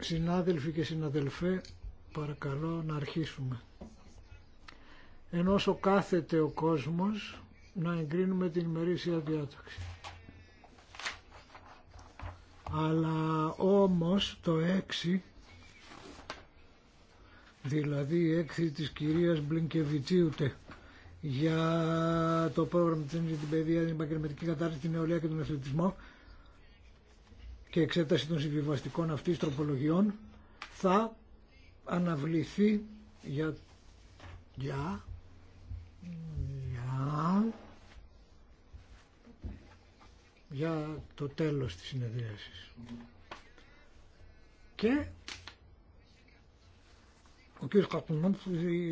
Συνάδελφοι και συναδελφέ, παρακαλώ να αρχίσουμε. Ενώ όσο κάθεται ο κόσμος, να εγκρίνουμε την ημερήσια διάταξη. Αλλά όμως το έξι, δηλαδή η έξι της κυρίας Μπλινκεβιτσίουτε για το πρόγραμμα της για την παιδεία, την επαγγελματική κατάρτιση, την νεολαία και τον αθλητισμό και εξέταση των συμβιβαστικών αυτής τροπολογιών θα αναβληθεί για, για, για, το τέλος της συνεδρίασης. Και ο κ. Καπτουμάν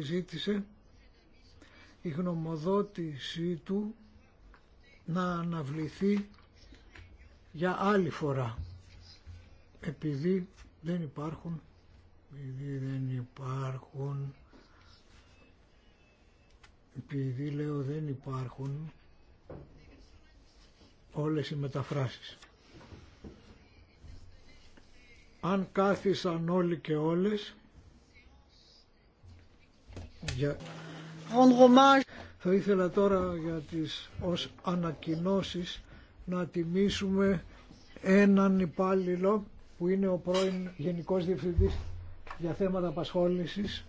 ζήτησε η γνωμοδότησή του να αναβληθεί για άλλη φορά επειδή δεν υπάρχουν επειδή δεν υπάρχουν επειδή λέω δεν υπάρχουν όλες οι μεταφράσεις αν κάθισαν όλοι και όλες για θα ήθελα τώρα για τις ως ανακοινώσεις να τιμήσουμε έναν υπάλληλο που είναι ο πρώην Γενικός Διευθυντής για θέματα απασχόλησης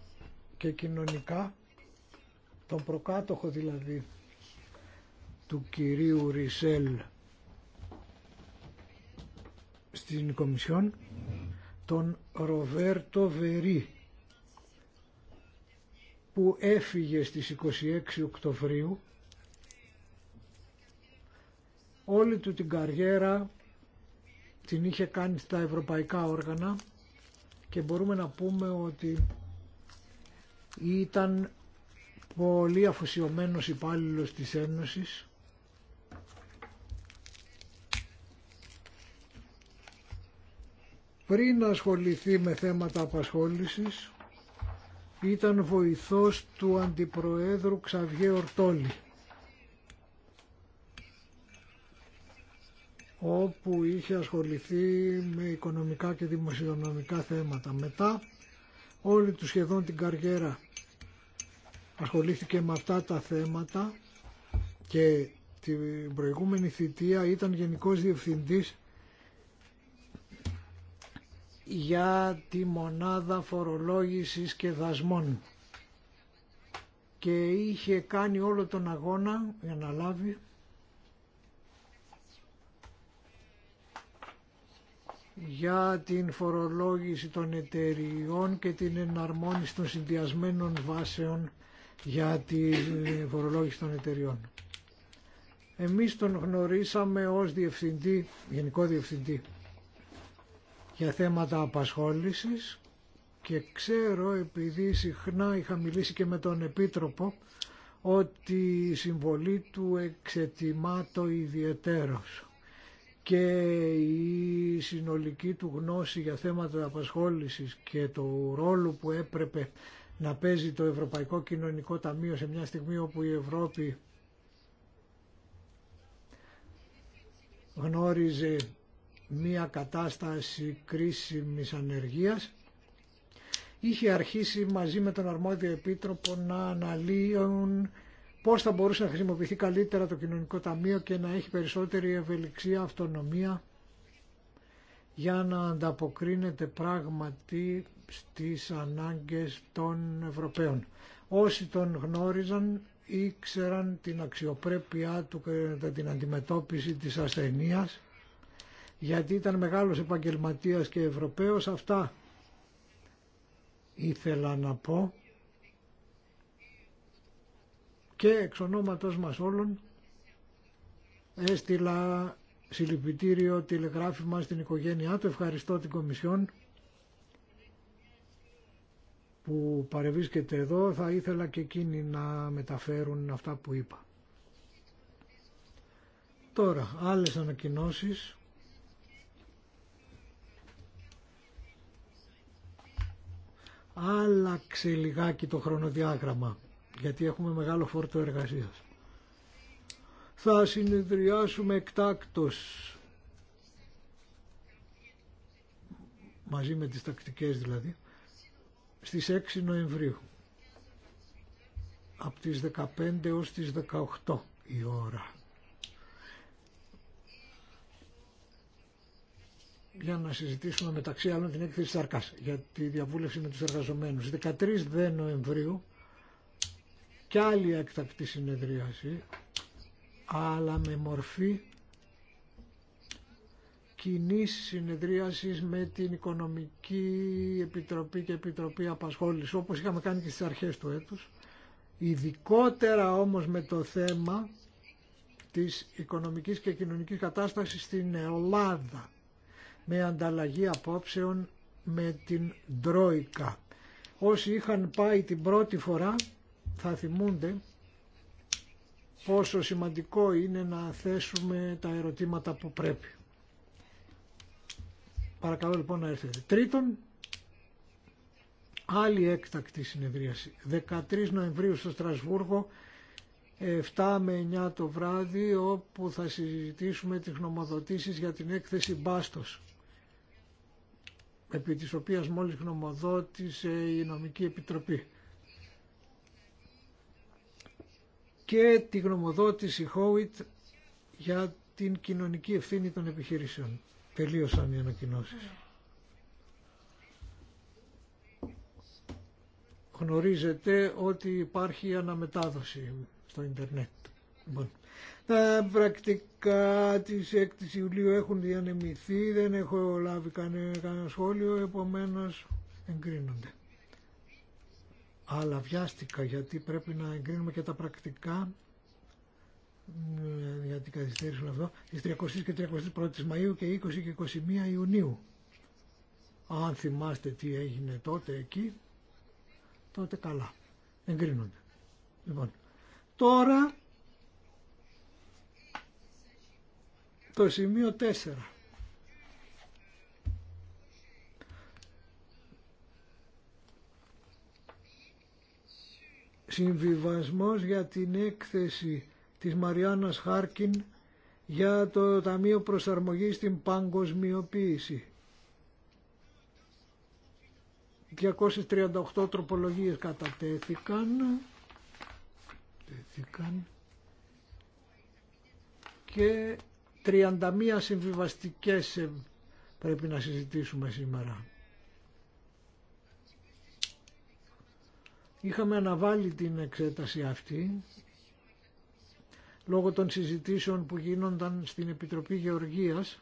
και κοινωνικά, τον προκάτοχο δηλαδή του κυρίου Ρισέλ στην Κομισιόν, τον Ροβέρτο Βερί που έφυγε στις 26 Οκτωβρίου όλη του την καριέρα την είχε κάνει στα ευρωπαϊκά όργανα και μπορούμε να πούμε ότι ήταν πολύ αφοσιωμένος υπάλληλος της Ένωσης πριν ασχοληθεί με θέματα απασχόλησης ήταν βοηθός του Αντιπροέδρου Ξαβιέ Ορτόλη όπου είχε ασχοληθεί με οικονομικά και δημοσιονομικά θέματα. Μετά όλη του σχεδόν την καριέρα ασχολήθηκε με αυτά τα θέματα και την προηγούμενη θητεία ήταν Γενικός Διευθυντής για τη μονάδα φορολόγησης και δασμών και είχε κάνει όλο τον αγώνα για να λάβει για την φορολόγηση των εταιριών και την εναρμόνιση των συνδυασμένων βάσεων για τη φορολόγηση των εταιριών. Εμείς τον γνωρίσαμε ως διευθυντή, γενικό διευθυντή για θέματα απασχόλησης και ξέρω επειδή συχνά είχα μιλήσει και με τον Επίτροπο ότι η συμβολή του εξετιμά το ιδιαιτέρως και η συνολική του γνώση για θέματα απασχόλησης και το ρόλο που έπρεπε να παίζει το Ευρωπαϊκό Κοινωνικό Ταμείο σε μια στιγμή όπου η Ευρώπη γνώριζε μια κατάσταση κρίσιμης ανεργίας είχε αρχίσει μαζί με τον αρμόδιο επίτροπο να αναλύουν πώς θα μπορούσε να χρησιμοποιηθεί καλύτερα το κοινωνικό ταμείο και να έχει περισσότερη ευελιξία, αυτονομία για να ανταποκρίνεται πράγματι στις ανάγκες των Ευρωπαίων. Όσοι τον γνώριζαν ήξεραν την αξιοπρέπειά του και την αντιμετώπιση της ασθενείας γιατί ήταν μεγάλος επαγγελματίας και Ευρωπαίος αυτά ήθελα να πω και εξ ονόματος μας όλων έστειλα συλληπιτήριο τηλεγράφημα στην οικογένειά του ευχαριστώ την Κομισιόν που παρευρίσκεται εδώ θα ήθελα και εκείνοι να μεταφέρουν αυτά που είπα τώρα άλλες ανακοινώσεις άλλαξε λιγάκι το χρονοδιάγραμμα γιατί έχουμε μεγάλο φόρτο εργασίας. Θα συνεδριάσουμε εκτάκτος μαζί με τις τακτικές δηλαδή στις 6 Νοεμβρίου από τις 15 έως τις 18 η ώρα. για να συζητήσουμε μεταξύ άλλων την έκθεση της Αρκάς για τη διαβούλευση με τους εργαζομένους. 13 Νοεμβρίου και άλλη έκτακτη συνεδρίαση αλλά με μορφή κοινή συνεδρίασης με την Οικονομική Επιτροπή και Επιτροπή Απασχόληση, όπως είχαμε κάνει και στις αρχές του έτους ειδικότερα όμως με το θέμα της οικονομικής και κοινωνικής κατάστασης στην Ελλάδα με ανταλλαγή απόψεων με την Τρόικα. Όσοι είχαν πάει την πρώτη φορά θα θυμούνται πόσο σημαντικό είναι να θέσουμε τα ερωτήματα που πρέπει. Παρακαλώ λοιπόν να έρθετε. Τρίτον, άλλη έκτακτη συνεδρίαση. 13 Νοεμβρίου στο Στρασβούργο, 7 με 9 το βράδυ, όπου θα συζητήσουμε τις γνωμοδοτήσεις για την έκθεση Μπάστος επί της οποίας μόλις γνωμοδότησε η Νομική Επιτροπή. Και τη γνωμοδότηση Χόιτ για την κοινωνική ευθύνη των επιχειρήσεων. Τελείωσαν οι ανακοινώσει. Γνωρίζετε ότι υπάρχει αναμετάδοση στο Ιντερνετ. Λοιπόν, τα πρακτικά της 6ης Ιουλίου έχουν διανεμηθεί, δεν έχω λάβει κανένα σχόλιο, επομένως εγκρίνονται. Αλλά βιάστηκα γιατί πρέπει να εγκρίνουμε και τα πρακτικά ε, γιατί καθυστέρησαν αυτό, τις 30 και 31 Μαΐου και 20 και 21 Ιουνίου. Αν θυμάστε τι έγινε τότε εκεί, τότε καλά. Εγκρίνονται. Λοιπόν, τώρα Το σημείο 4. Συμβιβασμός για την έκθεση της Μαριάννας Χάρκιν για το Ταμείο Προσαρμογής στην Παγκοσμιοποίηση. 238 τροπολογίες κατατέθηκαν, κατατέθηκαν και 31 συμβιβαστικές ε, πρέπει να συζητήσουμε σήμερα. Είχαμε αναβάλει την εξέταση αυτή λόγω των συζητήσεων που γίνονταν στην Επιτροπή Γεωργίας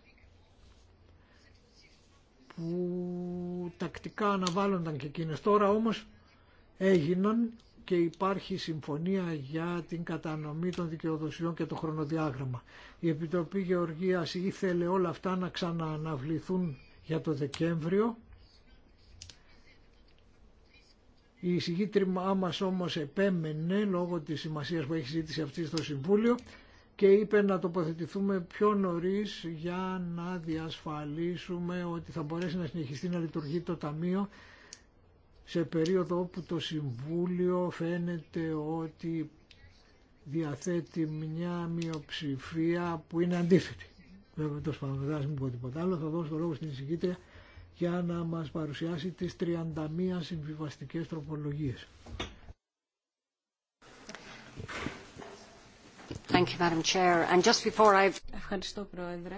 που τακτικά αναβάλλονταν και εκείνες. Τώρα όμως έγιναν και υπάρχει συμφωνία για την κατανομή των δικαιοδοσιών και το χρονοδιάγραμμα. Η Επιτροπή Γεωργίας ήθελε όλα αυτά να ξανααναβληθούν για το Δεκέμβριο. Η εισηγήτριά μας όμως επέμενε λόγω της σημασίας που έχει ζήτηση αυτή στο Συμβούλιο και είπε να τοποθετηθούμε πιο νωρίς για να διασφαλίσουμε ότι θα μπορέσει να συνεχιστεί να λειτουργεί το Ταμείο σε περίοδο όπου το Συμβούλιο φαίνεται ότι διαθέτει μια μειοψηφία που είναι αντίθετη. Βέβαια το σπανδράς μου πω τίποτα άλλο, θα δώσω το λόγο στην εισηγήτρια για να μας παρουσιάσει τις 31 συμβιβαστικές τροπολογίες. Ευχαριστώ, Πρόεδρε.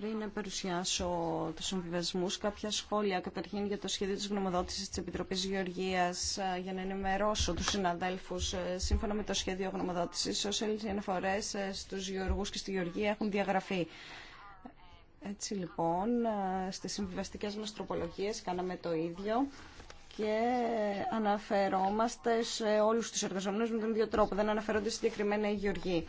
Πριν να παρουσιάσω του συμβιβασμού, κάποια σχόλια καταρχήν για το σχέδιο τη γνωμοδότηση τη Επιτροπή Γεωργία ε, για να ενημερώσω του συναδέλφου. Ε, σύμφωνα με το σχέδιο γνωμοδότηση, όσε αναφορέ ε, στου γεωργού και στη γεωργία έχουν διαγραφεί. Έτσι λοιπόν, στι συμβιβαστικέ μα τροπολογίε κάναμε το ίδιο και αναφερόμαστε σε όλους τους εργαζόμενους με τον ίδιο τρόπο. Δεν αναφέρονται συγκεκριμένα οι γεωργοί.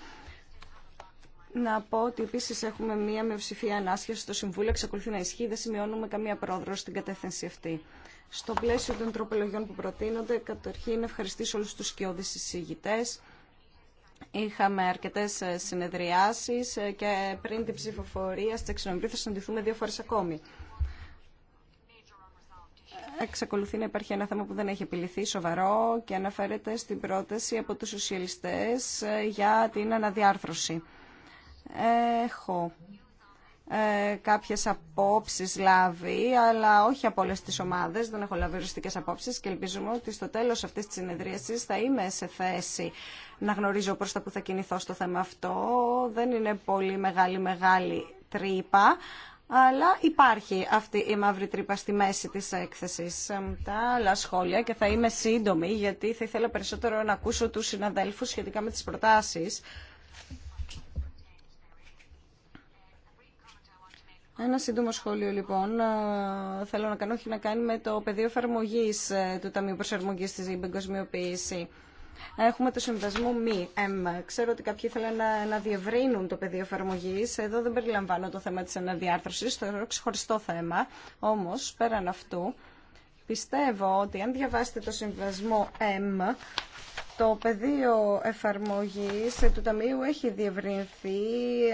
Να πω ότι επίση έχουμε μία μειοψηφία ανάσχεση στο Συμβούλιο, εξακολουθεί να ισχύει, δεν σημειώνουμε καμία πρόοδο στην κατεύθυνση αυτή. Στο πλαίσιο των τροπολογιών που προτείνονται, καταρχήν ευχαριστήσω όλου του σκιώδει συζητητέ. Είχαμε αρκετέ ε, συνεδριάσει ε, και πριν την ψηφοφορία στη εξονομική θα συναντηθούμε δύο φορέ ακόμη. Εξακολουθεί να υπάρχει ένα θέμα που δεν έχει επιληθεί σοβαρό και αναφέρεται στην πρόταση από τους σοσιαλιστές ε, για την αναδιάρθρωση. Έχω ε, κάποιες απόψεις λάβει, αλλά όχι από όλες τις ομάδες, δεν έχω λάβει οριστικές απόψεις και ελπίζουμε ότι στο τέλος αυτής της συνεδρίασης θα είμαι σε θέση να γνωρίζω προς τα που θα κινηθώ στο θέμα αυτό. Δεν είναι πολύ μεγάλη μεγάλη τρύπα, αλλά υπάρχει αυτή η μαύρη τρύπα στη μέση της έκθεσης. Ε, τα άλλα σχόλια και θα είμαι σύντομη γιατί θα ήθελα περισσότερο να ακούσω τους συναδέλφους σχετικά με τις προτάσεις Ένα σύντομο σχόλιο λοιπόν θέλω να κάνω έχει να κάνει με το πεδίο εφαρμογή ε, του Ταμείου Προσαρμογή τη Παγκοσμιοποίηση. Έχουμε το συμβασμό μη Ξέρω ότι κάποιοι ήθελαν να, να διευρύνουν το πεδίο εφαρμογή. Εδώ δεν περιλαμβάνω το θέμα τη αναδιάρθρωση, το έχω ξεχωριστό θέμα. Όμω, πέραν αυτού, πιστεύω ότι αν διαβάσετε το συμβασμό M, το πεδίο εφαρμογής του Ταμείου έχει διευρυνθεί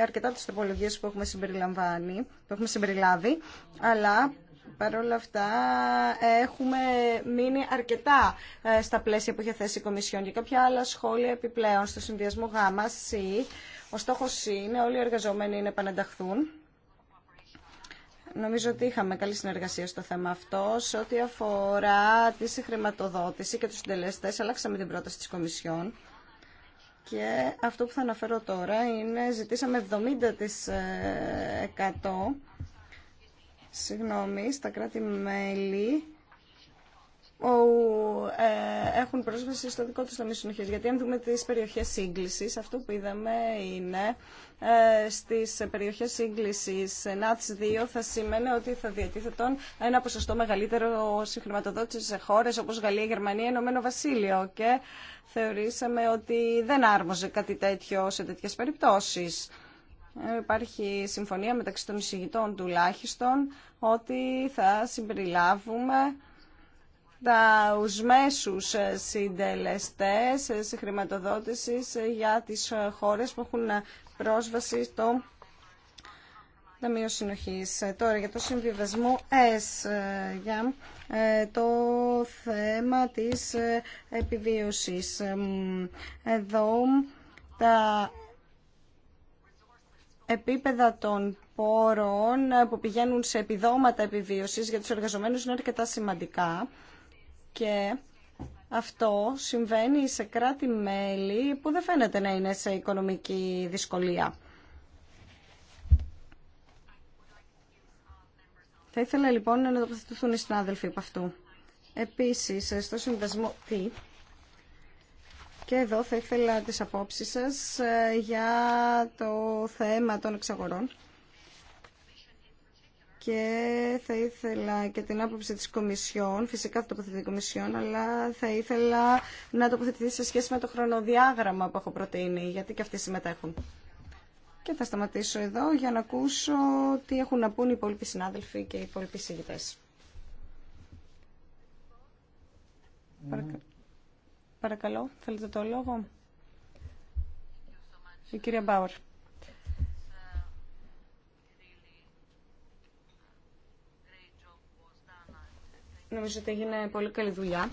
αρκετά τις τοπολογίες που έχουμε, συμπεριλαμβάνει, που έχουμε συμπεριλάβει, αλλά παρόλα αυτά έχουμε μείνει αρκετά ε, στα πλαίσια που είχε θέσει η Κομισιόν και κάποια άλλα σχόλια επιπλέον στο συνδυασμό ΓΑΜΑ, ο στόχος είναι όλοι οι εργαζόμενοι να επανενταχθούν Νομίζω ότι είχαμε καλή συνεργασία στο θέμα αυτό. Σε ό,τι αφορά τη συγχρηματοδότηση και τους συντελεστέ, αλλάξαμε την πρόταση τη Κομισιόν. Και αυτό που θα αναφέρω τώρα είναι, ζητήσαμε 70% συγγνώμη, στα κράτη-μέλη ε, έχουν πρόσβαση στο δικό τους τομείο συνοχής. Γιατί αν δούμε τις περιοχές σύγκλησης, αυτό που είδαμε είναι ε, στις περιοχές σύγκλησης ΝΑΤΣ 2 θα σημαίνει ότι θα διατίθετον ένα ποσοστό μεγαλύτερο συγχρηματοδότηση σε χώρες όπως Γαλλία, Γερμανία, Ενωμένο Βασίλειο και θεωρήσαμε ότι δεν άρμοζε κάτι τέτοιο σε τέτοιες περιπτώσεις. Υπάρχει συμφωνία μεταξύ των εισηγητών τουλάχιστον ότι θα συμπεριλάβουμε τα ουσμέσους ε, συντελεστές ε, χρηματοδότηση ε, για τις χώρες που έχουν πρόσβαση στο Ταμείο Συνοχής. Τώρα για το συμβιβασμό S, για το θέμα της επιβίωσης. Εδώ τα επίπεδα των πόρων που πηγαίνουν σε επιδόματα επιβίωσης για τους εργαζομένους είναι αρκετά σημαντικά και αυτό συμβαίνει σε κράτη-μέλη που δεν φαίνεται να είναι σε οικονομική δυσκολία. Θα ήθελα λοιπόν να τοποθετηθούν οι συνάδελφοι από αυτού. Επίσης, στο συνδεσμό T, και εδώ θα ήθελα τις απόψεις σας ε, για το θέμα των εξαγορών και θα ήθελα και την άποψη της Κομισιόν, φυσικά θα τοποθετηθεί η Κομισιόν, αλλά θα ήθελα να τοποθετηθεί σε σχέση με το χρονοδιάγραμμα που έχω προτείνει, γιατί και αυτοί συμμετέχουν. Και θα σταματήσω εδώ για να ακούσω τι έχουν να πούν οι υπόλοιποι συνάδελφοι και οι υπόλοιποι συγγητές. Mm. Παρακαλώ, θέλετε το λόγο. Η κυρία Μπάουρ. Νομίζω ότι έγινε πολύ καλή δουλειά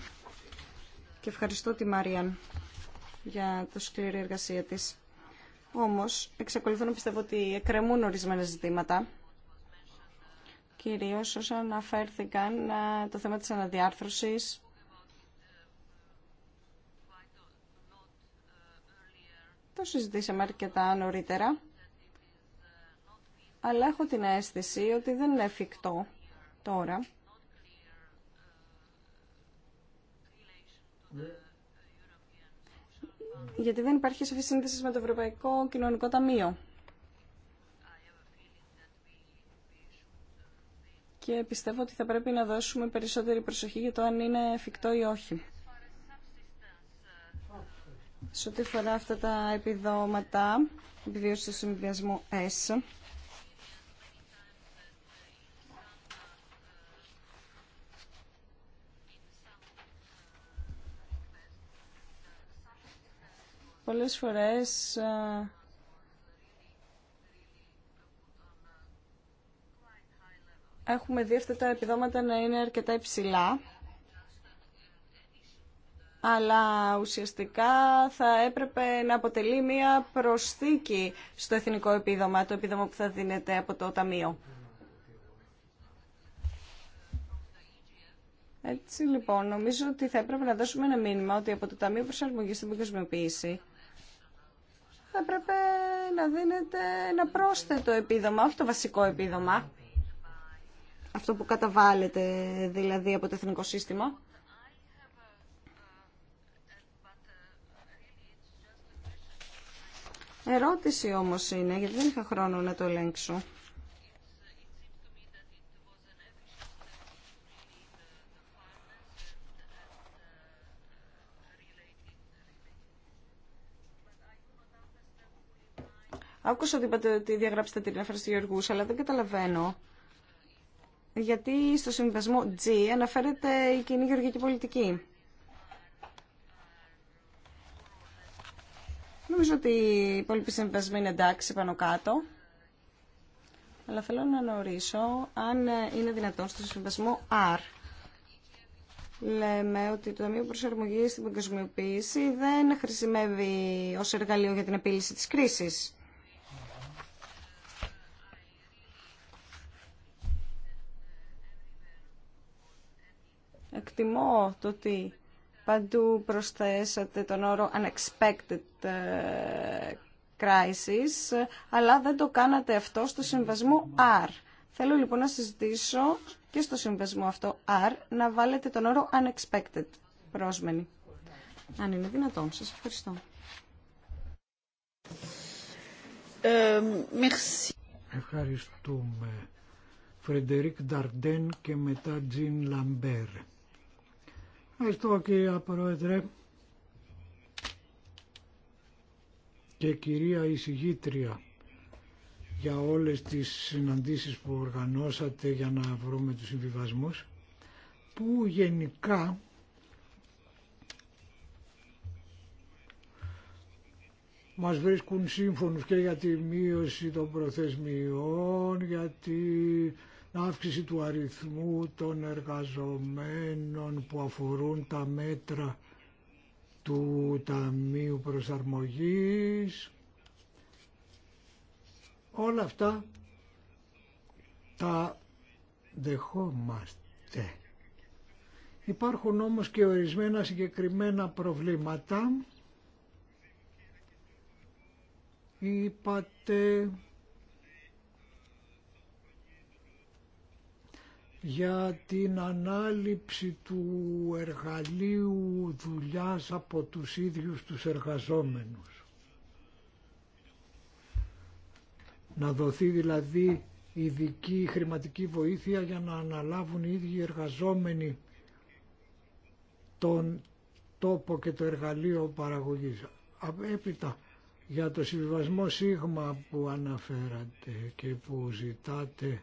και ευχαριστώ τη Μαριάν για το σκληρή εργασία της. Όμως, εξακολουθώ να πιστεύω ότι εκκρεμούν ορισμένα ζητήματα, κυρίως όσα αναφέρθηκαν ε, το θέμα της αναδιάρθρωσης, Το συζητήσαμε αρκετά νωρίτερα, αλλά έχω την αίσθηση ότι δεν είναι εφικτό τώρα γιατί δεν υπάρχει σαφή σύνδεση με το Ευρωπαϊκό Κοινωνικό Ταμείο. Και πιστεύω ότι θα πρέπει να δώσουμε περισσότερη προσοχή για το αν είναι εφικτό ή όχι. Σε ό,τι αφορά αυτά τα επιδόματα, επιβίωση του συνδυασμό S, Πολλές φορές έχουμε δει αυτά τα επιδόματα να είναι αρκετά υψηλά αλλά ουσιαστικά θα έπρεπε να αποτελεί μία προσθήκη στο εθνικό επίδομα, το επίδομα που θα δίνεται από το Ταμείο. Έτσι λοιπόν, νομίζω ότι θα έπρεπε να δώσουμε ένα μήνυμα ότι από το Ταμείο Προσαρμογής στην Παγκοσμιοποίηση θα έπρεπε να δίνεται ένα πρόσθετο επίδομα, όχι το βασικό επίδομα, αυτό που καταβάλλεται δηλαδή από το εθνικό σύστημα. Ερώτηση όμως είναι, γιατί δεν είχα χρόνο να το ελέγξω. Άκουσα ότι είπατε ότι διαγράψετε την του Γεωργού, αλλά δεν καταλαβαίνω. Γιατί στο συμβασμό G αναφέρεται η κοινή γεωργική πολιτική. Νομίζω ότι οι υπόλοιποι συμβασμοί είναι εντάξει πάνω κάτω. Αλλά θέλω να γνωρίσω αν είναι δυνατόν στο συμβασμό R. Λέμε ότι το Ταμείο Προσαρμογής στην Παγκοσμιοποίηση δεν χρησιμεύει ως εργαλείο για την επίλυση της κρίσης. Εκτιμώ το ότι παντού προσθέσατε τον όρο unexpected ε, crisis, αλλά δεν το κάνατε αυτό στο συμβασμό R. Θέλω λοιπόν να συζητήσω και στο συμβασμό αυτό R να βάλετε τον όρο unexpected, πρόσμενη. Αν είναι δυνατόν. Σας ευχαριστώ. Ε, Ευχαριστούμε. Φρεντερίκ Νταρντέν και μετά Τζιν Λαμπέρ. Ευχαριστώ κυρία Πρόεδρε και κυρία Εισηγήτρια για όλες τις συναντήσεις που οργανώσατε για να βρούμε τους συμβιβασμούς που γενικά μας βρίσκουν σύμφωνους και για τη μείωση των προθεσμιών, για τη αύξηση του αριθμού των εργαζομένων που αφορούν τα μέτρα του Ταμείου Προσαρμογής. Όλα αυτά τα δεχόμαστε. Υπάρχουν όμως και ορισμένα συγκεκριμένα προβλήματα. Είπατε για την ανάληψη του εργαλείου δουλειάς από τους ίδιους τους εργαζόμενους. Να δοθεί δηλαδή ειδική χρηματική βοήθεια για να αναλάβουν οι ίδιοι οι εργαζόμενοι τον τόπο και το εργαλείο παραγωγής. Έπειτα για το συμβιβασμό σίγμα που αναφέρατε και που ζητάτε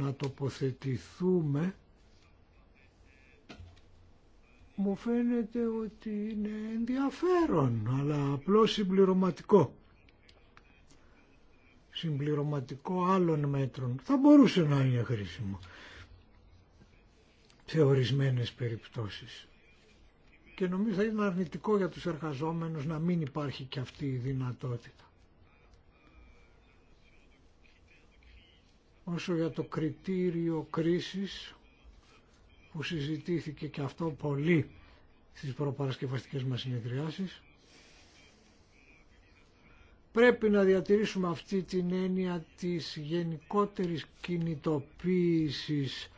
να τοποθετηθούμε μου φαίνεται ότι είναι ενδιαφέρον αλλά απλώς συμπληρωματικό συμπληρωματικό άλλων μέτρων θα μπορούσε να είναι χρήσιμο σε ορισμένες περιπτώσεις και νομίζω θα είναι αρνητικό για τους εργαζόμενους να μην υπάρχει και αυτή η δυνατότητα Όσο για το κριτήριο κρίσης που συζητήθηκε και αυτό πολύ στις προπαρασκευαστικές μας συνεδριάσεις, πρέπει να διατηρήσουμε αυτή την έννοια της γενικότερης κινητοποίησης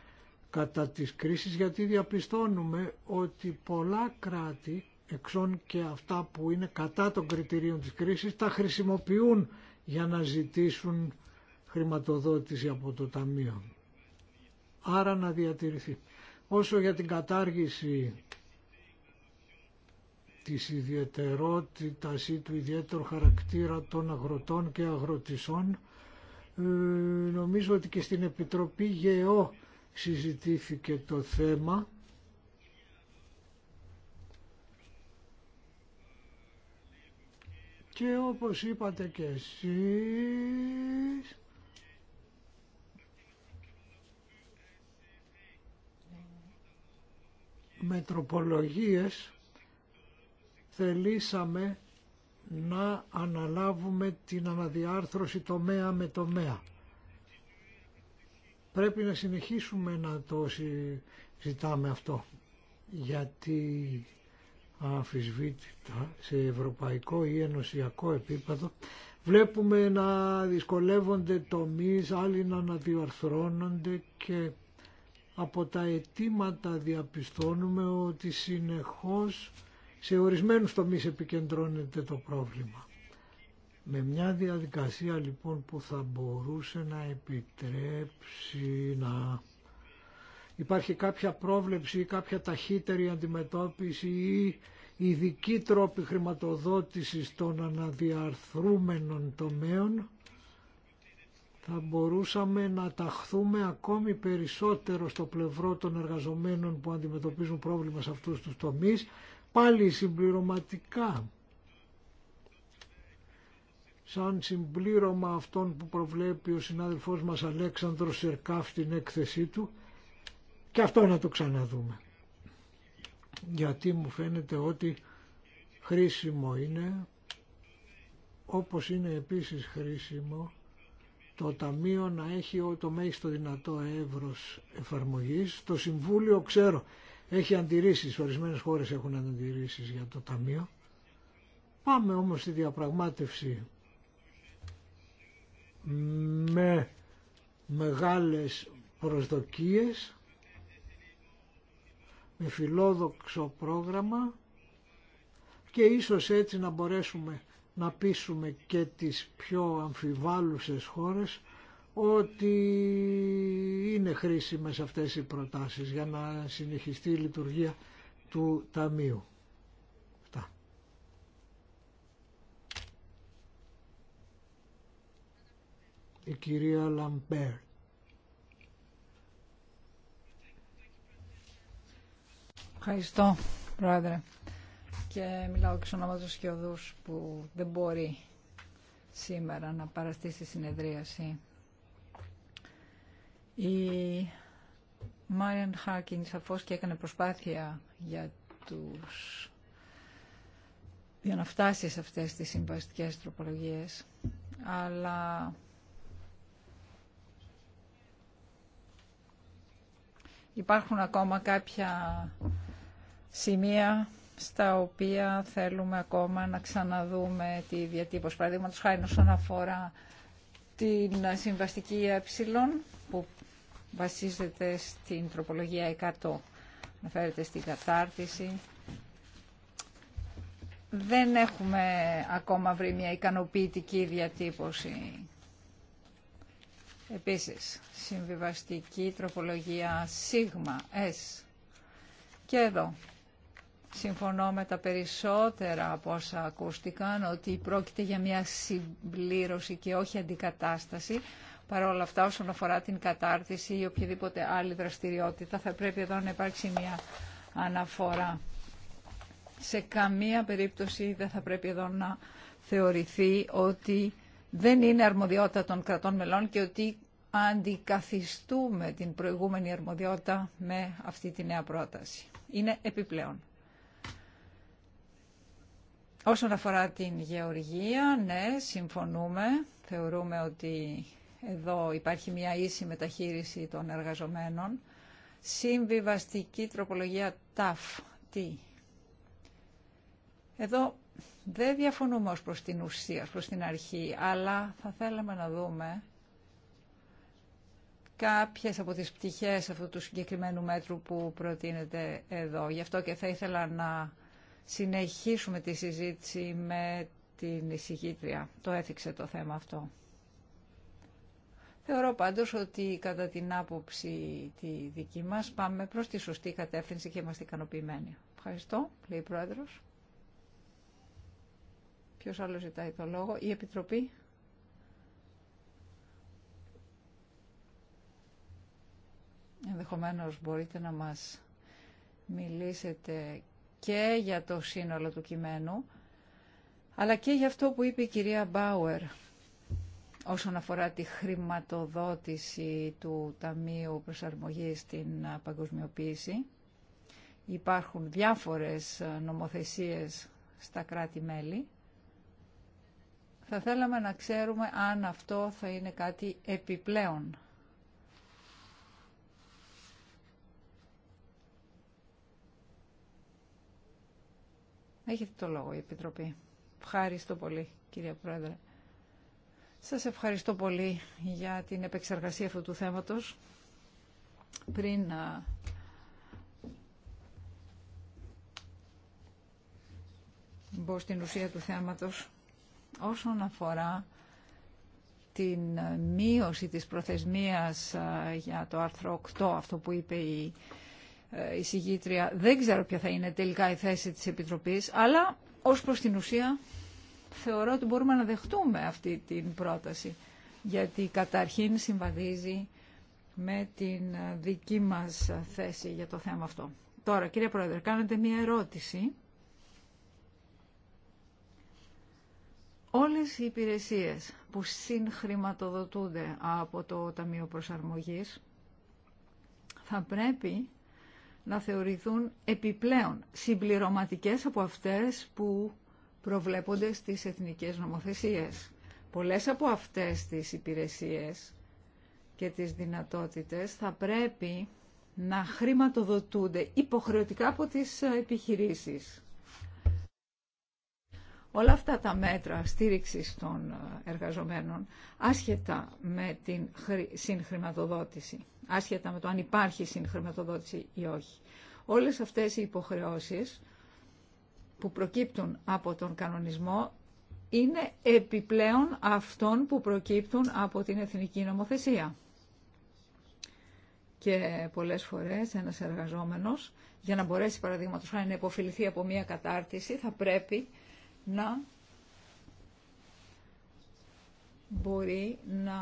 κατά της κρίσης γιατί διαπιστώνουμε ότι πολλά κράτη εξών και αυτά που είναι κατά των κριτηρίων της κρίσης τα χρησιμοποιούν για να ζητήσουν χρηματοδότηση από το Ταμείο. Άρα να διατηρηθεί. Όσο για την κατάργηση της ιδιαιτερότητας ή του ιδιαίτερου χαρακτήρα των αγροτών και αγροτισών, ε, νομίζω ότι και στην Επιτροπή ΓΕΟ συζητήθηκε το θέμα και όπως είπατε και εσείς με θελήσαμε να αναλάβουμε την αναδιάρθρωση τομέα με τομέα. Πρέπει να συνεχίσουμε να το ζητάμε αυτό, γιατί αμφισβήτητα σε ευρωπαϊκό ή ενωσιακό επίπεδο βλέπουμε να δυσκολεύονται τομείς, άλλοι να αναδιορθώνονται και από τα αιτήματα διαπιστώνουμε ότι συνεχώς σε ορισμένους τομείς επικεντρώνεται το πρόβλημα. Με μια διαδικασία λοιπόν που θα μπορούσε να επιτρέψει να υπάρχει κάποια πρόβλεψη ή κάποια ταχύτερη αντιμετώπιση ή ειδική τρόπη χρηματοδότησης των αναδιαρθρούμενων τομέων θα μπορούσαμε να ταχθούμε ακόμη περισσότερο στο πλευρό των εργαζομένων που αντιμετωπίζουν πρόβλημα σε αυτούς τους τομείς, πάλι συμπληρωματικά. Σαν συμπλήρωμα αυτών που προβλέπει ο συνάδελφός μας Αλέξανδρος Σερκάφ στην έκθεσή του, και αυτό να το ξαναδούμε. Γιατί μου φαίνεται ότι χρήσιμο είναι, όπως είναι επίσης χρήσιμο, το Ταμείο να έχει το μέγιστο δυνατό εύρος εφαρμογής. Το Συμβούλιο, ξέρω, έχει αντιρρήσεις, ορισμένες χώρες έχουν αντιρρήσεις για το Ταμείο. Πάμε όμως στη διαπραγμάτευση με μεγάλες προσδοκίες, με φιλόδοξο πρόγραμμα και ίσως έτσι να μπορέσουμε να πείσουμε και τις πιο αμφιβάλλουσες χώρες ότι είναι χρήσιμες αυτές οι προτάσεις για να συνεχιστεί η λειτουργία του Ταμείου. Η κυρία Λαμπέρ. Ευχαριστώ, και μιλάω και στον ονόματος Σκιωδού που δεν μπορεί σήμερα να παραστεί στη συνεδρίαση. Η Μάριαν Χάκιν, σαφώς και έκανε προσπάθεια για τους για να φτάσει σε αυτές τις συμβαστικές τροπολογίες, αλλά υπάρχουν ακόμα κάποια σημεία στα οποία θέλουμε ακόμα να ξαναδούμε τη διατύπωση. Παραδείγματος χάρη όσον αφορά την συμβαστική ε που βασίζεται στην τροπολογία 100. Αναφέρεται στην κατάρτιση. Δεν έχουμε ακόμα βρει μια ικανοποιητική διατύπωση. Επίσης, συμβιβαστική τροπολογία σίγμα, S. Και εδώ Συμφωνώ με τα περισσότερα από όσα ακούστηκαν ότι πρόκειται για μια συμπλήρωση και όχι αντικατάσταση. Παρ' όλα αυτά όσον αφορά την κατάρτιση ή οποιαδήποτε άλλη δραστηριότητα θα πρέπει εδώ να υπάρξει μια αναφορά. Σε καμία περίπτωση δεν θα πρέπει εδώ να θεωρηθεί ότι δεν είναι αρμοδιότητα των κρατών μελών και ότι αντικαθιστούμε την προηγούμενη αρμοδιότητα με αυτή τη νέα πρόταση. Είναι επιπλέον. Όσον αφορά την γεωργία, ναι, συμφωνούμε. Θεωρούμε ότι εδώ υπάρχει μια ίση μεταχείριση των εργαζομένων. Συμβιβαστική τροπολογία ΤΑΦ. Τι. Εδώ δεν διαφωνούμε ως προς την ουσία, ως προς την αρχή, αλλά θα θέλαμε να δούμε κάποιες από τις πτυχές αυτού του συγκεκριμένου μέτρου που προτείνεται εδώ. Γι' αυτό και θα ήθελα να συνεχίσουμε τη συζήτηση με την εισηγήτρια. Το έθιξε το θέμα αυτό. Θεωρώ πάντως ότι κατά την άποψη τη δική μας πάμε προς τη σωστή κατεύθυνση και είμαστε ικανοποιημένοι. Ευχαριστώ, λέει η Πρόεδρος. Ποιος άλλος ζητάει το λόγο. Η Επιτροπή. Ενδεχομένως μπορείτε να μας μιλήσετε και για το σύνολο του κειμένου, αλλά και για αυτό που είπε η κυρία Μπάουερ όσον αφορά τη χρηματοδότηση του Ταμείου Προσαρμογής στην Παγκοσμιοποίηση. Υπάρχουν διάφορες νομοθεσίες στα κράτη-μέλη. Θα θέλαμε να ξέρουμε αν αυτό θα είναι κάτι επιπλέον Έχετε το λόγο η Επιτροπή. Ευχαριστώ πολύ κυρία Πρόεδρε. Σας ευχαριστώ πολύ για την επεξεργασία αυτού του θέματος. Πριν να μπω στην ουσία του θέματος, όσον αφορά την μείωση της προθεσμίας για το άρθρο 8, αυτό που είπε η ε, εισηγήτρια. Δεν ξέρω ποια θα είναι τελικά η θέση της Επιτροπής, αλλά ως προς την ουσία θεωρώ ότι μπορούμε να δεχτούμε αυτή την πρόταση, γιατί καταρχήν συμβαδίζει με την ε, δική μας θέση για το θέμα αυτό. Τώρα, κύριε Πρόεδρε, κάνετε μία ερώτηση. Όλες οι υπηρεσίες που συγχρηματοδοτούνται από το Ταμείο Προσαρμογής θα πρέπει να θεωρηθούν επιπλέον συμπληρωματικές από αυτές που προβλέπονται στις εθνικές νομοθεσίες. Πολλές από αυτές τις υπηρεσίες και τις δυνατότητες θα πρέπει να χρηματοδοτούνται υποχρεωτικά από τις επιχειρήσεις. Όλα αυτά τα μέτρα στήριξης των ε, εργαζομένων, άσχετα με την συγχρηματοδότηση, άσχετα με το αν υπάρχει συγχρηματοδότηση ή όχι, όλες αυτές οι υποχρεώσεις που προκύπτουν από τον κανονισμό είναι επιπλέον αυτών που προκύπτουν από την εθνική νομοθεσία. Και πολλές φορές ένας εργαζόμενος, για να μπορέσει παραδείγματος να υποφεληθεί από μια κατάρτιση, θα πρέπει να μπορεί να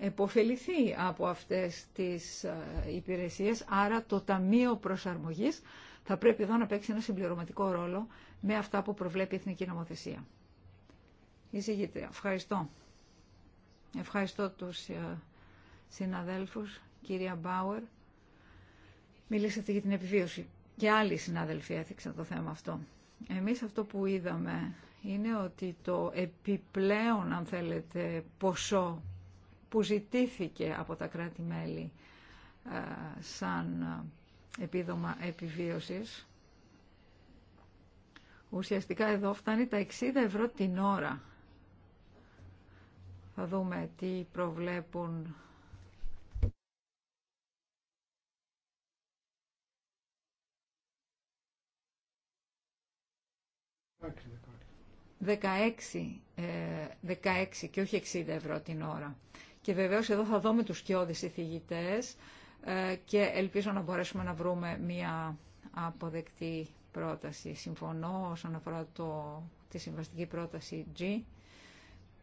εποφεληθεί από αυτές τις ε, υπηρεσίες, άρα το Ταμείο Προσαρμογής θα πρέπει εδώ να παίξει ένα συμπληρωματικό ρόλο με αυτά που προβλέπει η Εθνική Νομοθεσία. Εισηγείτε, Ευχαριστώ. Ευχαριστώ τους ε, συναδέλφους, κυρία Μπάουερ. Μιλήσατε για την επιβίωση. Και άλλοι συνάδελφοι έθιξαν το θέμα αυτό. Εμείς αυτό που είδαμε είναι ότι το επιπλέον, αν θέλετε, ποσό που ζητήθηκε από τα κράτη-μέλη ε, σαν επίδομα επιβίωσης, ουσιαστικά εδώ φτάνει τα 60 ευρώ την ώρα. Θα δούμε τι προβλέπουν 16, 16 ε, και όχι 60 ευρώ την ώρα. Και βεβαίως εδώ θα δούμε τους κοιόδης ηθηγητές ε, και ελπίζω να μπορέσουμε να βρούμε μία αποδεκτή πρόταση. Συμφωνώ όσον αφορά το, τη συμβαστική πρόταση G.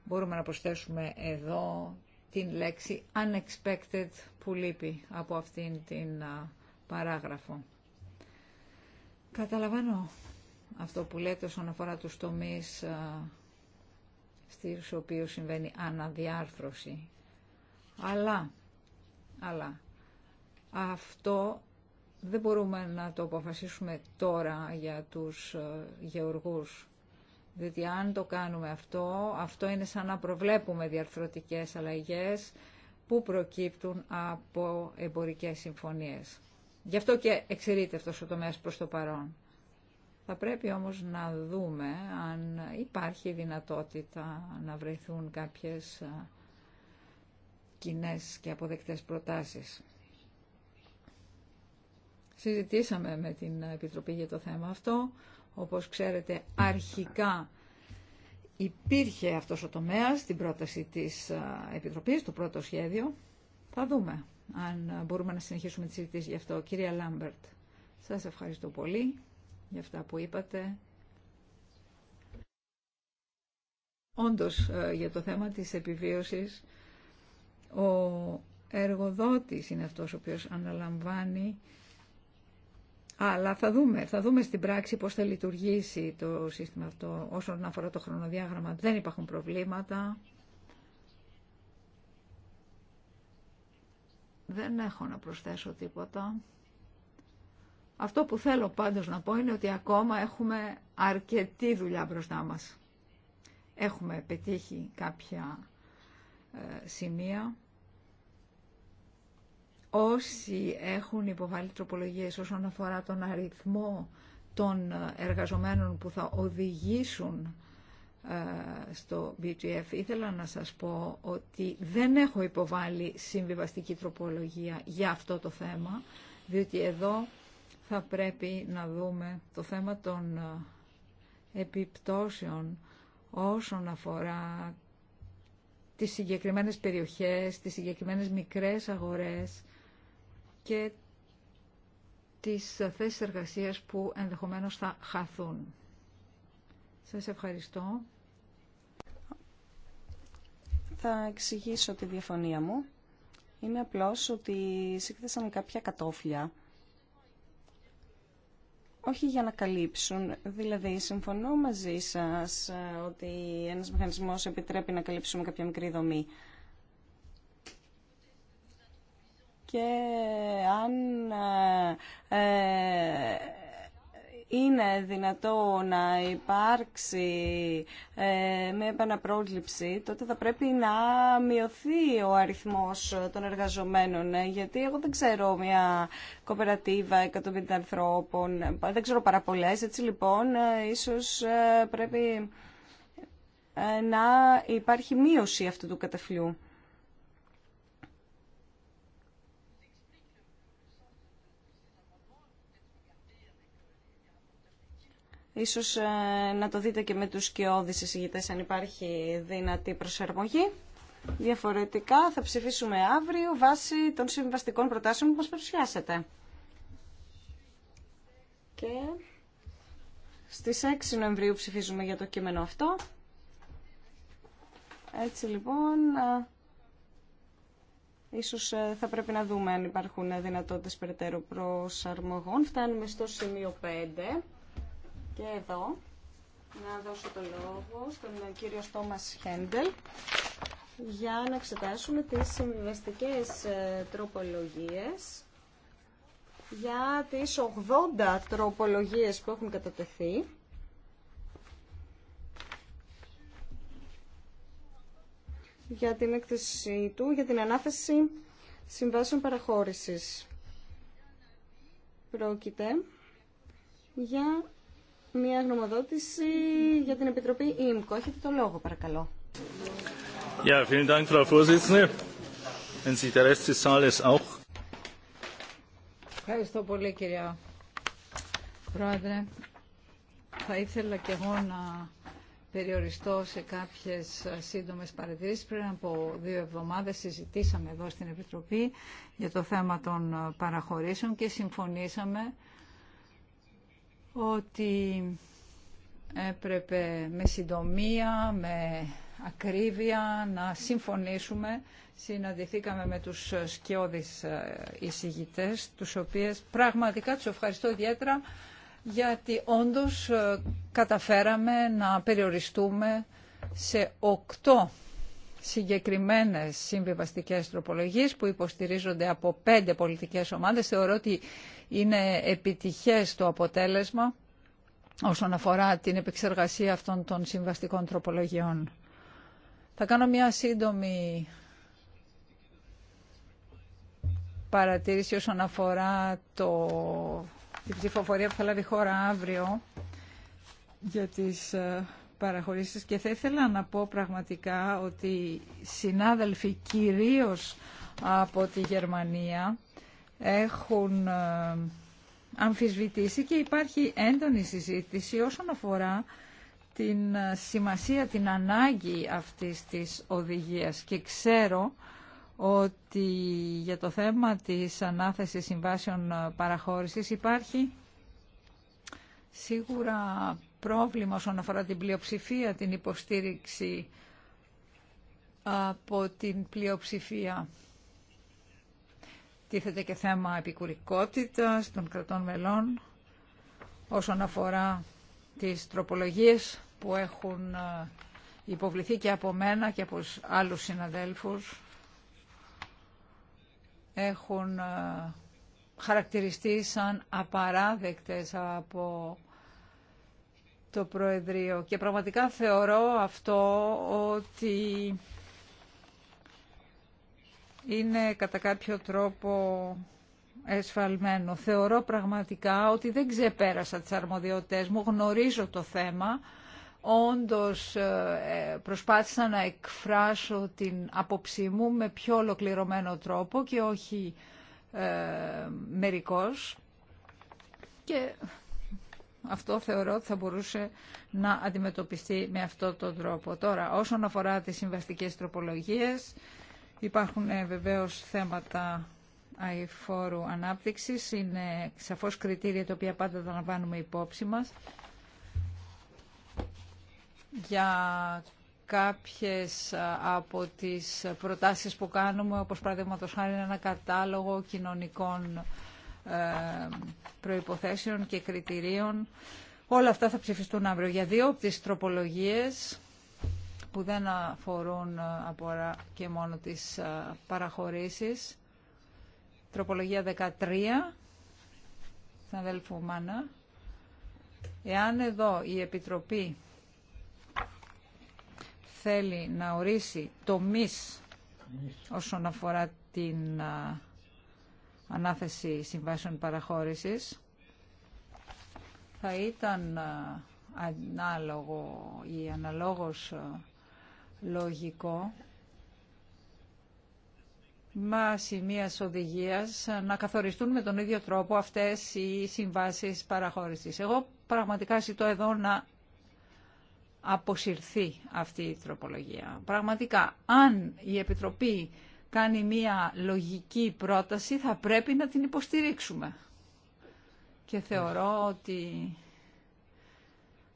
Μπορούμε να προσθέσουμε εδώ την λέξη unexpected που λείπει από αυτήν την παράγραφο. Καταλαβαίνω αυτό που λέτε όσον αφορά τους τομείς ε, στους οποίους συμβαίνει αναδιάρθρωση. Αλλά, αλλά αυτό δεν μπορούμε να το αποφασίσουμε τώρα για τους ε, γεωργούς. Διότι αν το κάνουμε αυτό, αυτό είναι σαν να προβλέπουμε διαρθρωτικές αλλαγές που προκύπτουν από εμπορικές συμφωνίες. Γι' αυτό και εξαιρείται αυτός ο τομέας προς το παρόν. Θα πρέπει όμως να δούμε αν υπάρχει δυνατότητα να βρεθούν κάποιες κοινέ και αποδεκτές προτάσεις. Συζητήσαμε με την Επιτροπή για το θέμα αυτό. Όπως ξέρετε, αρχικά υπήρχε αυτός ο τομέας στην πρόταση της Επιτροπής, το πρώτο σχέδιο. Θα δούμε αν μπορούμε να συνεχίσουμε τη συζήτηση γι' αυτό. Κυρία Λάμπερτ, σας ευχαριστώ πολύ για αυτά που είπατε. Όντως, ε, για το θέμα της επιβίωσης, ο εργοδότης είναι αυτός ο οποίος αναλαμβάνει αλλά θα δούμε, θα δούμε στην πράξη πώς θα λειτουργήσει το σύστημα αυτό όσον αφορά το χρονοδιάγραμμα. Δεν υπάρχουν προβλήματα. Δεν έχω να προσθέσω τίποτα. Αυτό που θέλω πάντως να πω είναι ότι ακόμα έχουμε αρκετή δουλειά μπροστά μας. Έχουμε πετύχει κάποια ε, σημεία. Όσοι έχουν υποβάλει τροπολογίες όσον αφορά τον αριθμό των ε, εργαζομένων που θα οδηγήσουν ε, στο BGF ήθελα να σας πω ότι δεν έχω υποβάλει συμβιβαστική τροπολογία για αυτό το θέμα διότι εδώ θα πρέπει να δούμε το θέμα των ε, επιπτώσεων όσον αφορά τις συγκεκριμένες περιοχές, τις συγκεκριμένες μικρές αγορές και τις θέσεις εργασίας που ενδεχομένως θα χαθούν. Σας ευχαριστώ. Θα εξηγήσω τη διαφωνία μου. Είναι απλώς ότι σύγκρισαν κάποια κατόφλια όχι για να καλύψουν. Δηλαδή, συμφωνώ μαζί σας ε, ότι ένας μηχανισμός επιτρέπει να καλύψουμε κάποια μικρή δομή. Και αν ε, ε, είναι δυνατό να υπάρξει ε, μια επαναπρόληψη, τότε θα πρέπει να μειωθεί ο αριθμός των εργαζομένων. Ε, γιατί εγώ δεν ξέρω μια κοπερατίβα 150 ανθρώπων, δεν ξέρω πάρα πολλές, έτσι λοιπόν ε, ίσως ε, πρέπει να υπάρχει μείωση αυτού του καταφλιού. Ίσως ε, να το δείτε και με τους σκιώδεις εισηγητές αν υπάρχει δυνατή προσαρμογή. Διαφορετικά θα ψηφίσουμε αύριο βάσει των συμβαστικών προτάσεων που μας παρουσιάσετε. Και στις 6 Νοεμβρίου ψηφίζουμε για το κείμενο αυτό. Έτσι λοιπόν, ε, ίσως ε, θα πρέπει να δούμε αν υπάρχουν δυνατότητες περαιτέρω προσαρμογών. Φτάνουμε στο σημείο 5. Και εδώ να δώσω το λόγο στον κύριο Στόμας Χέντελ για να εξετάσουμε τις συμβιβαστικές ε, τροπολογίες για τις 80 τροπολογίες που έχουν κατατεθεί. για την έκθεση του, για την ανάθεση συμβάσεων παραχώρησης. Πρόκειται για μια γνωμοδότηση για την Επιτροπή ΙΜΚΟ. Έχετε το λόγο, παρακαλώ. Ja, vielen Dank, Frau Vorsitzende. Wenn sich der Rest des Saales auch... Ευχαριστώ πολύ, κυρία Πρόεδρε. Θα ήθελα και εγώ να περιοριστώ σε κάποιες σύντομες παρατηρήσεις. Πριν από δύο εβδομάδες συζητήσαμε εδώ στην Επιτροπή για το θέμα των παραχωρήσεων και συμφωνήσαμε ότι έπρεπε με συντομία, με ακρίβεια να συμφωνήσουμε. Συναντηθήκαμε με τους σκιώδεις ε, εισηγητές, τους οποίες πραγματικά τους ευχαριστώ ιδιαίτερα γιατί όντως ε, καταφέραμε να περιοριστούμε σε οκτώ συγκεκριμένες συμβιβαστικές τροπολογίες που υποστηρίζονται από πέντε πολιτικές ομάδες. Θεωρώ ότι είναι επιτυχές το αποτέλεσμα όσον αφορά την επεξεργασία αυτών των συμβαστικών τροπολογιών. Θα κάνω μια σύντομη παρατήρηση όσον αφορά το, την ψηφοφορία που θα λάβει η χώρα αύριο για τις ε, παραχωρήσεις και θα ήθελα να πω πραγματικά ότι συνάδελφοι κυρίως από τη Γερμανία έχουν ε, αμφισβητήσει και υπάρχει έντονη συζήτηση όσον αφορά την ε, σημασία, την ανάγκη αυτής της οδηγίας. Και ξέρω ότι για το θέμα της ανάθεσης συμβάσεων ε, παραχώρησης υπάρχει σίγουρα πρόβλημα όσον αφορά την πλειοψηφία, την υποστήριξη από την πλειοψηφία τίθεται και θέμα επικουρικότητας των κρατών μελών όσον αφορά τις τροπολογίες που έχουν ε, υποβληθεί και από μένα και από άλλους συναδέλφους έχουν ε, χαρακτηριστεί σαν απαράδεκτες από το Προεδρείο. Και πραγματικά θεωρώ αυτό ότι είναι κατά κάποιο τρόπο εσφαλμένο. Θεωρώ πραγματικά ότι δεν ξεπέρασα τις αρμοδιότητες μου, γνωρίζω το θέμα. Όντως ε, προσπάθησα να εκφράσω την απόψή μου με πιο ολοκληρωμένο τρόπο και όχι ε, μερικός. Και αυτό θεωρώ ότι θα μπορούσε να αντιμετωπιστεί με αυτό τον τρόπο. Τώρα, όσον αφορά τις συμβαστικές τροπολογίες, Υπάρχουν βεβαίω βεβαίως θέματα αηφόρου ανάπτυξη. είναι σαφώ κριτήρια τα οποία πάντα τα λαμβάνουμε υπόψη μας. Για κάποιες από τις προτάσεις που κάνουμε, όπως παραδείγματο χάρη ένα κατάλογο κοινωνικών ε, προϋποθέσεων και κριτηρίων. Όλα αυτά θα ψηφιστούν αύριο για δύο από τις τροπολογίες που δεν αφορούν ε, από και μόνο τις ε, παραχωρήσεις. Τροπολογία 13, αδέλφου Μάνα. Εάν εδώ η Επιτροπή θέλει να ορίσει το μισ όσον αφορά την ε, ανάθεση συμβάσεων παραχώρησης, θα ήταν ανάλογο ή αναλόγως λογικό μα μια οδηγία να καθοριστούν με τον ίδιο τρόπο αυτές οι συμβάσεις παραχώρησης. Εγώ πραγματικά ζητώ εδώ να αποσυρθεί αυτή η τροπολογία. Πραγματικά, αν η Επιτροπή κάνει μια λογική πρόταση, θα πρέπει να την υποστηρίξουμε. Και θεωρώ ότι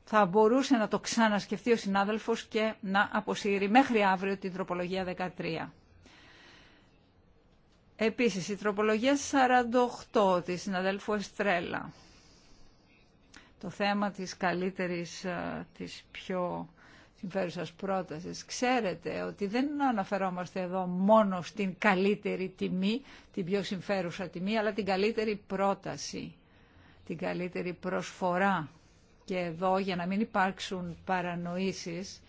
θα μπορούσε να το ξανασκεφτεί ο συνάδελφος και να αποσύρει μέχρι αύριο την τροπολογία 13. Επίσης, η τροπολογία 48 της συναδέλφου Εστρέλα. Το θέμα της καλύτερης, ε, της πιο συμφέρουσας πρότασης. Ξέρετε ότι δεν αναφερόμαστε εδώ μόνο στην καλύτερη τιμή, την πιο συμφέρουσα τιμή, αλλά την καλύτερη πρόταση, την καλύτερη προσφορά και εδώ για να μην υπάρξουν παρανοήσεις,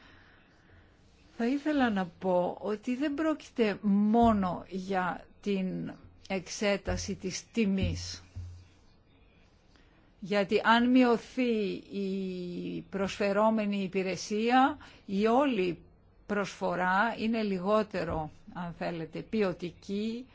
θα ήθελα να πω ότι δεν πρόκειται μόνο για την εξέταση της τιμής. Γιατί αν μειωθεί η προσφερόμενη υπηρεσία, η όλη προσφορά είναι λιγότερο, αν θέλετε, ποιοτική,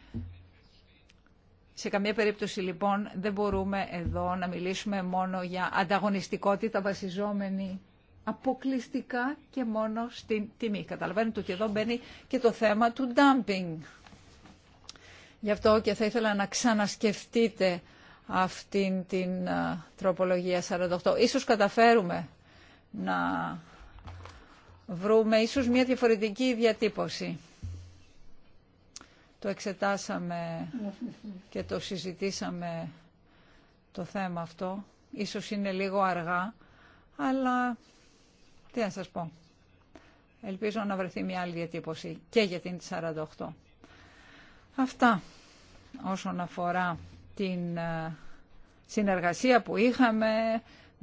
σε καμία περίπτωση λοιπόν δεν μπορούμε εδώ να μιλήσουμε μόνο για ανταγωνιστικότητα βασιζόμενη αποκλειστικά και μόνο στην τιμή. Καταλαβαίνετε ότι εδώ μπαίνει και το θέμα του dumping. Γι' αυτό και θα ήθελα να ξανασκεφτείτε αυτήν την τροπολογία 48. Ίσως καταφέρουμε να βρούμε ίσως μια διαφορετική διατύπωση. Το εξετάσαμε και το συζητήσαμε το θέμα αυτό. Ίσως είναι λίγο αργά, αλλά τι να σας πω. Ελπίζω να βρεθεί μια άλλη διατύπωση και για την 48. Αυτά όσον αφορά την ε, συνεργασία που είχαμε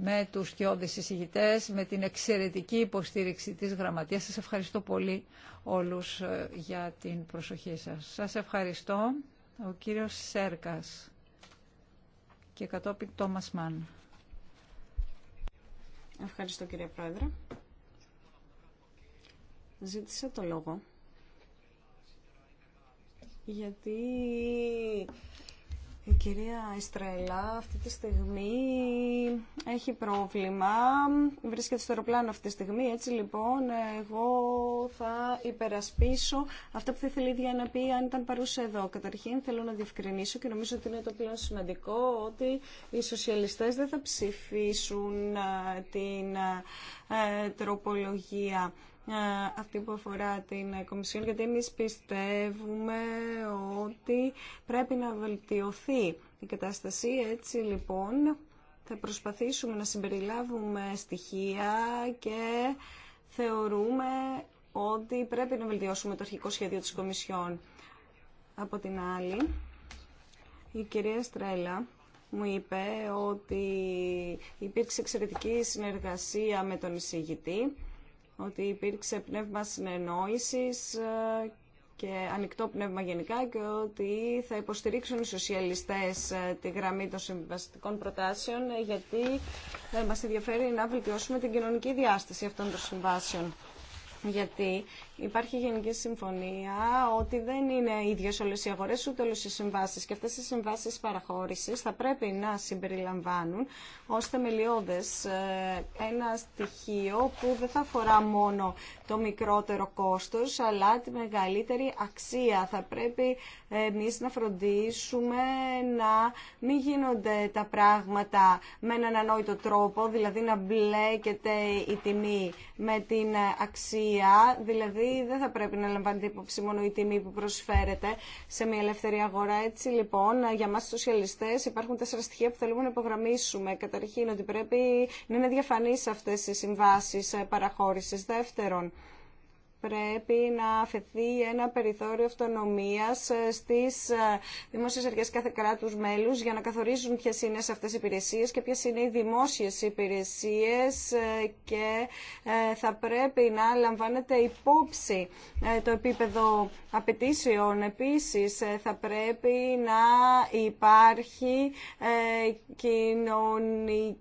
με τους κοιόντες εισηγητές, με την εξαιρετική υποστήριξη της γραμματείας. Σας ευχαριστώ πολύ όλους ε, για την προσοχή σας. Σας ευχαριστώ ο κύριος Σέρκας και κατόπιν Τόμας Μάν. Ευχαριστώ κύριε Πρόεδρε. Ζήτησα το λόγο γιατί η κυρία Ιστρέλα αυτή τη στιγμή έχει πρόβλημα, βρίσκεται στο αεροπλάνο αυτή τη στιγμή, έτσι λοιπόν εγώ θα υπερασπίσω αυτά που θα ήθελε η ίδια να πει αν ήταν παρούσα εδώ. Καταρχήν θέλω να διευκρινίσω και νομίζω ότι είναι το πλέον σημαντικό ότι οι σοσιαλιστές δεν θα ψηφίσουν ε, την ε, τροπολογία αυτή που αφορά την Κομισιόν, γιατί εμείς πιστεύουμε ότι πρέπει να βελτιωθεί η κατάσταση. Έτσι λοιπόν θα προσπαθήσουμε να συμπεριλάβουμε στοιχεία και θεωρούμε ότι πρέπει να βελτιώσουμε το αρχικό σχέδιο της Κομισιόν. Από την άλλη, η κυρία Στρέλα μου είπε ότι υπήρξε εξαιρετική συνεργασία με τον εισηγητή ότι υπήρξε πνεύμα συνεννόησης ε, και ανοιχτό πνεύμα γενικά και ότι θα υποστηρίξουν οι σοσιαλιστές ε, τη γραμμή των συμβαστικών προτάσεων ε, γιατί μας ενδιαφέρει να βελτιώσουμε την κοινωνική διάσταση αυτών των συμβάσεων. Γιατί Υπάρχει γενική συμφωνία ότι δεν είναι ίδιε όλε οι αγορέ ούτε όλε οι συμβάσει. Και αυτέ οι συμβάσει παραχώρηση θα πρέπει να συμπεριλαμβάνουν ω θεμελιώδε ε, ένα στοιχείο που δεν θα αφορά μόνο το μικρότερο κόστο, αλλά τη μεγαλύτερη αξία. Θα πρέπει εμεί να φροντίσουμε να μην γίνονται τα πράγματα με έναν ανόητο τρόπο, δηλαδή να μπλέκεται η τιμή με την αξία, δηλαδή δεν θα πρέπει να λαμβάνεται υπόψη μόνο η τιμή που προσφέρεται σε μια ελεύθερη αγορά. Έτσι λοιπόν, για μας τους σοσιαλιστές υπάρχουν τέσσερα στοιχεία που θέλουμε να υπογραμμίσουμε. Καταρχήν ότι πρέπει να είναι διαφανείς αυτές οι συμβάσει παραχώρηση Δεύτερον, πρέπει να αφαιθεί ένα περιθώριο αυτονομίας ε, στις ε, δημόσιες αρχές κάθε κράτους μέλους για να καθορίζουν ποιες είναι σε αυτές οι υπηρεσίες και ποιες είναι οι δημόσιες υπηρεσίες ε, και θα πρέπει να λαμβάνεται υπόψη το επίπεδο απαιτήσεων. Επίσης θα πρέπει να υπάρχει κοινωνική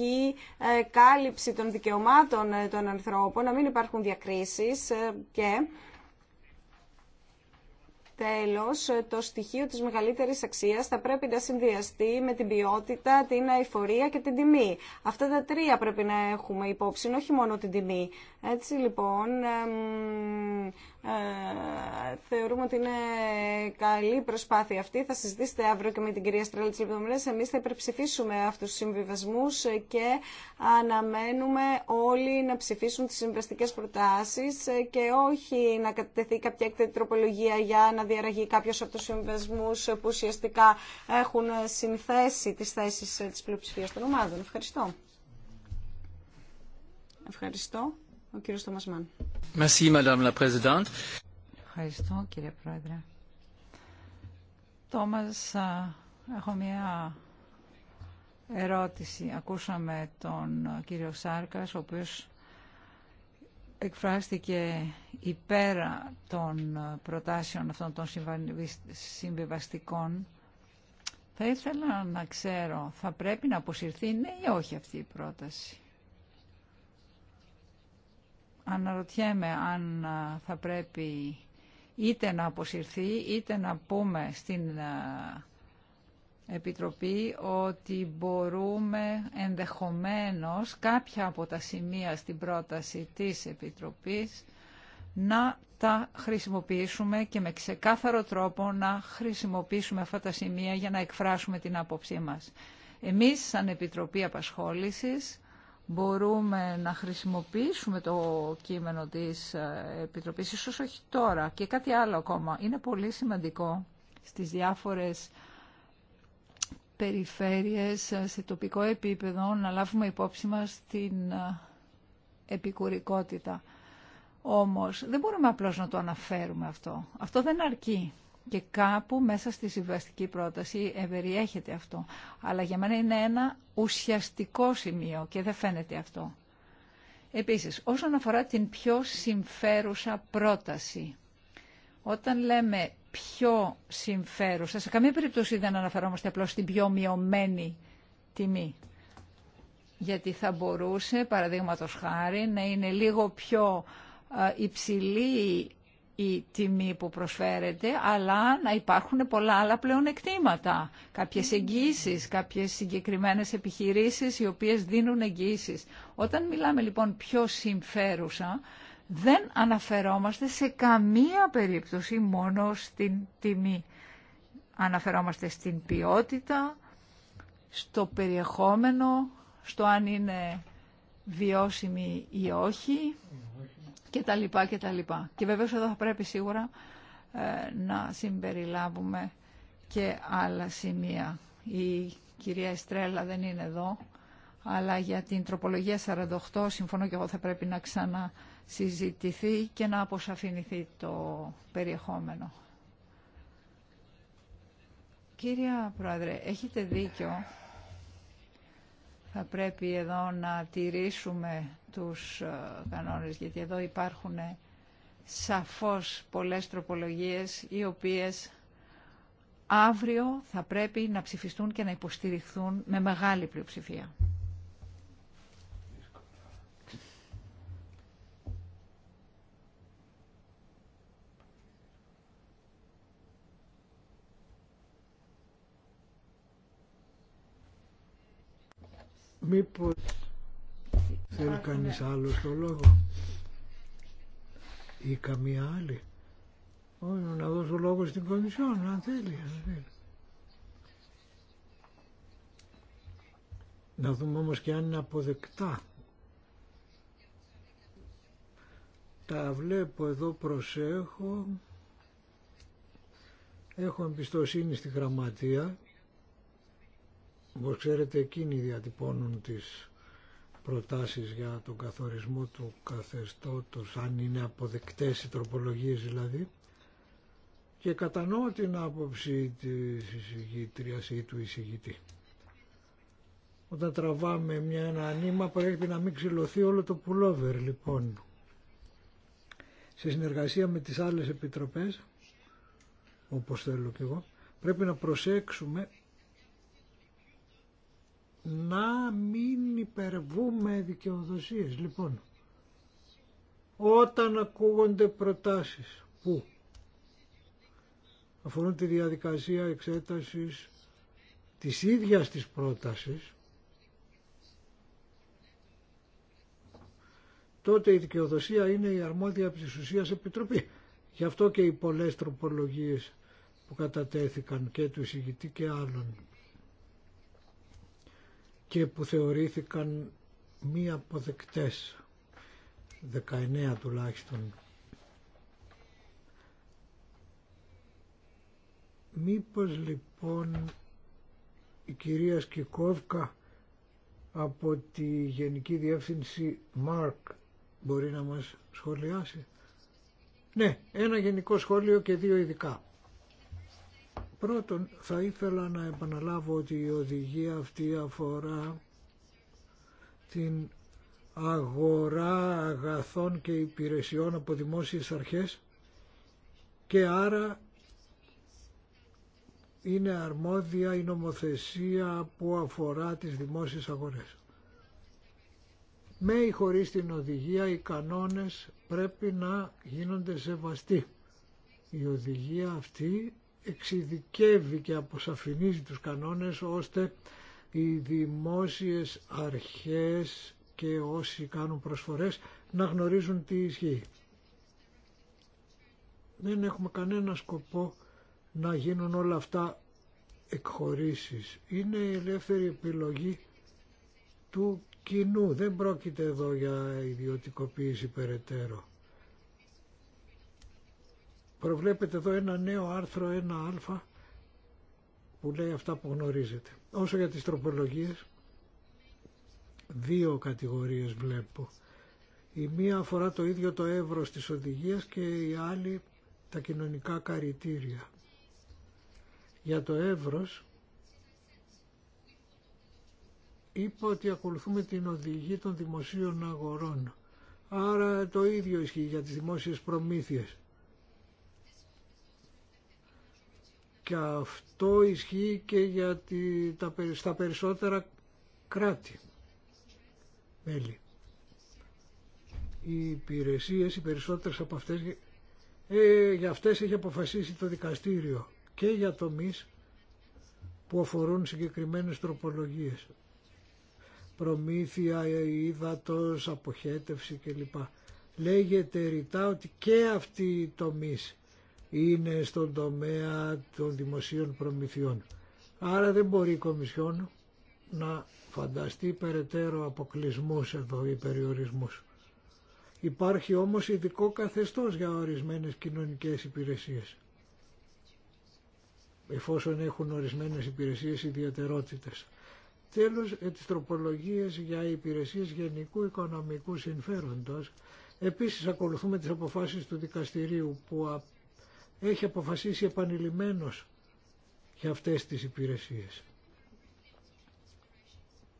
ε, κάλυψη των δικαιωμάτων ε, των ανθρώπων, να μην υπάρχουν διακρίσεις ε, και Τέλος, ε, το στοιχείο της μεγαλύτερης αξίας θα πρέπει να συνδυαστεί με την ποιότητα, την αηφορία και την τιμή. Αυτά τα τρία πρέπει να έχουμε υπόψη, όχι μόνο την τιμή. Έτσι λοιπόν ε, θεωρούμε ότι είναι καλή προσπάθεια αυτή. Θα συζητήσετε αύριο και με την κυρία Στρέλη της λεπτομέρειες. Εμείς θα υπερψηφίσουμε αυτούς τους συμβιβασμούς και αναμένουμε όλοι να ψηφίσουν τις συμβαστικέ προτάσεις και όχι να κατατεθεί κάποια εκτετή τροπολογία για να διαραγεί κάποιος από τους συμβιβασμού που ουσιαστικά έχουν συνθέσει τις θέσεις της πλειοψηφίας των ομάδων. Ευχαριστώ. Ευχαριστώ. Ο κύριος Τόμασμαν. Ευχαριστώ κύριε Πρόεδρε. Τόμας, έχω μια ερώτηση. Ακούσαμε τον κύριο Σάρκας, ο οποίος εκφράστηκε υπέρ των προτάσεων αυτών των συμβιβαστικών. Θα ήθελα να ξέρω, θα πρέπει να αποσυρθεί ναι ή όχι αυτή η πρόταση αναρωτιέμαι αν θα πρέπει είτε να αποσυρθεί είτε να πούμε στην Επιτροπή ότι μπορούμε ενδεχομένως κάποια από τα σημεία στην πρόταση της Επιτροπής να τα χρησιμοποιήσουμε και με ξεκάθαρο τρόπο να χρησιμοποιήσουμε αυτά τα σημεία για να εκφράσουμε την άποψή μας. Εμείς σαν Επιτροπή Απασχόλησης μπορούμε να χρησιμοποιήσουμε το κείμενο της ε, Επιτροπής, ίσως όχι τώρα και κάτι άλλο ακόμα. Είναι πολύ σημαντικό στις διάφορες περιφέρειες ε, σε τοπικό επίπεδο να λάβουμε υπόψη μας την ε, επικουρικότητα. Όμως δεν μπορούμε απλώς να το αναφέρουμε αυτό. Αυτό δεν αρκεί. Και κάπου μέσα στη συμβαστική πρόταση ευεριέχεται αυτό. Αλλά για μένα είναι ένα ουσιαστικό σημείο και δεν φαίνεται αυτό. Επίσης, όσον αφορά την πιο συμφέρουσα πρόταση, όταν λέμε πιο συμφέρουσα, σε καμία περίπτωση δεν αναφερόμαστε απλώς στην πιο μειωμένη τιμή. Γιατί θα μπορούσε, παραδείγματος χάρη, να είναι λίγο πιο ε, υψηλή η τιμή που προσφέρεται, αλλά να υπάρχουν πολλά άλλα πλεονεκτήματα. Κάποιες εγγύσεις, κάποιες συγκεκριμένες επιχειρήσεις οι οποίες δίνουν εγγύσει. Όταν μιλάμε λοιπόν πιο συμφέρουσα, δεν αναφερόμαστε σε καμία περίπτωση μόνο στην τιμή. Αναφερόμαστε στην ποιότητα, στο περιεχόμενο, στο αν είναι βιώσιμη ή όχι. Mm-hmm και τα λοιπά και τα λοιπά. Και βεβαίως εδώ θα πρέπει σίγουρα ε, να συμπεριλάβουμε και άλλα σημεία. Η κυρία Εστρέλα δεν είναι εδώ, αλλά για την τροπολογία 48 συμφωνώ και εγώ θα πρέπει να ξανασυζητηθεί και να αποσαφηνηθεί το περιεχόμενο. Κύρια Πρόεδρε, έχετε δίκιο θα πρέπει εδώ να τηρήσουμε τους ε, κανόνες, γιατί εδώ υπάρχουν σαφώς πολλές τροπολογίες, οι οποίες αύριο θα πρέπει να ψηφιστούν και να υποστηριχθούν με μεγάλη πλειοψηφία. Μήπως θέλει κανείς ναι. άλλος το λόγο ή καμία άλλη. Όχι, να δώσω λόγο στην Κομισιόν, αν θέλει, αν θέλει. Να δούμε όμως και αν είναι αποδεκτά. Τα βλέπω εδώ, προσέχω. Έχω εμπιστοσύνη στη γραμματεία όπως ξέρετε εκείνοι διατυπώνουν τις προτάσεις για τον καθορισμό του καθεστώτος, αν είναι αποδεκτές οι τροπολογίες δηλαδή. Και κατανοώ την άποψη της εισηγήτριας ή του εισηγητή. Όταν τραβάμε μια, ένα ανήμα πρέπει να μην ξυλωθεί όλο το πουλόβερ λοιπόν. Σε συνεργασία με τις άλλες επιτροπές, όπως θέλω κι εγώ, πρέπει να προσέξουμε να μην υπερβούμε δικαιοδοσίες. Λοιπόν, όταν ακούγονται προτάσεις που αφορούν τη διαδικασία εξέτασης της ίδιας της πρότασης, τότε η δικαιοδοσία είναι η αρμόδια της ουσίας επιτροπή. Γι' αυτό και οι πολλές τροπολογίες που κατατέθηκαν και του εισηγητή και άλλων και που θεωρήθηκαν μη αποδεκτές, 19 τουλάχιστον. Μήπως λοιπόν η κυρία Σκικόβκα από τη Γενική Διεύθυνση ΜΑΡΚ μπορεί να μας σχολιάσει. Ναι, ένα γενικό σχόλιο και δύο ειδικά. Πρώτον, θα ήθελα να επαναλάβω ότι η οδηγία αυτή αφορά την αγορά αγαθών και υπηρεσιών από δημόσιες αρχές και άρα είναι αρμόδια η νομοθεσία που αφορά τις δημόσιες αγορές. Με ή χωρίς την οδηγία οι κανόνες πρέπει να γίνονται σεβαστοί. Η οδηγία αυτή εξειδικεύει και αποσαφηνίζει τους κανόνες ώστε οι δημόσιες αρχές και όσοι κάνουν προσφορές να γνωρίζουν τι ισχύει. Δεν έχουμε κανένα σκοπό να γίνουν όλα αυτά εκχωρήσεις. Είναι η ελεύθερη επιλογή του κοινού. Δεν πρόκειται εδώ για ιδιωτικοποίηση περαιτέρω. Προβλέπετε εδώ ένα νέο άρθρο 1α που λέει αυτά που γνωρίζετε. Όσο για τις τροπολογίες, δύο κατηγορίες βλέπω. Η μία αφορά το ίδιο το εύρος της οδηγίας και η άλλη τα κοινωνικά καριτήρια. Για το εύρος είπα ότι ακολουθούμε την οδηγή των δημοσίων αγορών. Άρα το ίδιο ισχύει για τις δημόσιες προμήθειες. Και αυτό ισχύει και για τη, τα, στα περισσότερα κράτη. Μέλη. Οι υπηρεσίες, οι περισσότερες από αυτές, ε, για αυτές έχει αποφασίσει το δικαστήριο και για τομείς που αφορούν συγκεκριμένες τροπολογίες. Προμήθεια, ε, ύδατος, αποχέτευση κλπ. Λέγεται ρητά ότι και αυτοί οι τομείς είναι στον τομέα των δημοσίων προμηθειών. Άρα δεν μπορεί η Κομισιόν να φανταστεί περαιτέρω αποκλεισμούς εδώ ή Υπάρχει όμως ειδικό καθεστώς για ορισμένες κοινωνικές υπηρεσίες, εφόσον έχουν ορισμένες υπηρεσίες ιδιαιτερότητες. Τέλος, ε, τις τροπολογίες για υπηρεσίες γενικού οικονομικού συμφέροντος. Επίσης, ακολουθούμε τις αποφάσεις του δικαστηρίου που έχει αποφασίσει επανειλημμένος για αυτές τις υπηρεσίες.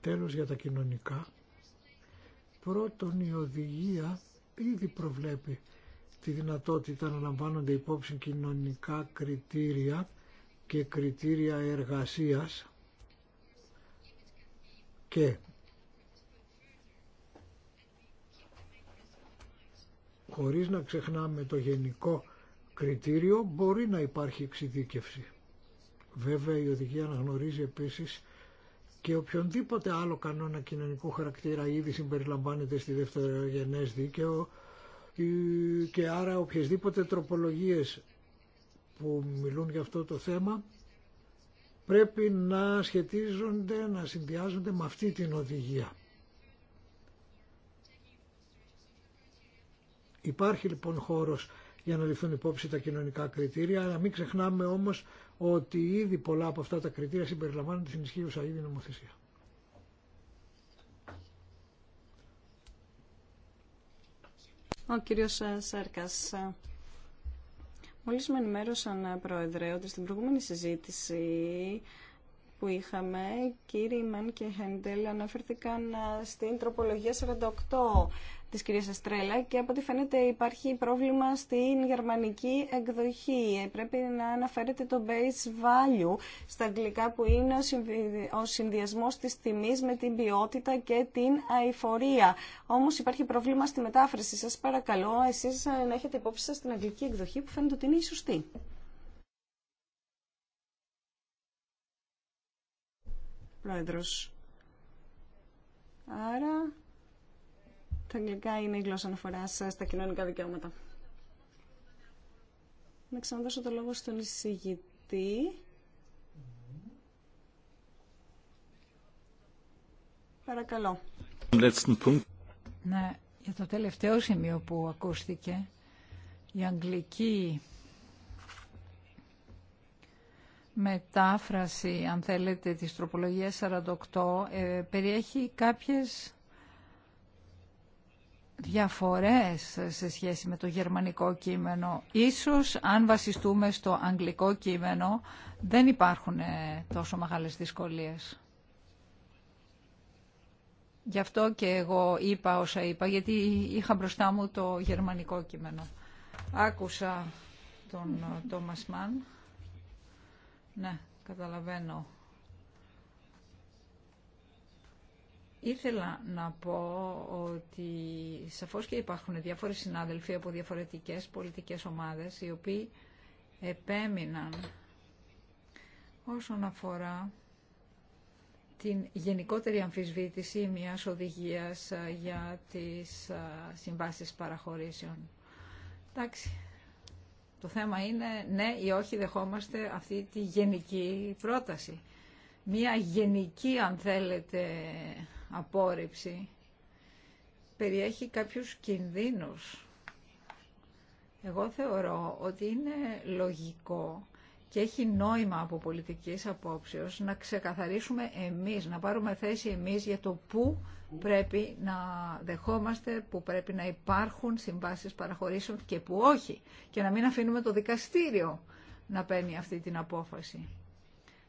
Τέλος για τα κοινωνικά. Πρώτον η οδηγία ήδη προβλέπει τη δυνατότητα να λαμβάνονται υπόψη κοινωνικά κριτήρια και κριτήρια εργασίας και χωρίς να ξεχνάμε το γενικό κριτήριο μπορεί να υπάρχει εξειδίκευση. Βέβαια η οδηγία αναγνωρίζει επίσης και οποιονδήποτε άλλο κανόνα κοινωνικού χαρακτήρα ήδη συμπεριλαμβάνεται στη δευτερογενές δίκαιο και άρα οποιασδήποτε τροπολογίες που μιλούν για αυτό το θέμα πρέπει να σχετίζονται, να συνδυάζονται με αυτή την οδηγία. Υπάρχει λοιπόν χώρος για να ληφθούν υπόψη τα κοινωνικά κριτήρια. Αλλά μην ξεχνάμε όμως ότι ήδη πολλά από αυτά τα κριτήρια συμπεριλαμβάνουν στην ισχύουσα ήδη νομοθεσία. Ο κύριος ε, Σέρκας. Μόλις με ενημέρωσαν, ε, Πρόεδρε, ότι στην προηγούμενη συζήτηση που είχαμε, κύριοι Μαν και Χέντελ αναφέρθηκαν ε, στην τροπολογία 48 της κυρίας Αστρέλα και από ό,τι φαίνεται υπάρχει πρόβλημα στην γερμανική εκδοχή. Ε, πρέπει να αναφέρεται το base value στα αγγλικά που είναι ο συνδυασμός της τιμής με την ποιότητα και την αηφορία. Όμως υπάρχει πρόβλημα στη μετάφραση. Σας παρακαλώ εσείς να έχετε υπόψη σας την αγγλική εκδοχή που φαίνεται ότι είναι η σωστή. Πρόεδρος. Άρα, τα αγγλικά είναι η γλώσσα αναφορά στα κοινωνικά δικαιώματα. Να ξαναδώσω το λόγο στον εισηγητή. Παρακαλώ. Ναι, για το τελευταίο σημείο που ακούστηκε, η αγγλική μετάφραση, αν θέλετε, της τροπολογίας 48 ε, περιέχει κάποιες διαφορές σε σχέση με το γερμανικό κείμενο. Ίσως αν βασιστούμε στο αγγλικό κείμενο δεν υπάρχουν ε, τόσο μεγάλες δυσκολίες. Γι' αυτό και εγώ είπα όσα είπα, γιατί είχα μπροστά μου το γερμανικό κείμενο. Άκουσα τον Τόμας ε, Μαν. Ναι, καταλαβαίνω. Ήθελα να πω ότι σαφώς και υπάρχουν διάφοροι συνάδελφοι από διαφορετικές πολιτικές ομάδες οι οποίοι επέμειναν όσον αφορά την γενικότερη αμφισβήτηση μιας οδηγίας ε, για τις ε, συμβάσεις παραχωρήσεων. Εντάξει, το θέμα είναι ναι ή όχι δεχόμαστε αυτή τη γενική πρόταση. Μία γενική, αν θέλετε, απόρριψη περιέχει κάποιους κινδύνους. Εγώ θεωρώ ότι είναι λογικό και έχει νόημα από πολιτικής απόψεως να ξεκαθαρίσουμε εμείς, να πάρουμε θέση εμείς για το πού πρέπει να δεχόμαστε, που πρέπει να υπάρχουν συμβάσεις παραχωρήσεων και που όχι. Και να μην αφήνουμε το δικαστήριο να παίρνει αυτή την απόφαση.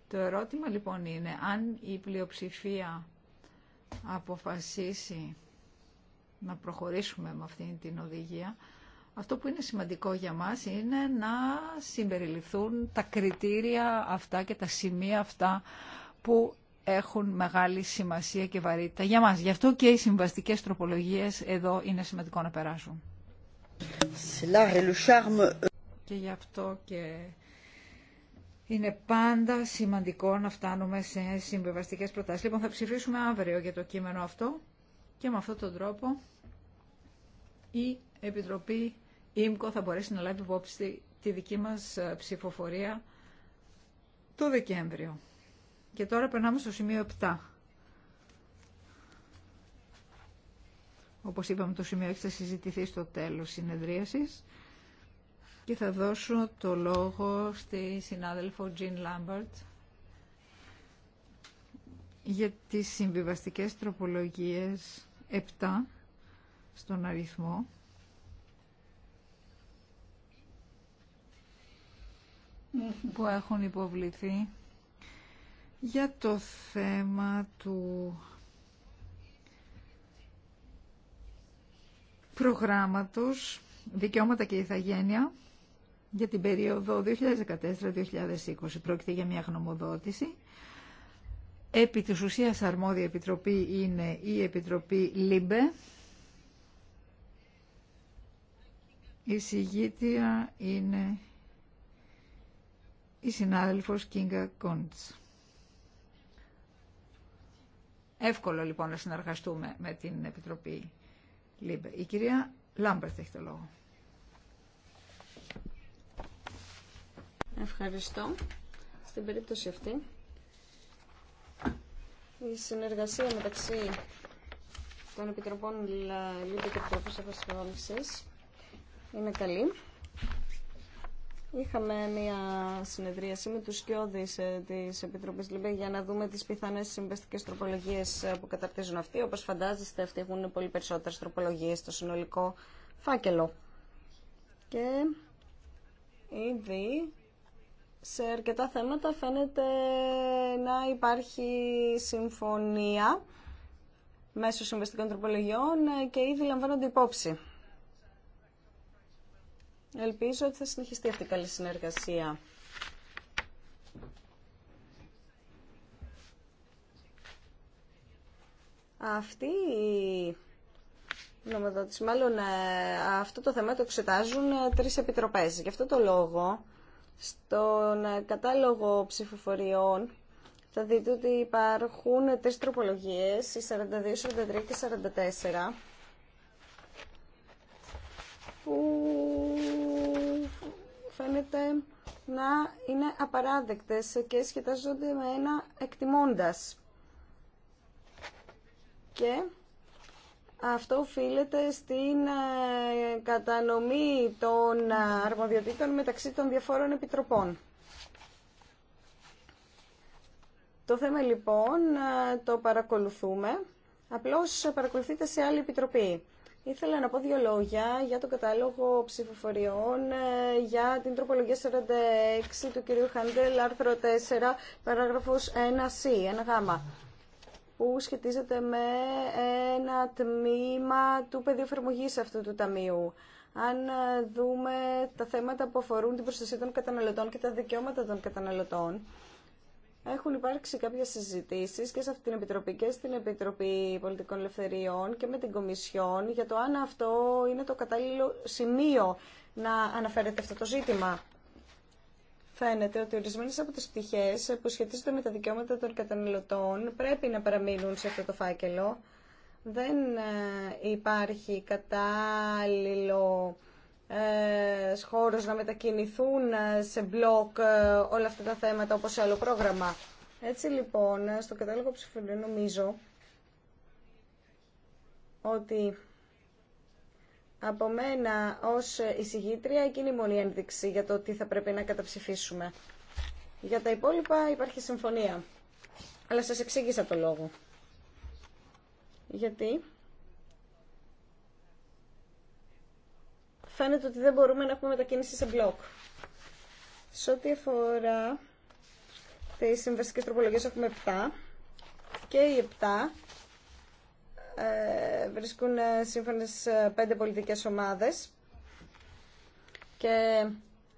Το ερώτημα λοιπόν είναι αν η πλειοψηφία αποφασίσει να προχωρήσουμε με αυτήν την οδηγία, αυτό που είναι σημαντικό για μας είναι να συμπεριληφθούν τα κριτήρια αυτά και τα σημεία αυτά που έχουν μεγάλη σημασία και βαρύτητα για μας. Γι' αυτό και οι συμβαστικές τροπολογίες εδώ είναι σημαντικό να περάσουν. Euh. Και γι' αυτό και είναι πάντα σημαντικό να φτάνουμε σε συμβαστικές προτάσεις. Λοιπόν, θα ψηφίσουμε αύριο για το κείμενο αυτό και με αυτόν τον τρόπο η Επιτροπή ΙΜΚΟ θα μπορέσει να λάβει υπόψη τη δική μας ε, ψηφοφορία το Δεκέμβριο. Και τώρα περνάμε στο σημείο 7. Όπως είπαμε το σημείο έχει συζητηθεί στο τέλος συνεδρίασης και θα δώσω το λόγο στη συνάδελφο Jean Lambert για τις συμβιβαστικές τροπολογίες 7 στον αριθμό. που έχουν υποβληθεί για το θέμα του προγράμματος Δικαιώματα και Ιθαγένεια για την περίοδο 2014-2020. Πρόκειται για μια γνωμοδότηση. Επί της ουσίας αρμόδια επιτροπή είναι η Επιτροπή ΛΥΜΠΕ. Η συγγήτρια είναι η συνάδελφος Κίνγκα Κόντς. Εύκολο λοιπόν να συνεργαστούμε με την Επιτροπή ΛΥΜΠΕ. Η κυρία Λάμπερτ έχει το λόγο. Ευχαριστώ. Στην περίπτωση αυτή, η συνεργασία μεταξύ των Επιτροπών ΛΥΜΠΕ και Επιτροπής Απασχόλησης είναι καλή Είχαμε μια συνεδρίαση με του σκιώδη ε, τη Επίτροπή Λιμπέ για να δούμε τις πιθανές συμβαστικές τροπολογίε ε, που καταρτίζουν αυτοί. Όπως φαντάζεστε αυτοί έχουν πολύ περισσότερε τροπολογίε στο συνολικό φάκελο. Και ήδη σε αρκετά θέματα φαίνεται να υπάρχει συμφωνία μέσω συμβαστικών τροπολογιών ε, και ήδη λαμβάνονται υπόψη. Ελπίζω ότι θα συνεχιστεί αυτή η καλή συνεργασία. Αυτή η νομοδότηση, μάλλον ε, αυτό το θέμα το εξετάζουν ε, τρεις επιτροπές. Γι' αυτό το λόγο, στον ε, κατάλογο ψηφοφοριών θα δείτε ότι υπάρχουν τρεις τροπολογίες, οι 42, 43 και 44 που φαίνεται να είναι απαράδεκτες και σχετάζονται με ένα εκτιμώντας. Και αυτό οφείλεται στην ε, κατανομή των αρμοδιοτήτων μεταξύ των διαφόρων επιτροπών. Το θέμα λοιπόν ε, το παρακολουθούμε, απλώς παρακολουθείτε σε άλλη επιτροπή. Ήθελα να πω δύο λόγια για τον κατάλογο ψηφοφοριών ε, για την τροπολογία 46 του κυρίου Χάντελ, άρθρο 4, παράγραφος 1C, 1Γ, που σχετίζεται με ένα τμήμα του πεδίου αυτού του ταμείου. Αν ε, δούμε τα θέματα που αφορούν την προστασία των καταναλωτών και τα δικαιώματα των καταναλωτών, έχουν υπάρξει κάποιες συζητήσεις και σε αυτή την Επιτροπή και στην Επιτροπή Πολιτικών Ελευθεριών και με την Κομισιόν για το αν αυτό είναι το κατάλληλο σημείο να αναφέρεται αυτό το ζήτημα. Φαίνεται ότι ορισμένε από τις πτυχές που σχετίζονται με τα δικαιώματα των καταναλωτών πρέπει να παραμείνουν σε αυτό το φάκελο. Δεν ε, υπάρχει κατάλληλο ε, χώρο να μετακινηθούν ε, σε μπλοκ ε, όλα αυτά τα θέματα όπως σε άλλο πρόγραμμα. Έτσι λοιπόν, στο κατάλογο ψηφιλίου νομίζω ότι από μένα ως εισηγήτρια εκείνη η μόνη ένδειξη για το τι θα πρέπει να καταψηφίσουμε. Για τα υπόλοιπα υπάρχει συμφωνία. Αλλά σας εξήγησα το λόγο. Γιατί φαίνεται ότι δεν μπορούμε να έχουμε μετακίνηση σε μπλοκ. Σε ό,τι αφορά τις συμβαστικές τροπολογίες έχουμε 7 και οι 7 ε, βρίσκουν ε, σύμφωνα 5 πολιτικές ομάδες και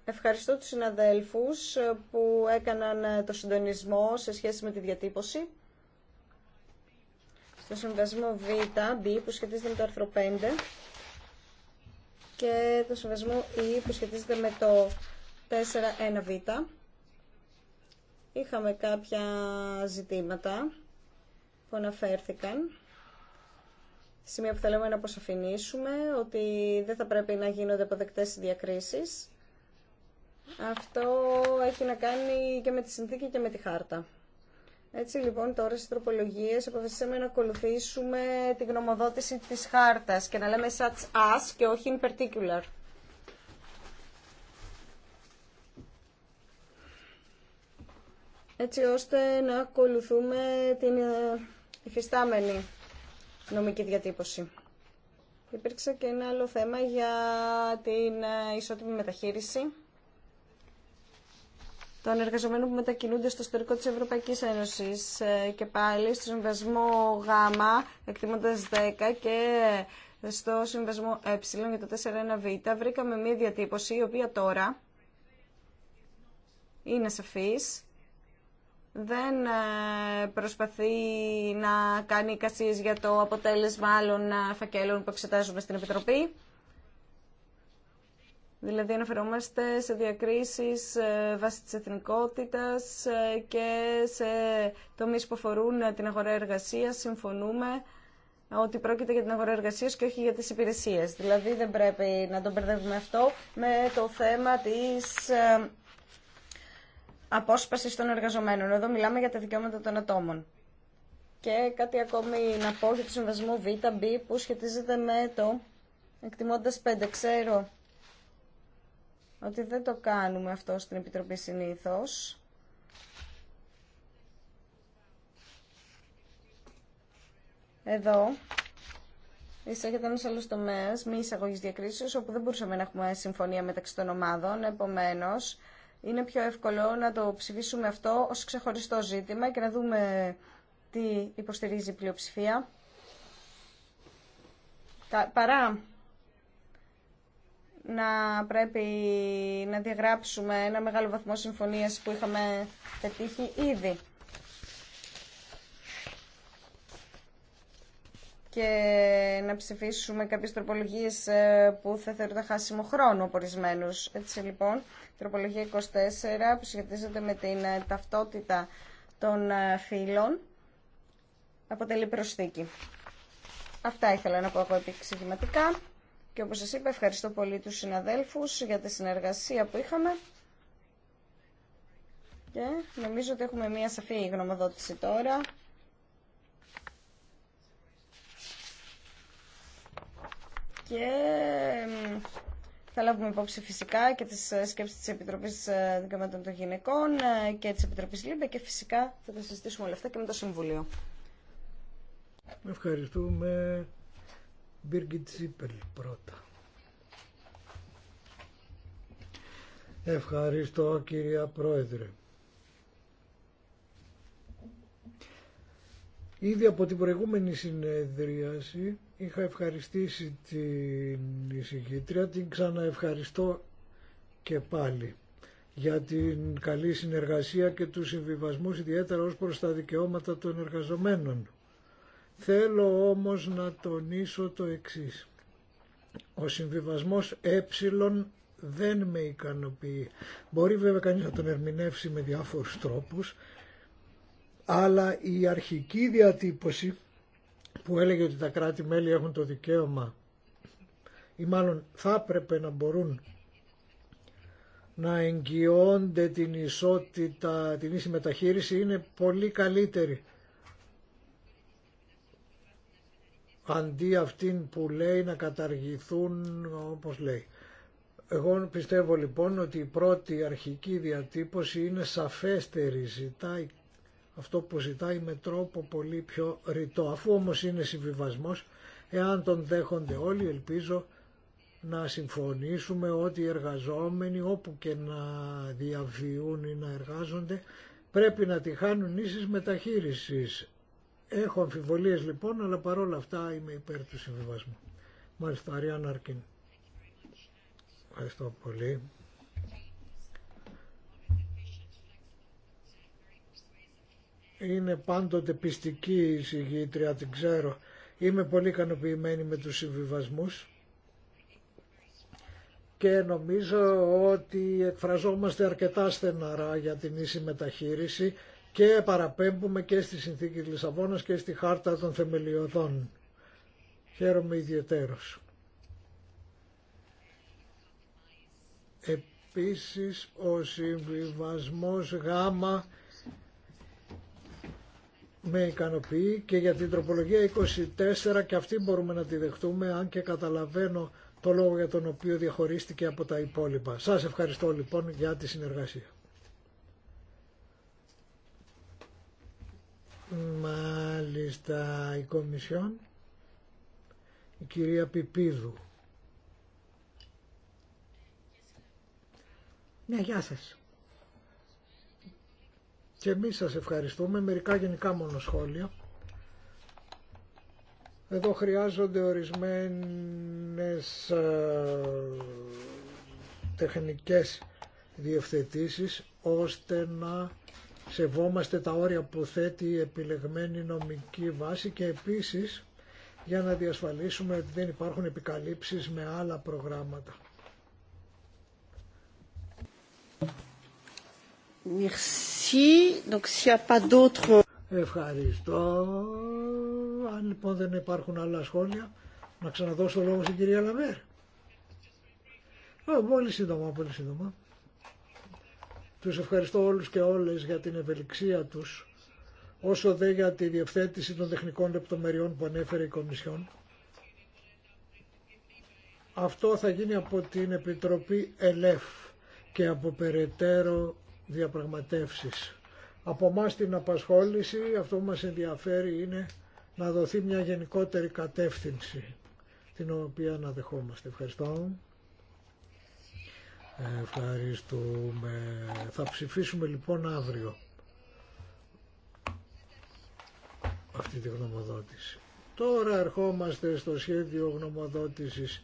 ευχαριστώ τους συναδέλφους ε, που έκαναν ε, το συντονισμό σε σχέση με τη διατύπωση στο συμβασμό Β, που σχετίζεται με το άρθρο 5 και το συμβασμό Ή που σχετίζεται με το 4-1-β. Είχαμε κάποια ζητήματα που αναφέρθηκαν. Σημεία που θέλουμε να αποσαφηνίσουμε ότι δεν θα πρέπει να γίνονται αποδεκτές οι διακρίσεις. Αυτό έχει να κάνει και με τη συνθήκη και με τη χάρτα. Έτσι λοιπόν τώρα στις τροπολογίες αποφασίσαμε να ακολουθήσουμε τη γνωμοδότηση της χάρτας και να λέμε such as και όχι in particular. Έτσι ώστε να ακολουθούμε την ε, υφιστάμενη νομική διατύπωση. Υπήρξε και ένα άλλο θέμα για την ε, ισότιμη μεταχείριση των εργαζομένων που μετακινούνται στο ιστορικό της Ευρωπαϊκής Ένωσης ε, και πάλι στο συμβασμό ΓΑΜΑ εκτιμώντας 10 και στο συμβασμό Ε για το 4.1β βρήκαμε μία διατύπωση η οποία τώρα είναι σαφής δεν ε, προσπαθεί να κάνει εικασίες για το αποτέλεσμα άλλων ε, φακέλων που εξετάζουμε στην Επιτροπή. Δηλαδή αναφερόμαστε σε διακρίσεις ε, βάσει της εθνικότητας ε, και σε τομείς που αφορούν ε, την αγορά εργασίας. Συμφωνούμε ότι πρόκειται για την αγορά εργασίας και όχι για τις υπηρεσίες. Δηλαδή δεν πρέπει να τον μπερδεύουμε αυτό με το θέμα της απόσπασης των εργαζομένων. Εδώ μιλάμε για τα δικαιώματα των ατόμων. Και κάτι ακόμη να πω για το συμβασμό που σχετίζεται με το εκτιμώντας 5. Ξέρω ότι δεν το κάνουμε αυτό στην Επιτροπή συνήθως. Εδώ εισάγεται ένα άλλος τομέας μη εισαγωγή διακρίσεως, όπου δεν μπορούσαμε να έχουμε συμφωνία μεταξύ των ομάδων. Επομένως, είναι πιο εύκολο να το ψηφίσουμε αυτό ως ξεχωριστό ζήτημα και να δούμε τι υποστηρίζει η πλειοψηφία. Παρά να πρέπει να διαγράψουμε ένα μεγάλο βαθμό συμφωνίας που είχαμε πετύχει ήδη. και να ψηφίσουμε κάποιες τροπολογίες ε, που θα θεωρούνται χάσιμο χρόνο από ορισμένους. Έτσι λοιπόν, τροπολογία 24 που σχετίζεται με την ε, ταυτότητα των ε, φύλων αποτελεί προσθήκη. Αυτά ήθελα να πω εγώ επεξηγηματικά. Και όπως σας είπα, ευχαριστώ πολύ τους συναδέλφους για τη συνεργασία που είχαμε. Και νομίζω ότι έχουμε μία σαφή γνωμοδότηση τώρα. Και θα λάβουμε υπόψη φυσικά και τις ε, σκέψεις της Επιτροπής ε, Δικαιωμάτων των Γυναικών ε, και της Επιτροπής ΛΥΜΠΕ και φυσικά θα τα συζητήσουμε όλα αυτά και με το Συμβουλίο. Ευχαριστούμε πρώτα. Ευχαριστώ κυρία Πρόεδρε. Ήδη από την προηγούμενη συνεδρίαση είχα ευχαριστήσει την εισηγήτρια, την ξαναευχαριστώ και πάλι για την καλή συνεργασία και τους συμβιβασμούς ιδιαίτερα ως προς τα δικαιώματα των εργαζομένων. Θέλω όμως να τονίσω το εξής. Ο συμβιβασμός ε δεν με ικανοποιεί. Μπορεί βέβαια κανείς να τον ερμηνεύσει με διάφορους τρόπους, αλλά η αρχική διατύπωση που έλεγε ότι τα κράτη-μέλη έχουν το δικαίωμα ή μάλλον θα έπρεπε να μπορούν να εγγυώνται την ισότητα, την ίση μεταχείριση είναι πολύ καλύτερη αντί αυτήν που λέει να καταργηθούν όπως λέει. Εγώ πιστεύω λοιπόν ότι η πρώτη αρχική διατύπωση είναι σαφέστερη, ζητάει αυτό που ζητάει με τρόπο πολύ πιο ρητό. Αφού όμως είναι συμβιβασμός, εάν τον δέχονται όλοι ελπίζω να συμφωνήσουμε ότι οι εργαζόμενοι όπου και να διαβιούν ή να εργάζονται πρέπει να τη χάνουν ίσης μεταχείρισης Έχω αμφιβολίες λοιπόν, αλλά παρόλα αυτά είμαι υπέρ του συμβιβασμού. Μάλιστα, Αριάν Αρκίν. Ευχαριστώ πολύ. Είναι πάντοτε πιστική η συγγήτρια, την ξέρω. Είμαι πολύ ικανοποιημένη με τους συμβιβασμούς και νομίζω ότι εκφραζόμαστε αρκετά στεναρά για την ίση μεταχείριση και παραπέμπουμε και στη συνθήκη της Λισαβόνας και στη χάρτα των θεμελιωδών. Χαίρομαι ιδιαιτέρως. Επίσης ο συμβιβασμός γάμα με ικανοποιεί και για την τροπολογία 24 και αυτή μπορούμε να τη δεχτούμε αν και καταλαβαίνω το λόγο για τον οποίο διαχωρίστηκε από τα υπόλοιπα. Σας ευχαριστώ λοιπόν για τη συνεργασία. Μάλιστα η Κομισιόν, η κυρία Πιπίδου. Ναι, γεια σας. Και εμείς σας ευχαριστούμε. Μερικά γενικά μόνο σχόλια. Εδώ χρειάζονται ορισμένες ε, τεχνικές διευθετήσεις ώστε να σεβόμαστε τα όρια που θέτει η επιλεγμένη νομική βάση και επίσης για να διασφαλίσουμε ότι δεν υπάρχουν επικαλύψεις με άλλα προγράμματα. Ευχαριστώ. Αν λοιπόν δεν υπάρχουν άλλα σχόλια, να ξαναδώσω λόγο στην κυρία Λαβέρ. Πολύ σύντομα, πολύ σύντομα. Τους ευχαριστώ όλους και όλες για την ευελιξία τους, όσο δε για τη διευθέτηση των τεχνικών λεπτομεριών που ανέφερε η Κομισιόν. Αυτό θα γίνει από την Επιτροπή ΕΛΕΦ και από περαιτέρω διαπραγματεύσεις. Από εμά την απασχόληση, αυτό που μας ενδιαφέρει είναι να δοθεί μια γενικότερη κατεύθυνση, την οποία να δεχόμαστε. Ευχαριστώ. Ευχαριστούμε. Θα ψηφίσουμε λοιπόν αύριο αυτή τη γνωμοδότηση. Τώρα ερχόμαστε στο σχέδιο γνωμοδότησης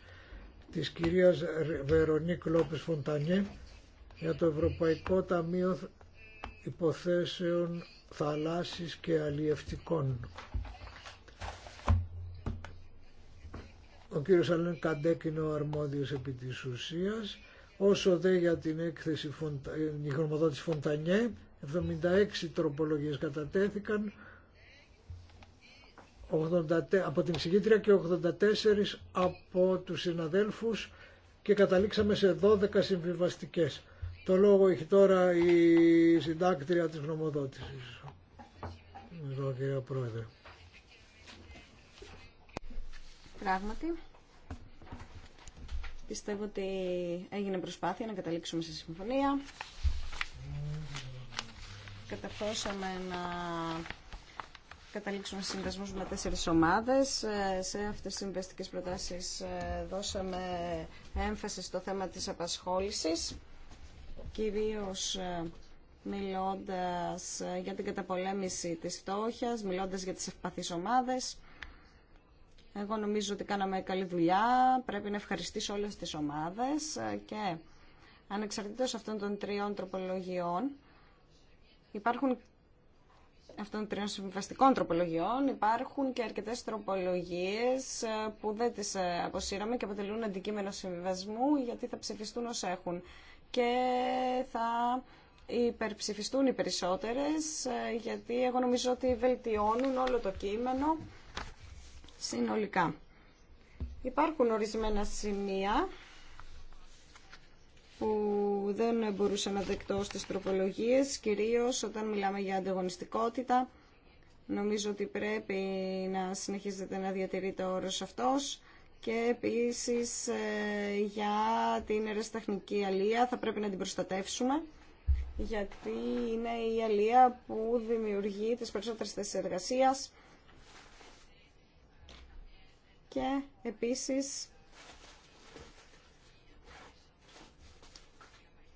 της κυρίας Βερονίκ Λόπης Φοντανιέ για το Ευρωπαϊκό Ταμείο Υποθέσεων Θαλάσσης και Αλλιευτικών. Ο κύριος Αλέν Καντέκ είναι ο αρμόδιος επί της ουσίας. Όσο δε για την έκθεση ε, η γνωμοδότηση Φοντανιέ, 76 τροπολογίες κατατέθηκαν, 80, από την συγκήτρια και 84 από τους συναδέλφους και καταλήξαμε σε 12 συμβιβαστικές. Το λόγο έχει τώρα η συντάκτρια της γνωμοδότησης. Εδώ κυρία Πρόεδρε. Πράγματι, Πιστεύω ότι έγινε προσπάθεια να καταλήξουμε σε συμφωνία. Καταρθώσαμε να καταλήξουμε συνδεσμούς με τέσσερις ομάδες. Ε, σε αυτές τις συμβεστικές προτάσεις ε, δώσαμε έμφαση στο θέμα της απασχόλησης, κυρίως ε, μιλώντας για την καταπολέμηση της φτώχειας, μιλώντας για τις ευπαθείς ομάδες εγώ νομίζω ότι κάναμε καλή δουλειά. Πρέπει να ευχαριστήσω όλες τις ομάδες και ανεξαρτήτως αυτών των τριών τροπολογιών υπάρχουν αυτών των τριών συμβιβαστικών τροπολογιών υπάρχουν και αρκετές τροπολογίες που δεν τις αποσύραμε και αποτελούν αντικείμενο συμβιβασμού γιατί θα ψηφιστούν ως έχουν και θα υπερψηφιστούν οι περισσότερες γιατί εγώ νομίζω ότι βελτιώνουν όλο το κείμενο συνολικά. Υπάρχουν ορισμένα σημεία που δεν μπορούσα να δεκτώ στις τροπολογίες, κυρίως όταν μιλάμε για ανταγωνιστικότητα. Νομίζω ότι πρέπει να συνεχίζεται να διατηρείται ο όρος αυτός και επίσης ε, για την αιρεσταχνική αλία θα πρέπει να την προστατεύσουμε γιατί είναι η αλία που δημιουργεί τις περισσότερες θέσεις εργασίας και επίσης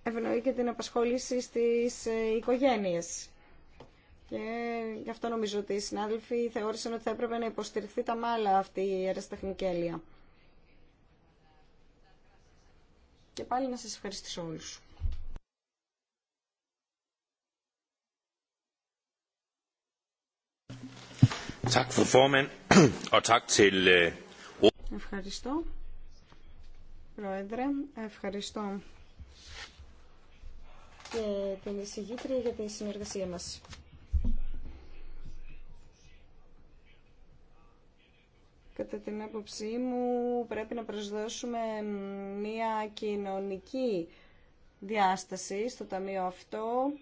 ευνοεί και την απασχόληση στις ε, οικογένειες. Και γι' αυτό νομίζω ότι οι συνάδελφοι θεώρησαν ότι θα έπρεπε να υποστηριχθεί τα μάλα αυτή η αεραστεχνική έλεια. Και πάλι να σας ευχαριστήσω όλους. Tak for formand, og tak til øh, Ευχαριστώ. Πρόεδρε, ευχαριστώ και την εισηγήτρια για τη συνεργασία μας. Κατά την άποψή μου πρέπει να προσδώσουμε μια κοινωνική διάσταση στο ταμείο αυτό.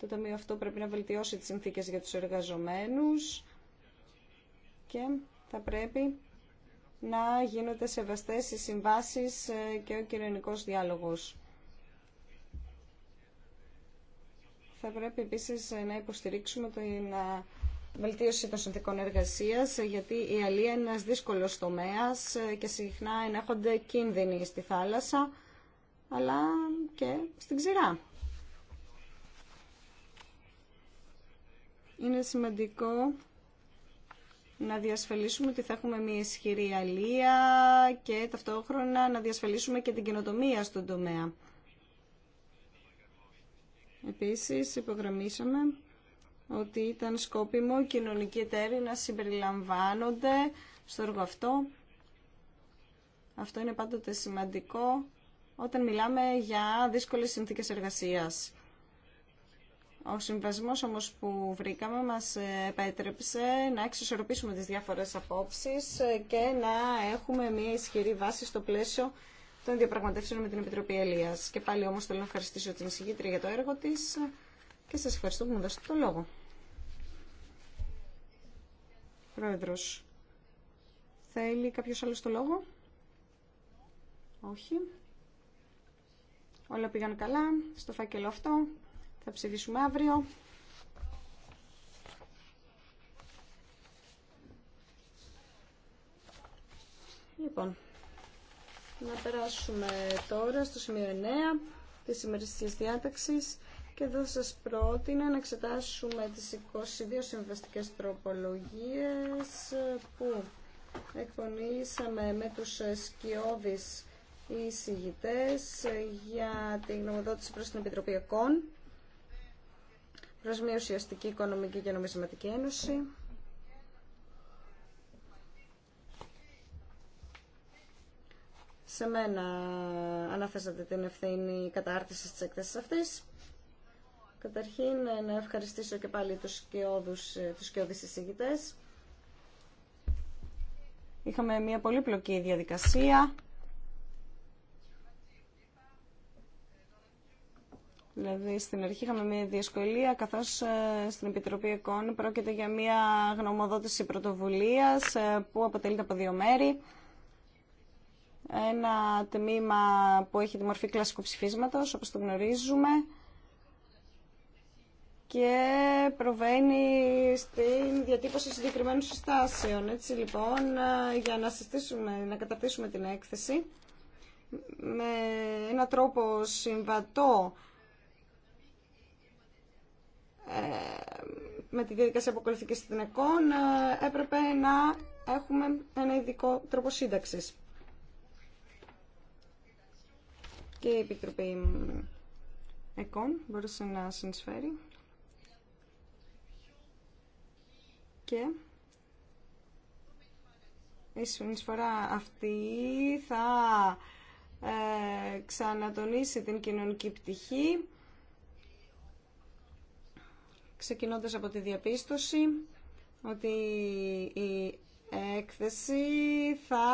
Το ταμείο αυτό πρέπει να βελτιώσει τις συνθήκες για τους εργαζομένους και θα πρέπει να γίνονται σεβαστές οι συμβάσεις ε, και ο κοινωνικός διάλογος. Θα πρέπει επίσης ε, να υποστηρίξουμε την ε, βελτίωση των συνθήκων εργασίας, γιατί η αλία είναι ένας δύσκολος τομέας και συχνά ενέχονται κίνδυνοι στη θάλασσα, αλλά και στην ξηρά. Είναι σημαντικό να διασφαλίσουμε ότι θα έχουμε μια ισχυρή αλία και ταυτόχρονα να διασφαλίσουμε και την καινοτομία στον τομέα. Επίσης, υπογραμμίσαμε ότι ήταν σκόπιμο οι κοινωνικοί εταίροι να συμπεριλαμβάνονται στο έργο αυτό. Αυτό είναι πάντοτε σημαντικό όταν μιλάμε για δύσκολες συνθήκες εργασίας. Ο συμβασμός όμως που βρήκαμε μας επέτρεψε να εξισορροπήσουμε τις διάφορες απόψεις και να έχουμε μια ισχυρή βάση στο πλαίσιο των διαπραγματεύσεων με την Επιτροπή Ελίας. Και πάλι όμως θέλω να ευχαριστήσω την εισηγήτρια για το έργο της και σας ευχαριστώ που μου δώσετε το λόγο. Πρόεδρος, θέλει κάποιος άλλο το λόγο? Όχι. Όλα πήγαν καλά στο φάκελο αυτό. Θα ψηφίσουμε αύριο. Λοιπόν, να περάσουμε τώρα στο σημείο 9 της ημερησίας διάταξης και εδώ σας πρότεινα να εξετάσουμε τις 22 συμβαστικές τροπολογίες που εκπονήσαμε με τους σκιώδεις εισηγητές για την γνωμοδότηση προς την Επιτροπή ΕΚΟΝ προς μια ουσιαστική οικονομική και νομισματική ένωση. Σε μένα αναθέσατε την ευθύνη κατάρτισης της έκθεσης αυτής. Καταρχήν να ευχαριστήσω και πάλι τους σκιώδους, τους σκιώδεις εισηγητές. Είχαμε μια πολύπλοκη διαδικασία Δηλαδή στην αρχή είχαμε μια δυσκολία καθώς ε, στην Επιτροπή Εκών πρόκειται για μια γνωμοδότηση πρωτοβουλίας ε, που αποτελείται από δύο μέρη. Ένα τμήμα που έχει τη μορφή κλασικού ψηφίσματος όπως το γνωρίζουμε και προβαίνει στην διατύπωση συγκεκριμένων συστάσεων. Έτσι λοιπόν ε, για να συστήσουμε, να καταρτήσουμε την έκθεση με ένα τρόπο συμβατό ε, με τη διαδικασία που ακολουθήκε στην ΕΚΟΝ ε, έπρεπε να έχουμε ένα ειδικό τρόπο σύνταξη. Και η Επιτροπή ΕΚΟΝ μπορούσε να συνεισφέρει. Και η συνεισφορά αυτή θα ε, ξανατονίσει την κοινωνική πτυχή ξεκινώντας από τη διαπίστωση ότι η έκθεση θα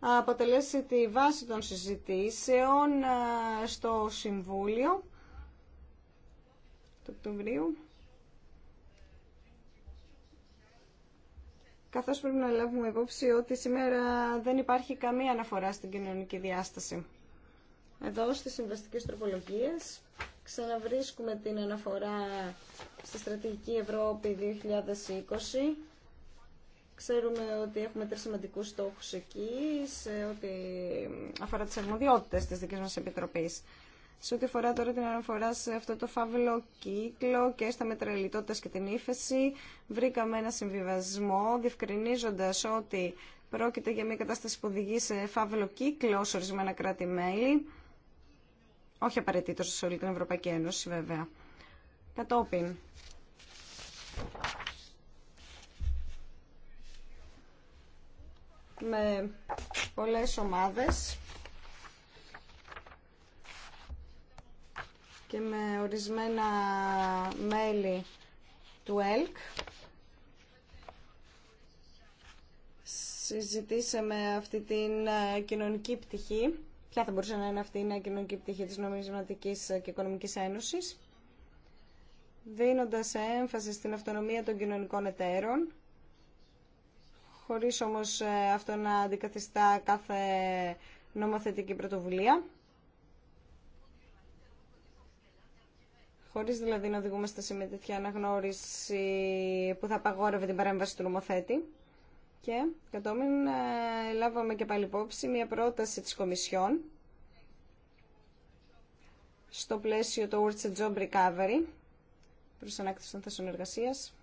αποτελέσει τη βάση των συζητήσεων ε, στο Συμβούλιο του Οκτωβρίου. Καθώς πρέπει να λάβουμε υπόψη ότι σήμερα δεν υπάρχει καμία αναφορά στην κοινωνική διάσταση. Εδώ στις συμβαστικές τροπολογίες ξαναβρίσκουμε την αναφορά στη Στρατηγική Ευρώπη 2020. Ξέρουμε ότι έχουμε τρεις σημαντικούς στόχους εκεί, σε ό,τι αφορά τις αρμοδιότητες της δικής μας Επιτροπής. Σε ό,τι αφορά τώρα την αναφορά σε αυτό το φαύλο κύκλο και στα μετρελιτότητα και την ύφεση, βρήκαμε ένα συμβιβασμό, διευκρινίζοντα ότι πρόκειται για μια κατάσταση που οδηγεί σε φαύλο κύκλο ορισμένα κράτη-μέλη όχι απαραίτητο σε όλη την Ευρωπαϊκή Ένωση βέβαια. Κατόπιν. Με πολλές ομάδες και με ορισμένα μέλη του ΕΛΚ συζητήσαμε αυτή την ε, κοινωνική πτυχή Ποια θα μπορούσε να είναι αυτή η νέα κοινωνική πτυχή της νομισματικής και οικονομικής ένωσης, δίνοντας έμφαση στην αυτονομία των κοινωνικών εταίρων, χωρίς όμως ε, αυτό να αντικαθιστά κάθε νομοθετική πρωτοβουλία. Χωρίς δηλαδή να οδηγούμαστε σε μια τέτοια αναγνώριση που θα απαγόρευε την παρέμβαση του νομοθέτη. Και κατόπιν ε, λάβαμε και πάλι υπόψη μια πρόταση της Κομισιόν στο πλαίσιο του and Job Recovery προς ανάκτηση των θέσεων εργασίας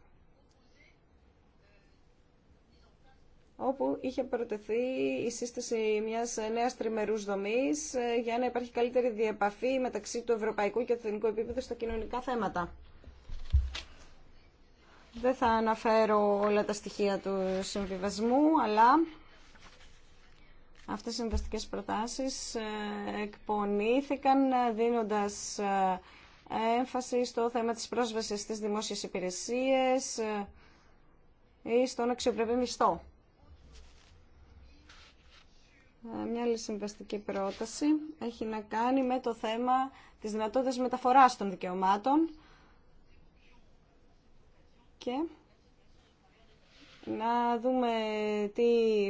όπου είχε προτεθεί η σύσταση μιας νέας τριμερούς δομής ε, για να υπάρχει καλύτερη διεπαφή μεταξύ του ευρωπαϊκού και του εθνικού επίπεδου στα κοινωνικά θέματα. Δεν θα αναφέρω όλα τα στοιχεία του συμβιβασμού, αλλά αυτές οι συμβαστικές προτάσεις ε, εκπονήθηκαν ε, δίνοντας ε, έμφαση στο θέμα της πρόσβασης στις δημόσιες υπηρεσίες ή στον αξιοπρεπή μισθό. Μια άλλη συμβαστική πρόταση έχει να κάνει με το θέμα της δυνατότητας μεταφοράς των δικαιωμάτων και να δούμε τι,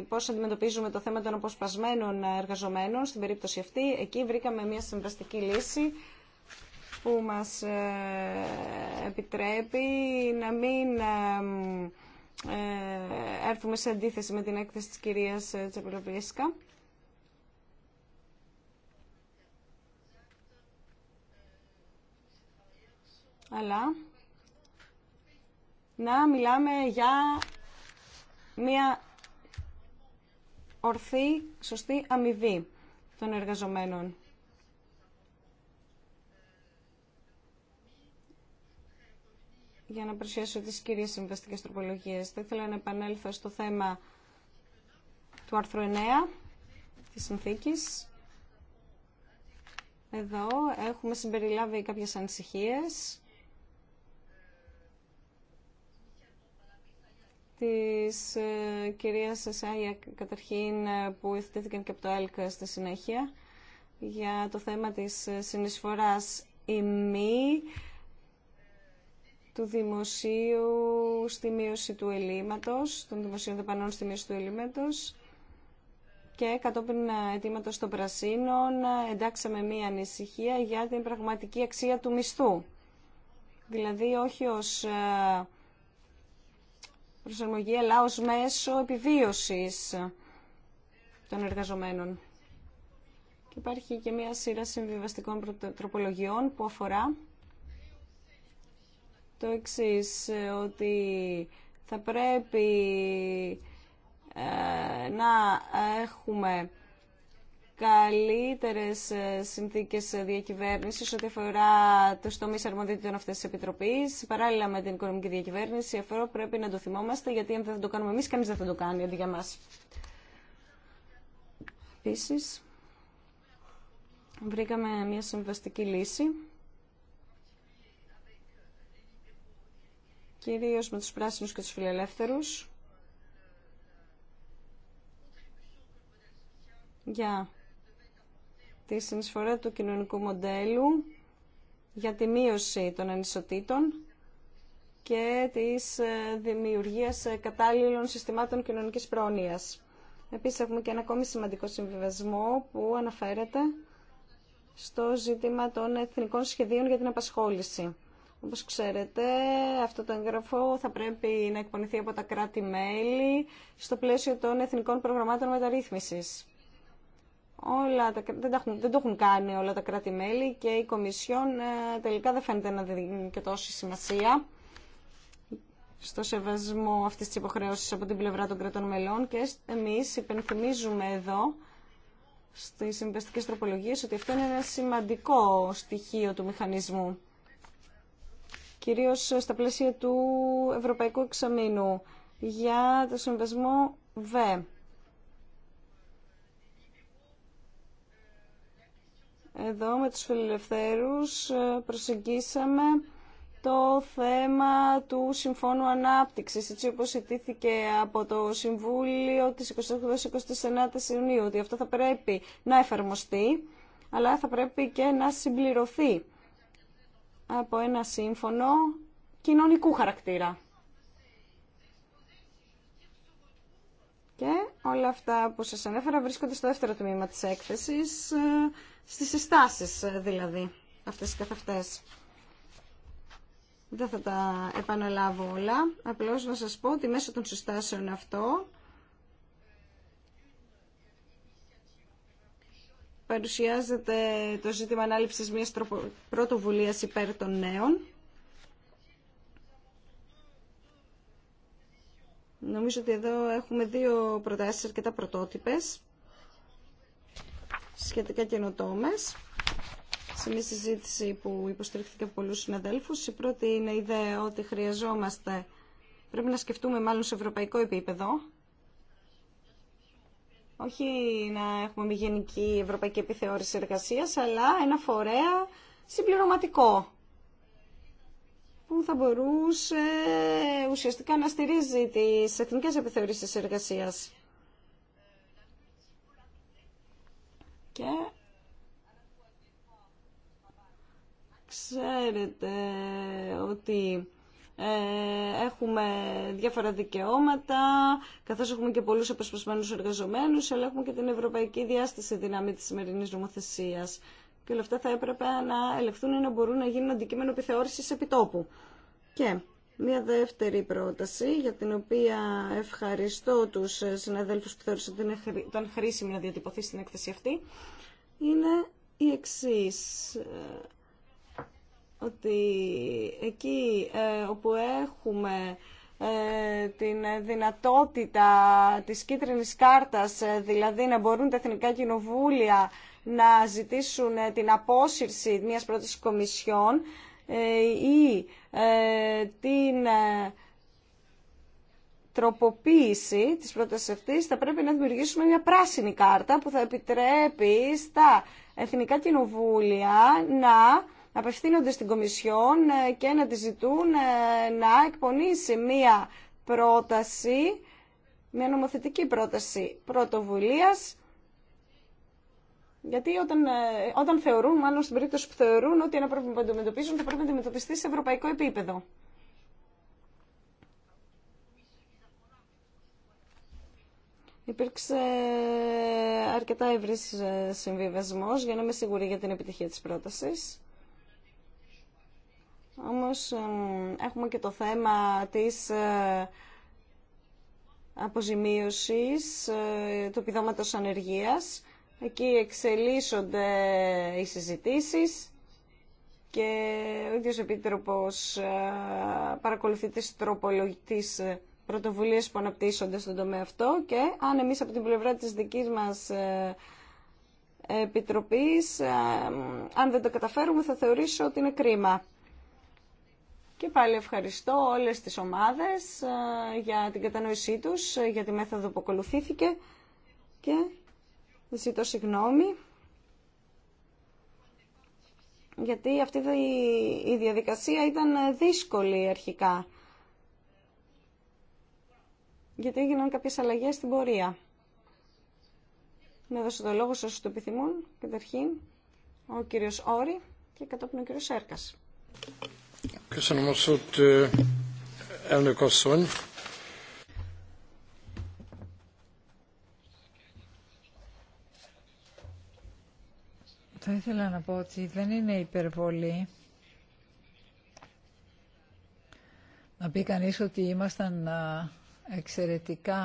πώς αντιμετωπίζουμε το θέμα των αποσπασμένων εργαζομένων στην περίπτωση αυτή. Εκεί βρήκαμε μια συμβαστική λύση που μας ε, επιτρέπει να μην ε, έρθουμε σε αντίθεση με την έκθεση της κυρίας ε, Τσαπιλοπιέσκα. Αλλά να μιλάμε για μια ορθή, σωστή αμοιβή των εργαζομένων. Για να παρουσιάσω τις κυρίες συμβαστικές τροπολογίες, θα ήθελα να επανέλθω στο θέμα του άρθρου 9 της συνθήκης. Εδώ έχουμε συμπεριλάβει κάποιες ανησυχίες της ε, κυρίας Σάια καταρχήν ε, που ευθύθηκαν και από το ΕΛΚ στη συνέχεια για το θέμα της ε, συνεισφοράς ημί του δημοσίου στη μείωση του ελλείμματος, των δημοσίων Δεπανών στη μείωση του ελλείμματος και κατόπιν αιτήματο των πρασίνων εντάξαμε μία ανησυχία για την πραγματική αξία του μισθού. Δηλαδή όχι ως προσαρμογή αλλά ως μέσο επιβίωσης των εργαζομένων. Και υπάρχει και μια σειρά συμβιβαστικών τροπολογιών που αφορά το εξή ότι θα πρέπει ε, να έχουμε καλύτερες ε, συνθήκες ε, διακυβέρνησης ό,τι αφορά του τομεί αρμοδίτητων αυτή τη επιτροπή. παράλληλα με την οικονομική διακυβέρνηση. Αυτό πρέπει να το θυμόμαστε, γιατί αν δεν το κάνουμε εμείς, κανεί δεν θα το κάνει αντί για μας. Επίση, βρήκαμε μια συμβαστική λύση. κυρίως με τους πράσινους και τους φιλελεύθερους για τη συνεισφορά του κοινωνικού μοντέλου για τη μείωση των ανισοτήτων και της ε, δημιουργίας ε, κατάλληλων συστημάτων κοινωνικής πρόνοιας. Επίσης έχουμε και ένα ακόμη σημαντικό συμβιβασμό που αναφέρεται στο ζήτημα των εθνικών σχεδίων για την απασχόληση. Όπως ξέρετε, αυτό το έγγραφο θα πρέπει να εκπονηθεί από τα κράτη-μέλη στο πλαίσιο των εθνικών προγραμμάτων μεταρρύθμισης όλα τα, δεν, τα δεν το έχουν κάνει όλα τα κράτη-μέλη και η Κομισιόν ε, τελικά δεν φαίνεται να δίνει και τόση σημασία στο σεβασμό αυτής της υποχρέωσης από την πλευρά των κρατών μελών και εμείς υπενθυμίζουμε εδώ στις συμβαστικέ τροπολογίες ότι αυτό είναι ένα σημαντικό στοιχείο του μηχανισμού κυρίως στα πλαίσια του Ευρωπαϊκού Εξαμήνου για το συμβασμό ΒΕ Εδώ με τους φιλελευθέρους ε, προσεγγίσαμε το θέμα του Συμφώνου Ανάπτυξης, έτσι όπως ειτήθηκε από το Συμβούλιο της 28-29 Ιουνίου, ότι αυτό θα πρέπει να εφαρμοστεί, αλλά θα πρέπει και να συμπληρωθεί από ένα σύμφωνο κοινωνικού χαρακτήρα. Και όλα αυτά που σας ανέφερα βρίσκονται στο δεύτερο τμήμα της έκθεσης, ε, στις συστάσεις ε, δηλαδή, αυτές οι αυτές. Δεν θα τα επαναλάβω όλα, απλώς να σας πω ότι μέσω των συστάσεων αυτό παρουσιάζεται το ζήτημα ανάληψης μιας πρωτοβουλίας υπέρ των νέων, Νομίζω ότι εδώ έχουμε δύο προτάσεις αρκετά πρωτότυπες, σχετικά καινοτόμε. Σε μια συζήτηση που υποστηρίχθηκε από πολλούς συναδέλφους, η πρώτη είναι η ιδέα ότι χρειαζόμαστε, πρέπει να σκεφτούμε μάλλον σε ευρωπαϊκό επίπεδο, όχι να έχουμε μια γενική ευρωπαϊκή επιθεώρηση εργασίας, αλλά ένα φορέα συμπληρωματικό που θα μπορούσε ουσιαστικά να στηρίζει τις εθνικές επιθεωρήσεις εργασίας. Και ξέρετε ότι ε, έχουμε διάφορα δικαιώματα, καθώς έχουμε και πολλούς αποσπασμένους εργαζομένους, αλλά έχουμε και την ευρωπαϊκή διάσταση δυναμή της σημερινής νομοθεσίας και όλα αυτά θα έπρεπε να ελευθούν ή να μπορούν να γίνουν αντικείμενο επιθεώρησης επιτόπου. Και μια δεύτερη πρόταση για την οποία ευχαριστώ τους συναδέλφους που θεώρησαν ότι ήταν χρήσιμη να διατυπωθεί στην έκθεση αυτή είναι η εξή: ε, ότι εκεί ε, όπου έχουμε ε, την δυνατότητα της κίτρινης κάρτας δηλαδή να μπορούν τα εθνικά κοινοβούλια να ζητήσουν ε, την απόσυρση μιας πρώτης κομισιόν ε, ή ε, την τροποποίηση της πρότασης αυτής θα πρέπει να δημιουργήσουμε μια πράσινη κάρτα που θα επιτρέπει στα εθνικά κοινοβούλια να απευθύνονται στην Κομισιόν και να τη ζητούν να εκπονήσει μια πρόταση, μια νομοθετική πρόταση πρωτοβουλίας γιατί όταν, ε, όταν θεωρούν, μάλλον στην περίπτωση που θεωρούν ότι ένα πρόβλημα που αντιμετωπίζουν θα πρέπει να αντιμετωπιστεί σε ευρωπαϊκό επίπεδο. Υπήρξε αρκετά ευρύ ε, συμβιβασμό για να είμαι σίγουρη για την επιτυχία της πρότασης. Όμω, ε, έχουμε και το θέμα της αποζημίωσης του επιδόματος ανεργίας Εκεί εξελίσσονται οι συζητήσεις και ο ίδιος Επίτροπος παρακολουθεί τις τροπολογικές ε, πρωτοβουλίες που αναπτύσσονται στον τομέα αυτό και αν εμείς από την πλευρά της δικής μας ε, Επιτροπής, ε, αν δεν το καταφέρουμε θα θεωρήσω ότι είναι κρίμα. Και πάλι ευχαριστώ όλες τις ομάδες για την κατανόησή τους, για τη μέθοδο που ακολουθήθηκε και Ζητώ συγγνώμη. Γιατί αυτή η διαδικασία ήταν δύσκολη αρχικά. Γιατί έγιναν κάποιες αλλαγές στην πορεία. Να δώσω το λόγο σε το επιθυμούν. Καταρχήν, ο κύριος Όρη και κατόπιν ο κύριος Σέρκας. Θα ήθελα να πω ότι δεν είναι υπερβολή να πει κανείς ότι ήμασταν εξαιρετικά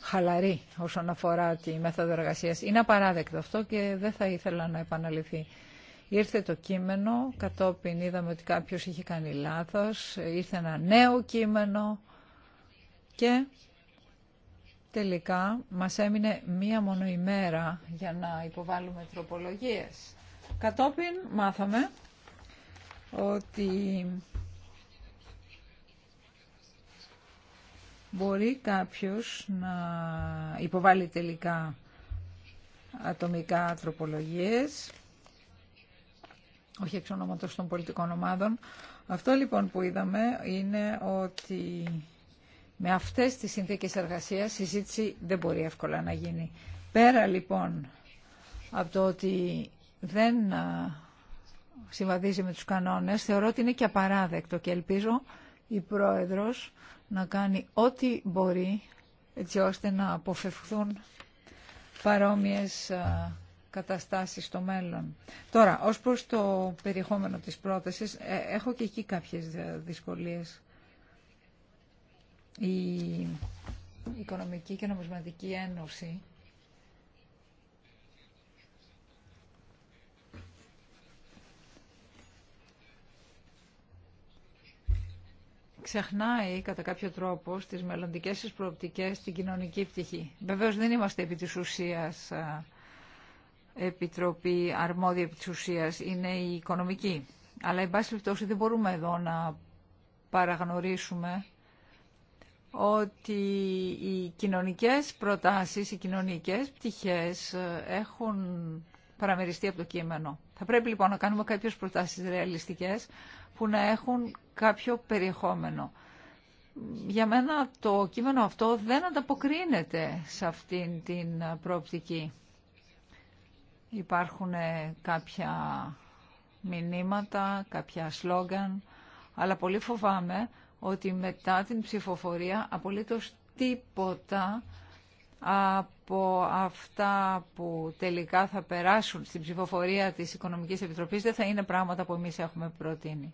χαλαροί όσον αφορά τη μέθοδο εργασία. Είναι απαράδεκτο αυτό και δεν θα ήθελα να επαναληφθεί. Ήρθε το κείμενο, κατόπιν είδαμε ότι κάποιος είχε κάνει λάθος, ήρθε ένα νέο κείμενο και Τελικά μας έμεινε μία μόνο ημέρα για να υποβάλουμε τροπολογίες. Κατόπιν μάθαμε ότι μπορεί κάποιος να υποβάλει τελικά ατομικά τροπολογίες, όχι εξ ονόματος των πολιτικών ομάδων. Αυτό λοιπόν που είδαμε είναι ότι με αυτές τις συνθήκες εργασίας η συζήτηση δεν μπορεί εύκολα να γίνει. Πέρα λοιπόν από το ότι δεν συμβαδίζει με τους κανόνες, θεωρώ ότι είναι και απαράδεκτο και ελπίζω η Πρόεδρος να κάνει ό,τι μπορεί έτσι ώστε να αποφευχθούν παρόμοιες καταστάσεις στο μέλλον. Τώρα, ως προς το περιεχόμενο της πρότασης, ε, έχω και εκεί κάποιες ε, δυσκολίες. Η Οικονομική και Νομισματική Ένωση ξεχνάει κατά κάποιο τρόπο στις μελλοντικές της προοπτικές την κοινωνική πτυχή. Βεβαίως δεν είμαστε επί της ουσίας επιτροπή αρμόδια επί της ουσίας, είναι η οικονομική. Αλλά εν πάση δεν μπορούμε εδώ να παραγνωρίσουμε ότι οι κοινωνικές προτάσεις, οι κοινωνικές πτυχές ε, έχουν παραμεριστεί από το κείμενο. Θα πρέπει λοιπόν να κάνουμε κάποιες προτάσεις ρεαλιστικές που να έχουν κάποιο περιεχόμενο. Για μένα το κείμενο αυτό δεν ανταποκρίνεται σε αυτήν την προοπτική. Υπάρχουν ε, κάποια μηνύματα, κάποια σλόγγαν, αλλά πολύ φοβάμαι ότι μετά την ψηφοφορία απολύτως τίποτα από αυτά που τελικά θα περάσουν στην ψηφοφορία της Οικονομικής Επιτροπής δεν θα είναι πράγματα που εμείς έχουμε προτείνει.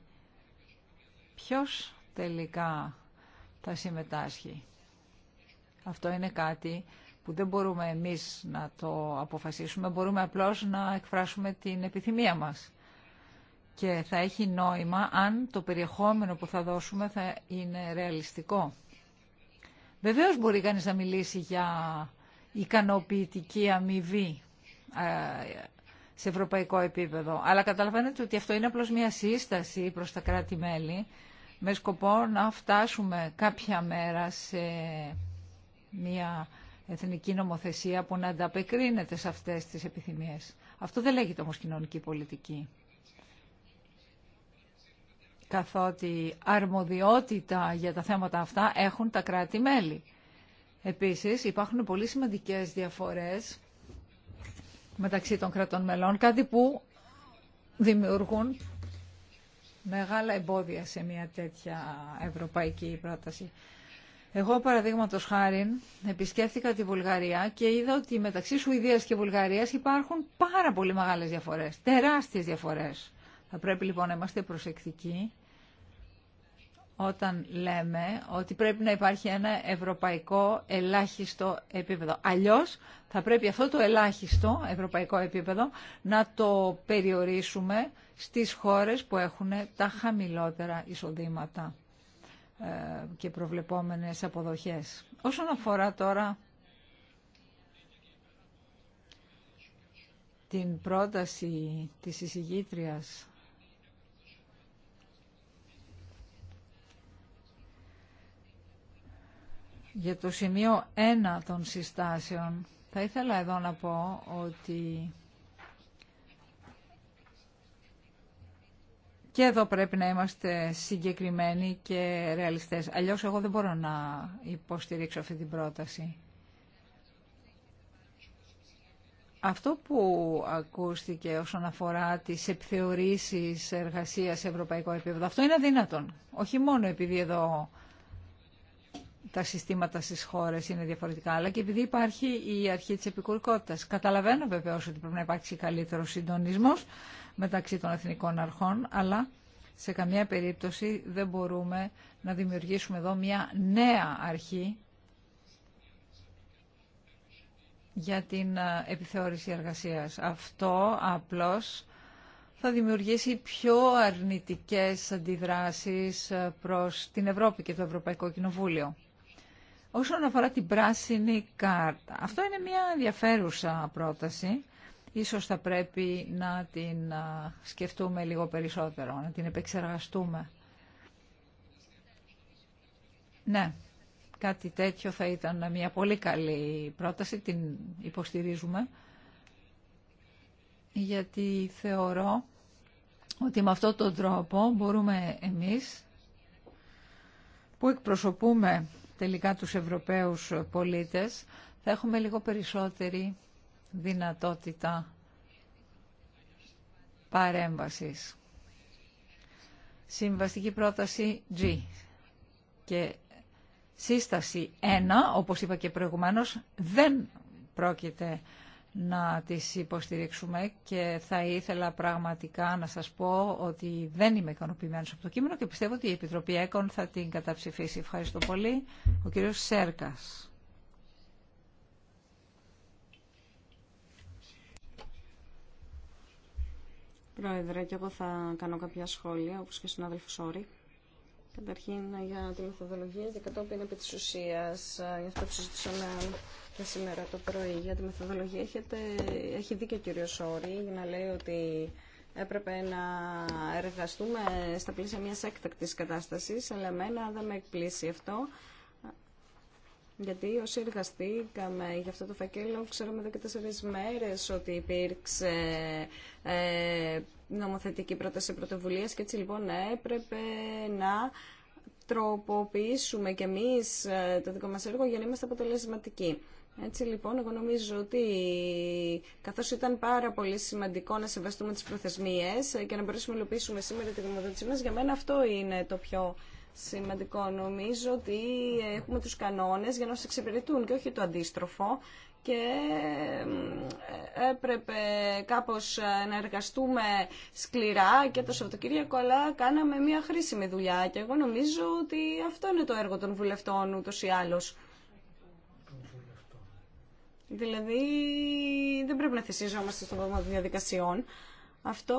Ποιος τελικά θα συμμετάσχει. Αυτό είναι κάτι που δεν μπορούμε εμείς να το αποφασίσουμε, μπορούμε απλώς να εκφράσουμε την επιθυμία μας και θα έχει νόημα αν το περιεχόμενο που θα δώσουμε θα είναι ρεαλιστικό. Βεβαίως μπορεί κανείς να μιλήσει για ικανοποιητική αμοιβή ε, σε ευρωπαϊκό επίπεδο. Αλλά καταλαβαίνετε ότι αυτό είναι απλώς μια σύσταση προς τα κράτη-μέλη με σκοπό να φτάσουμε κάποια μέρα σε μια εθνική νομοθεσία που να ανταπεκρίνεται σε αυτές τις επιθυμίες. Αυτό δεν λέγεται όμως κοινωνική πολιτική καθότι αρμοδιότητα για τα θέματα αυτά έχουν τα κράτη-μέλη. Επίσης υπάρχουν πολύ σημαντικές διαφορές μεταξύ των κρατών μελών, κάτι που δημιουργούν μεγάλα εμπόδια σε μια τέτοια ευρωπαϊκή πρόταση. Εγώ, παραδείγματος χάρη, επισκέφθηκα τη Βουλγαρία και είδα ότι μεταξύ Σουηδίας και Βουλγαρίας υπάρχουν πάρα πολύ μεγάλες διαφορές, τεράστιες διαφορές. Θα πρέπει λοιπόν να είμαστε προσεκτικοί όταν λέμε ότι πρέπει να υπάρχει ένα ευρωπαϊκό ελάχιστο επίπεδο. Αλλιώς θα πρέπει αυτό το ελάχιστο ευρωπαϊκό επίπεδο να το περιορίσουμε στις χώρες που έχουν τα χαμηλότερα εισοδήματα ε, και προβλεπόμενες αποδοχές. Όσον αφορά τώρα την πρόταση της εισηγήτριας Για το σημείο ένα των συστάσεων θα ήθελα εδώ να πω ότι και εδώ πρέπει να είμαστε συγκεκριμένοι και ρεαλιστές. Αλλιώς εγώ δεν μπορώ να υποστηρίξω αυτή την πρόταση. Αυτό που ακούστηκε όσον αφορά τις επιθεωρήσεις εργασίας σε ευρωπαϊκό επίπεδο, αυτό είναι αδύνατον. Όχι μόνο επειδή εδώ τα συστήματα στις χώρες είναι διαφορετικά, αλλά και επειδή υπάρχει η αρχή της επικουρικότητας. Καταλαβαίνω βεβαίως ότι πρέπει να υπάρξει καλύτερο συντονισμός μεταξύ των εθνικών αρχών, αλλά σε καμία περίπτωση δεν μπορούμε να δημιουργήσουμε εδώ μια νέα αρχή για την ε, επιθεώρηση εργασίας. Αυτό απλώς θα δημιουργήσει πιο αρνητικές αντιδράσεις ε, προς την Ευρώπη και το Ευρωπαϊκό Κοινοβούλιο. Όσον αφορά την πράσινη κάρτα, αυτό είναι μια ενδιαφέρουσα πρόταση. Ίσως θα πρέπει να την σκεφτούμε λίγο περισσότερο, να την επεξεργαστούμε. Ναι, κάτι τέτοιο θα ήταν μια πολύ καλή πρόταση, την υποστηρίζουμε, γιατί θεωρώ ότι με αυτόν τον τρόπο μπορούμε εμείς που εκπροσωπούμε τελικά τους Ευρωπαίους πολίτες, θα έχουμε λίγο περισσότερη δυνατότητα παρέμβασης. Συμβαστική πρόταση G και σύσταση 1, όπως είπα και προηγουμένως, δεν πρόκειται να τις υποστηρίξουμε και θα ήθελα πραγματικά να σας πω ότι δεν είμαι ικανοποιημένος από το κείμενο και πιστεύω ότι η Επιτροπή ΕΚΟΝ θα την καταψηφίσει. Ευχαριστώ πολύ. Ο κύριος Σέρκας. Πρόεδρε, και εγώ θα κάνω κάποια σχόλια, όπως και συνάδελφος Όρη. Καταρχήν για τη μεθοδολογία και κατόπιν επί της ουσίας, ε, για αυτό που συζητήσαμε και σήμερα το πρωί για τη μεθοδολογία. Έχετε, έχει δίκιο ο κύριος Όρη για να λέει ότι έπρεπε να εργαστούμε στα πλαίσια μιας έκτακτης κατάστασης, αλλά εμένα δεν με εκπλήσει αυτό. Γιατί όσοι εργαστήκαμε για αυτό το φακέλο, ξέρουμε εδώ και τέσσερις μέρες ότι υπήρξε ε, νομοθετική πρόταση πρωτοβουλία και έτσι λοιπόν έπρεπε να τροποποιήσουμε κι εμείς ε, το δικό μας έργο για να είμαστε αποτελεσματικοί. Έτσι λοιπόν, εγώ νομίζω ότι καθώς ήταν πάρα πολύ σημαντικό να σεβαστούμε τις προθεσμίες και να μπορέσουμε να υλοποιήσουμε σήμερα τη γνωμοδότησή μας, για μένα αυτό είναι το πιο σημαντικό. Νομίζω ότι έχουμε τους κανόνες για να μας εξυπηρετούν και όχι το αντίστροφο και έπρεπε κάπως να εργαστούμε σκληρά και το Σαββατοκύριακο, αλλά κάναμε μια χρήσιμη δουλειά και εγώ νομίζω ότι αυτό είναι το έργο των βουλευτών ούτως ή άλλως. Δηλαδή δεν πρέπει να θυσιζόμαστε στον πρόγραμμα των διαδικασιών. Αυτό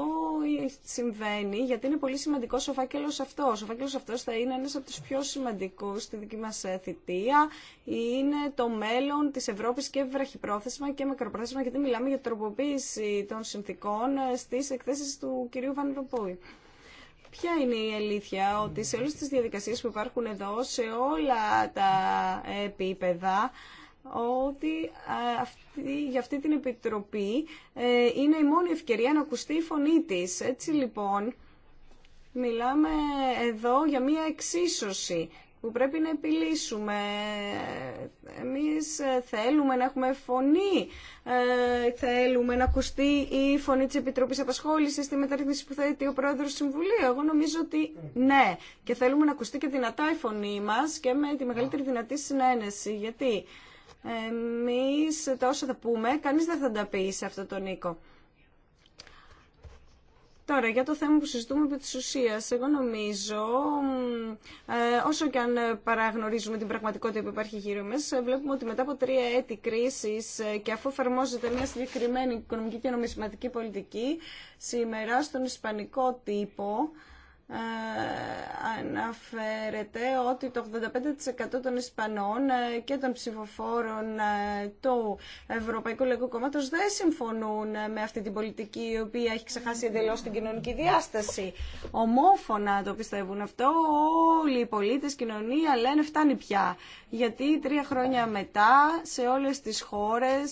συμβαίνει γιατί είναι πολύ σημαντικό ο φάκελο αυτό. Ο φάκελο αυτό θα είναι ένα από του πιο σημαντικού στη δική μα ε, θητεία. Είναι το μέλλον τη Ευρώπη και βραχυπρόθεσμα και μακροπρόθεσμα, γιατί μιλάμε για τροποποίηση των συνθήκων ε, στι εκθέσει του κυρίου Βαν Ποια είναι η αλήθεια, ότι σε όλες τις διαδικασίες που υπάρχουν εδώ, σε όλα τα επίπεδα, ότι αυτή, για αυτή την Επιτροπή ε, είναι η μόνη ευκαιρία να ακουστεί η φωνή της. Έτσι λοιπόν, μιλάμε εδώ για μία εξίσωση που πρέπει να επιλύσουμε. Εμείς ε, θέλουμε να έχουμε φωνή, ε, θέλουμε να ακουστεί η φωνή της Επιτροπής Απασχόλησης στη μεταρρύθμιση που θέτει ο Πρόεδρος Συμβουλίου. Εγώ νομίζω ότι ναι. Και θέλουμε να ακουστεί και δυνατά η φωνή μας και με τη μεγαλύτερη δυνατή συνένεση. Γιατί εμείς τα όσα θα πούμε, κανείς δεν θα τα πει σε αυτό τον Νίκο. Τώρα, για το θέμα που συζητούμε επί της ουσίας, εγώ νομίζω, ε, όσο και αν παραγνωρίζουμε την πραγματικότητα που υπάρχει γύρω μας, βλέπουμε ότι μετά από τρία έτη κρίσης ε, και αφού εφαρμόζεται μια συγκεκριμένη οικονομική και νομισματική πολιτική, σήμερα στον ισπανικό τύπο, ε, αναφέρεται ότι το 85% των Ισπανών ε, και των ψηφοφόρων ε, του Ευρωπαϊκού Λαϊκού Κόμματος δεν συμφωνούν με αυτή την πολιτική η οποία έχει ξεχάσει εντελώ την κοινωνική διάσταση. Ομόφωνα το πιστεύουν αυτό. Όλοι οι πολίτες, κοινωνία λένε φτάνει πια. Γιατί τρία χρόνια μετά σε όλες τις χώρες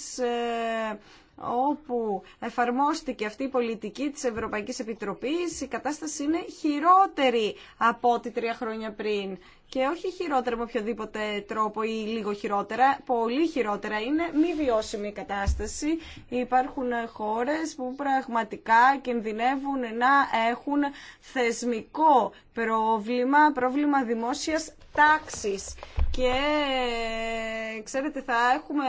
όπου εφαρμόστηκε αυτή η πολιτική της Ευρωπαϊκής Επιτροπής, η κατάσταση είναι χειρότερη από ό,τι τρία χρόνια πριν και όχι χειρότερα με οποιοδήποτε τρόπο ή λίγο χειρότερα, πολύ χειρότερα είναι μη βιώσιμη η κατάσταση. Υπάρχουν χώρες που πραγματικά κινδυνεύουν να έχουν θεσμικό πρόβλημα, πρόβλημα δημόσιας τάξης. Και ξέρετε θα έχουμε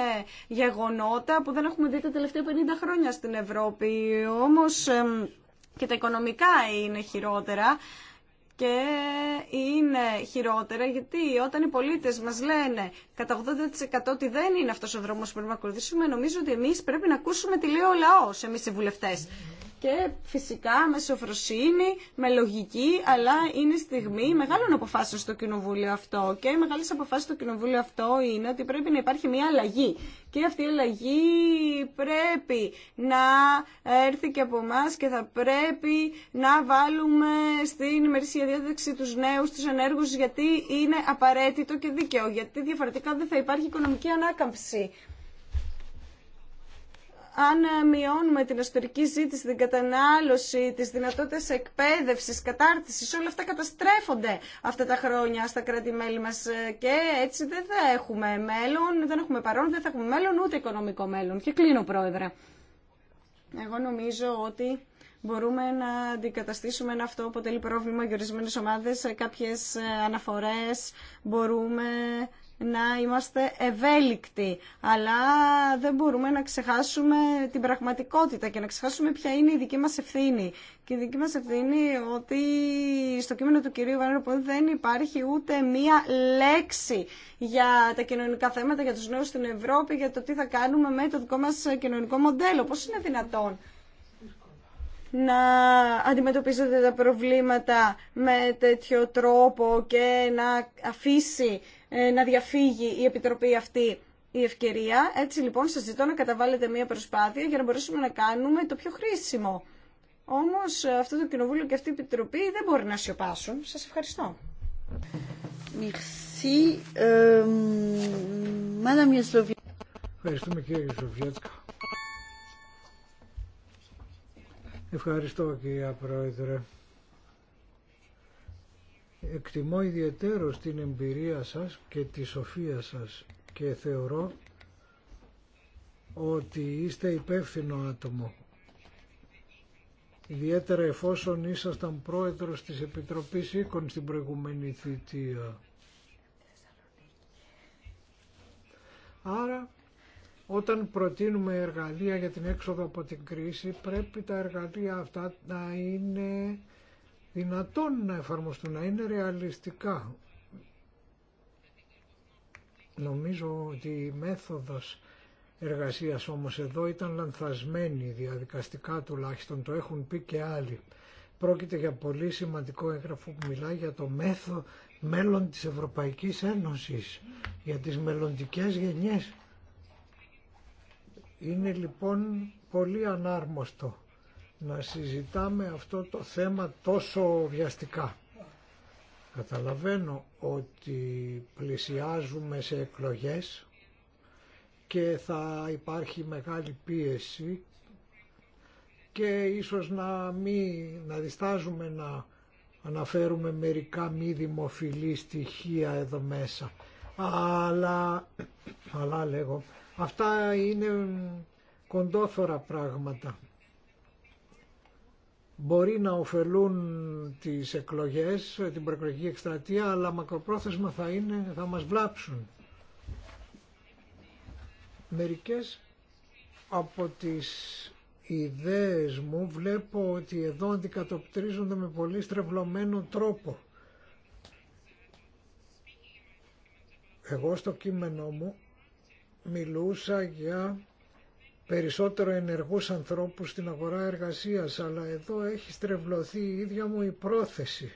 γεγονότα που δεν έχουμε δει τα τελευταία 50 χρόνια στην Ευρώπη. Όμως και τα οικονομικά είναι χειρότερα και είναι χειρότερα γιατί όταν οι πολίτες μας λένε κατά 80% ότι δεν είναι αυτός ο δρόμος που πρέπει να ακολουθήσουμε νομίζω ότι εμείς πρέπει να ακούσουμε τι λέει ο λαός εμείς οι βουλευτές και φυσικά με σοφροσύνη, με λογική, αλλά είναι στιγμή μεγάλων αποφάσεων στο κοινοβούλιο αυτό. Και οι μεγάλε αποφάσει στο κοινοβούλιο αυτό είναι ότι πρέπει να υπάρχει μια αλλαγή. Και αυτή η αλλαγή πρέπει να έρθει και από εμά και θα πρέπει να βάλουμε στην ημερησία διάταξη του νέου, του ενέργου, γιατί είναι απαραίτητο και δίκαιο. Γιατί διαφορετικά δεν θα υπάρχει οικονομική ανάκαμψη αν ε, μειώνουμε την εσωτερική ζήτηση, την κατανάλωση, τι δυνατότητε εκπαίδευση, κατάρτισης, όλα αυτά καταστρέφονται αυτά τα χρόνια στα κράτη-μέλη μας ε, και έτσι δεν θα έχουμε μέλλον, δεν έχουμε παρόν, δεν θα έχουμε μέλλον ούτε οικονομικό μέλλον. Και κλείνω, Πρόεδρε. Εγώ νομίζω ότι μπορούμε να αντικαταστήσουμε ένα αυτό που αποτελεί πρόβλημα για ορισμένε ομάδε. Κάποιε αναφορέ μπορούμε να είμαστε ευέλικτοι, αλλά δεν μπορούμε να ξεχάσουμε την πραγματικότητα και να ξεχάσουμε ποια είναι η δική μας ευθύνη. Και η δική μας ευθύνη ότι στο κείμενο του κυρίου Βανέροπον δεν υπάρχει ούτε μία λέξη για τα κοινωνικά θέματα, για τους νέους στην Ευρώπη, για το τι θα κάνουμε με το δικό μας κοινωνικό μοντέλο. Πώς είναι δυνατόν να αντιμετωπίζονται τα προβλήματα με τέτοιο τρόπο και να αφήσει ε, να διαφύγει η Επιτροπή αυτή η ευκαιρία. Έτσι λοιπόν σας ζητώ να καταβάλλετε μια προσπάθεια για να μπορέσουμε να κάνουμε το πιο χρήσιμο. Όμως ε, αυτό το Κοινοβούλιο και αυτή η Επιτροπή δεν μπορεί να σιωπάσουν. Σας ευχαριστώ. Ευχαριστούμε κύριε Ευχαριστώ κύριε Πρόεδρε. Εκτιμώ ιδιαίτερο την εμπειρία σας και τη σοφία σας και θεωρώ ότι είστε υπεύθυνο άτομο. Ιδιαίτερα εφόσον ήσασταν πρόεδρος της Επιτροπής Οίκων στην προηγούμενη θητεία. Άρα, όταν προτείνουμε εργαλεία για την έξοδο από την κρίση, πρέπει τα εργαλεία αυτά να είναι δυνατόν να εφαρμοστούν, να είναι ρεαλιστικά. Νομίζω ότι η μέθοδος εργασίας όμως εδώ ήταν λανθασμένη διαδικαστικά τουλάχιστον, το έχουν πει και άλλοι. Πρόκειται για πολύ σημαντικό έγγραφο που μιλάει για το μέθο, μέλλον της Ευρωπαϊκής Ένωσης, για τις μελλοντικές γενιές. Είναι λοιπόν πολύ ανάρμοστο να συζητάμε αυτό το θέμα τόσο βιαστικά. Καταλαβαίνω ότι πλησιάζουμε σε εκλογές και θα υπάρχει μεγάλη πίεση και ίσως να, μη να διστάζουμε να αναφέρουμε μερικά μη δημοφιλή στοιχεία εδώ μέσα. Αλλά, αλλά λέγω, αυτά είναι κοντόθωρα πράγματα μπορεί να ωφελούν τις εκλογές, την προεκλογική εκστρατεία, αλλά μακροπρόθεσμα θα, είναι, θα μας βλάψουν. Μερικές από τις ιδέες μου βλέπω ότι εδώ αντικατοπτρίζονται με πολύ στρεβλωμένο τρόπο. Εγώ στο κείμενό μου μιλούσα για περισσότερο ενεργούς ανθρώπους στην αγορά εργασίας, αλλά εδώ έχει στρεβλωθεί η ίδια μου η πρόθεση.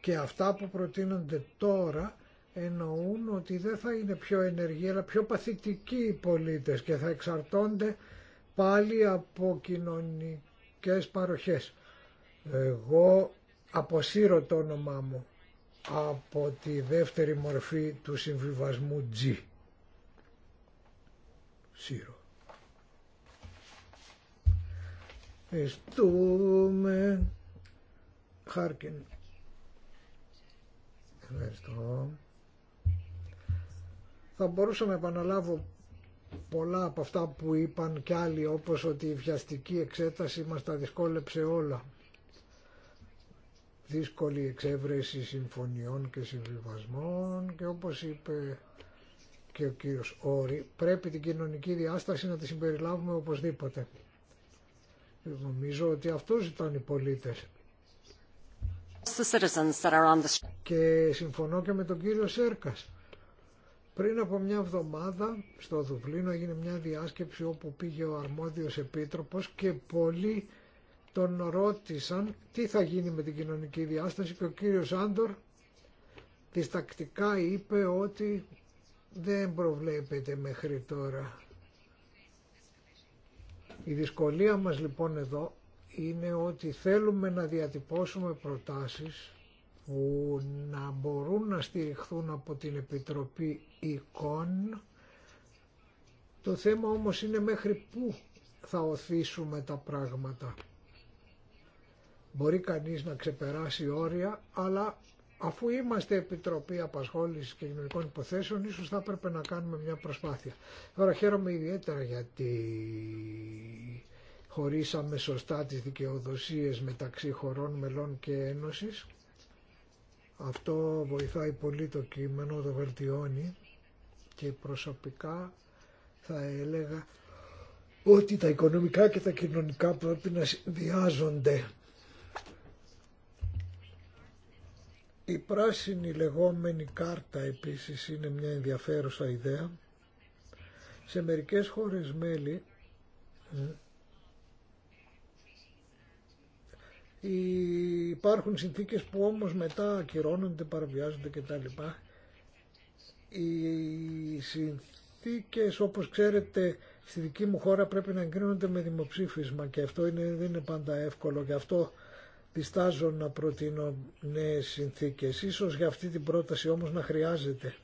Και αυτά που προτείνονται τώρα εννοούν ότι δεν θα είναι πιο ενεργοί, αλλά πιο παθητικοί οι πολίτες και θα εξαρτώνται πάλι από κοινωνικές παροχές. Εγώ αποσύρω το όνομά μου από τη δεύτερη μορφή του συμβιβασμού G. Σύρω. Ευχαριστούμε. Χάρκιν. Ευχαριστώ. Θα μπορούσα να επαναλάβω πολλά από αυτά που είπαν κι άλλοι όπως ότι η βιαστική εξέταση μας τα δυσκόλεψε όλα. Δύσκολη εξέβρεση συμφωνιών και συμβιβασμών και όπως είπε και ο κύριος Όρη πρέπει την κοινωνική διάσταση να τη συμπεριλάβουμε οπωσδήποτε. Νομίζω ότι αυτό ζητάνε οι πολίτες. Και συμφωνώ και με τον κύριο Σέρκας. Πριν από μια εβδομάδα στο Δουβλίνο έγινε μια διάσκεψη όπου πήγε ο αρμόδιος επίτροπος και πολλοί τον ρώτησαν τι θα γίνει με την κοινωνική διάσταση και ο κύριος Άντορ διστακτικά είπε ότι δεν προβλέπεται μέχρι τώρα. Η δυσκολία μας λοιπόν εδώ είναι ότι θέλουμε να διατυπώσουμε προτάσεις που να μπορούν να στηριχθούν από την Επιτροπή Εικόν. Το θέμα όμως είναι μέχρι πού θα οθήσουμε τα πράγματα. Μπορεί κανείς να ξεπεράσει όρια, αλλά Αφού είμαστε Επιτροπή Απασχόλησης και Κοινωνικών Υποθέσεων, ίσως θα έπρεπε να κάνουμε μια προσπάθεια. Τώρα χαίρομαι ιδιαίτερα γιατί χωρίσαμε σωστά τις δικαιοδοσίες μεταξύ χωρών, μελών και ένωσης. Αυτό βοηθάει πολύ το κείμενο, το βελτιώνει και προσωπικά θα έλεγα ότι τα οικονομικά και τα κοινωνικά πρέπει να συνδυάζονται Η πράσινη λεγόμενη κάρτα επίσης είναι μια ενδιαφέρουσα ιδέα. Σε μερικές χώρες μέλη υπάρχουν συνθήκες που όμως μετά ακυρώνονται, παραβιάζονται κτλ. Οι συνθήκες όπως ξέρετε στη δική μου χώρα πρέπει να εγκρίνονται με δημοψήφισμα και αυτό είναι, δεν είναι πάντα εύκολο. και αυτό διστάζω να προτείνω νέες συνθήκες. Ίσως για αυτή την πρόταση όμως να χρειάζεται.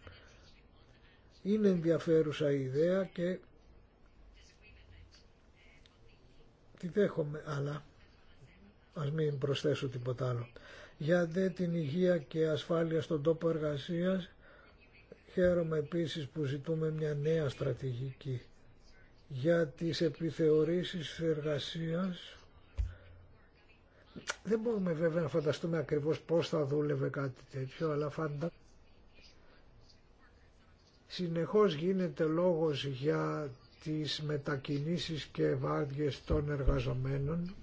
Είναι ενδιαφέρουσα η ιδέα και τη δέχομαι, αλλά ας μην προσθέσω τίποτα άλλο. Για δε την υγεία και ασφάλεια στον τόπο εργασίας, χαίρομαι επίσης που ζητούμε μια νέα στρατηγική για τις επιθεωρήσεις εργασίας δεν μπορούμε βέβαια να φανταστούμε ακριβώς πώς θα δούλευε κάτι τέτοιο, αλλά φαντα... Συνεχώς γίνεται λόγος για τις μετακινήσεις και βάρδιες των εργαζομένων.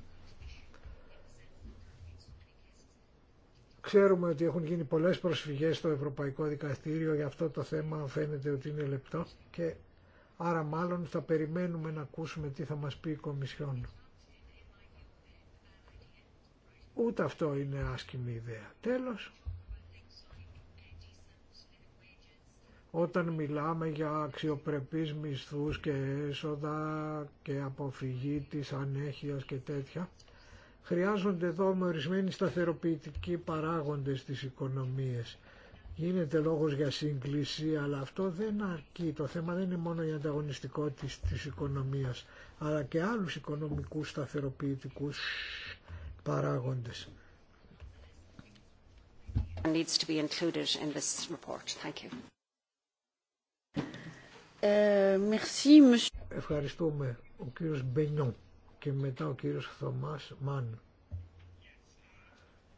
Ξέρουμε ότι έχουν γίνει πολλές προσφυγές στο Ευρωπαϊκό Δικαστήριο για αυτό το θέμα φαίνεται ότι είναι λεπτό και άρα μάλλον θα περιμένουμε να ακούσουμε τι θα μας πει η Κομισιόν. Ούτε αυτό είναι άσκημη ιδέα. Τέλος, όταν μιλάμε για αξιοπρεπείς μισθούς και έσοδα και αποφυγή της ανέχειας και τέτοια, χρειάζονται εδώ με ορισμένοι σταθεροποιητικοί παράγοντες της οικονομίες. Γίνεται λόγος για σύγκληση, αλλά αυτό δεν αρκεί. Το θέμα δεν είναι μόνο η ανταγωνιστικότητα της οικονομίας, αλλά και άλλους οικονομικούς σταθεροποιητικούς παράγοντες. Ευχαριστούμε ο κύριος Μπενιόν και μετά ο κύριος Θωμάς Μάν.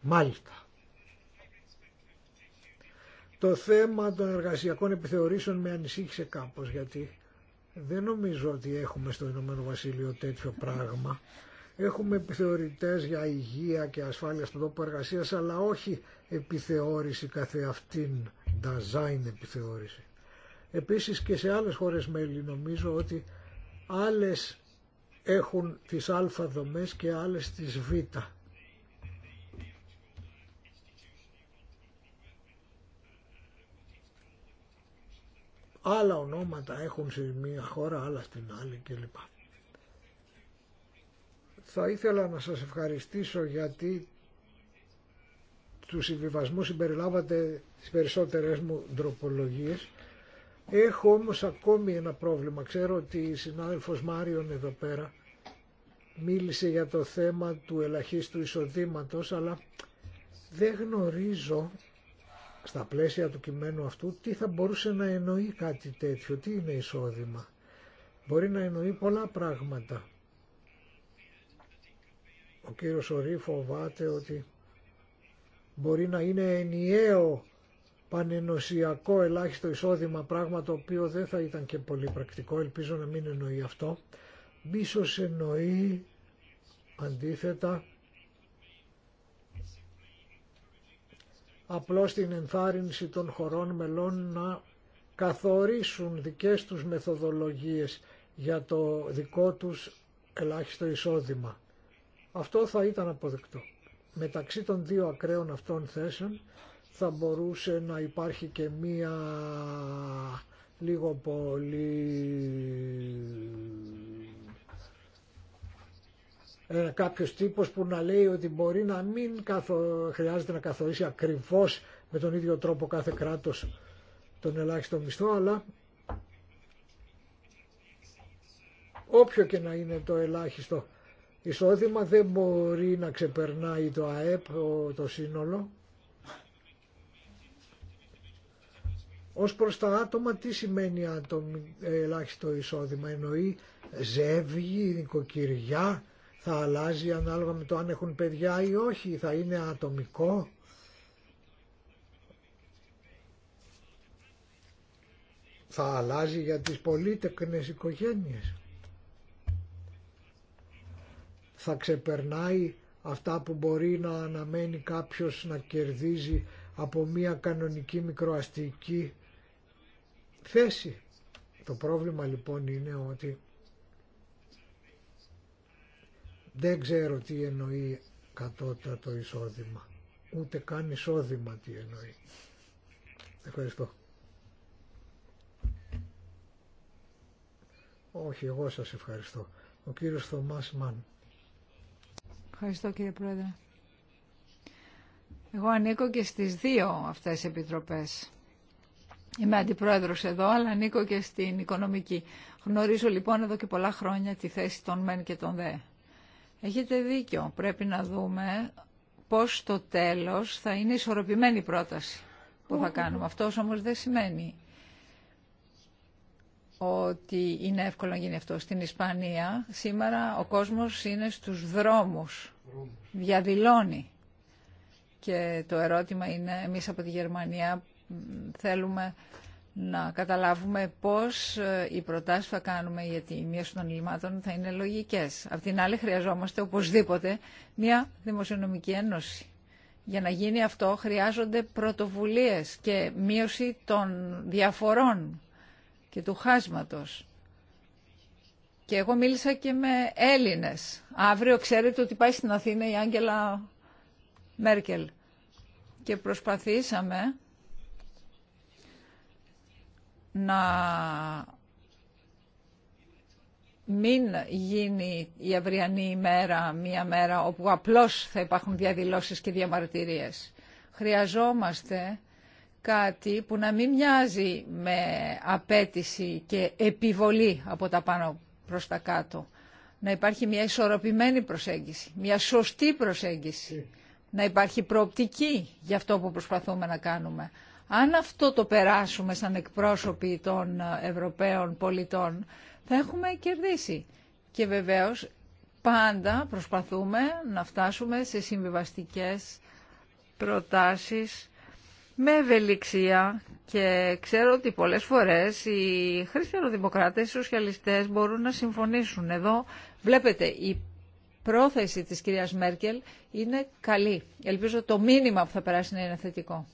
Μάλιστα. Το θέμα των εργασιακών επιθεωρήσεων με ανησύχησε κάπως γιατί δεν νομίζω ότι έχουμε στο Ηνωμένο Βασίλειο τέτοιο πράγμα Έχουμε επιθεωρητές για υγεία και ασφάλεια στον τόπο εργασίας, αλλά όχι επιθεώρηση καθεαυτήν, design επιθεώρηση. Επίσης και σε άλλες χώρες μέλη νομίζω ότι άλλες έχουν τις α δομές και άλλες τις β. Άλλα ονόματα έχουν σε μία χώρα, άλλα στην άλλη κλπ. Θα ήθελα να σας ευχαριστήσω γιατί του συμβιβασμού συμπεριλάβατε τις περισσότερες μου ντροπολογίες. Έχω όμως ακόμη ένα πρόβλημα. Ξέρω ότι η συνάδελφος Μάριον εδώ πέρα μίλησε για το θέμα του ελαχίστου εισοδήματος, αλλά δεν γνωρίζω στα πλαίσια του κειμένου αυτού τι θα μπορούσε να εννοεί κάτι τέτοιο, τι είναι εισόδημα. Μπορεί να εννοεί πολλά πράγματα. Ο κύριος Ορή φοβάται ότι μπορεί να είναι ενιαίο πανενοσιακό ελάχιστο εισόδημα, πράγμα το οποίο δεν θα ήταν και πολύ πρακτικό, ελπίζω να μην εννοεί αυτό. Μίσος εννοεί αντίθετα απλώς την ενθάρρυνση των χωρών μελών να καθορίσουν δικές τους μεθοδολογίες για το δικό τους ελάχιστο εισόδημα. Αυτό θα ήταν αποδεκτό. Μεταξύ των δύο ακραίων αυτών θέσεων θα μπορούσε να υπάρχει και μία λίγο πολύ ε, κάποιος τύπος που να λέει ότι μπορεί να μην καθο... χρειάζεται να καθορίσει ακριβώς με τον ίδιο τρόπο κάθε κράτος τον ελάχιστο μισθό αλλά όποιο και να είναι το ελάχιστο εισόδημα δεν μπορεί να ξεπερνάει το ΑΕΠ, το σύνολο. Ως προς τα άτομα τι σημαίνει ε, ελάχιστο εισόδημα, εννοεί ζεύγη, νοικοκυριά, θα αλλάζει ανάλογα με το αν έχουν παιδιά ή όχι, θα είναι ατομικό. Θα αλλάζει για τις πολύτεκνες οικογένειες θα ξεπερνάει αυτά που μπορεί να αναμένει κάποιος να κερδίζει από μια κανονική μικροαστική θέση. Το πρόβλημα λοιπόν είναι ότι δεν ξέρω τι εννοεί κατώτατο εισόδημα. Ούτε καν εισόδημα τι εννοεί. Ευχαριστώ. Όχι, εγώ σας ευχαριστώ. Ο κύριος Θωμάς Μάν. Ευχαριστώ κύριε Πρόεδρε. Εγώ ανήκω και στις δύο αυτές επιτροπές. Είμαι αντιπρόεδρος εδώ, αλλά ανήκω και στην οικονομική. Γνωρίζω λοιπόν εδώ και πολλά χρόνια τη θέση των μεν και των δε. Έχετε δίκιο. Πρέπει να δούμε πώς στο τέλος θα είναι ισορροπημένη η πρόταση που θα κάνουμε. Αυτό όμως δεν σημαίνει ότι είναι εύκολο να γίνει αυτό. Στην Ισπανία σήμερα ο κόσμος είναι στους δρόμους, διαδηλώνει. Και το ερώτημα είναι, εμείς από τη Γερμανία θέλουμε να καταλάβουμε πώς ε, οι προτάσεις που θα κάνουμε για τη μείωση των λιμάτων θα είναι λογικές. Απ' την άλλη χρειαζόμαστε οπωσδήποτε μια δημοσιονομική ένωση. Για να γίνει αυτό χρειάζονται πρωτοβουλίες και μείωση των διαφορών και του χάσματος. Και εγώ μίλησα και με Έλληνες. Αύριο ξέρετε ότι πάει στην Αθήνα η Άγγελα Μέρκελ. Και προσπαθήσαμε να μην γίνει η αυριανή ημέρα μία μέρα όπου απλώς θα υπάρχουν διαδηλώσεις και διαμαρτυρίες. Χρειαζόμαστε κάτι που να μην μοιάζει με απέτηση και επιβολή από τα πάνω προς τα κάτω. Να υπάρχει μια ισορροπημένη προσέγγιση, μια σωστή προσέγγιση, να υπάρχει προοπτική για αυτό που προσπαθούμε να κάνουμε. Αν αυτό το περάσουμε σαν εκπρόσωποι των Ευρωπαίων πολιτών, θα έχουμε κερδίσει. Και βεβαίως πάντα προσπαθούμε να φτάσουμε σε συμβιβαστικές προτάσεις με ευελιξία και ξέρω ότι πολλές φορές οι χριστιανοδημοκράτες, οι σοσιαλιστές μπορούν να συμφωνήσουν. Εδώ βλέπετε η πρόθεση της κυρίας Μέρκελ είναι καλή. Ελπίζω το μήνυμα που θα περάσει να είναι θετικό.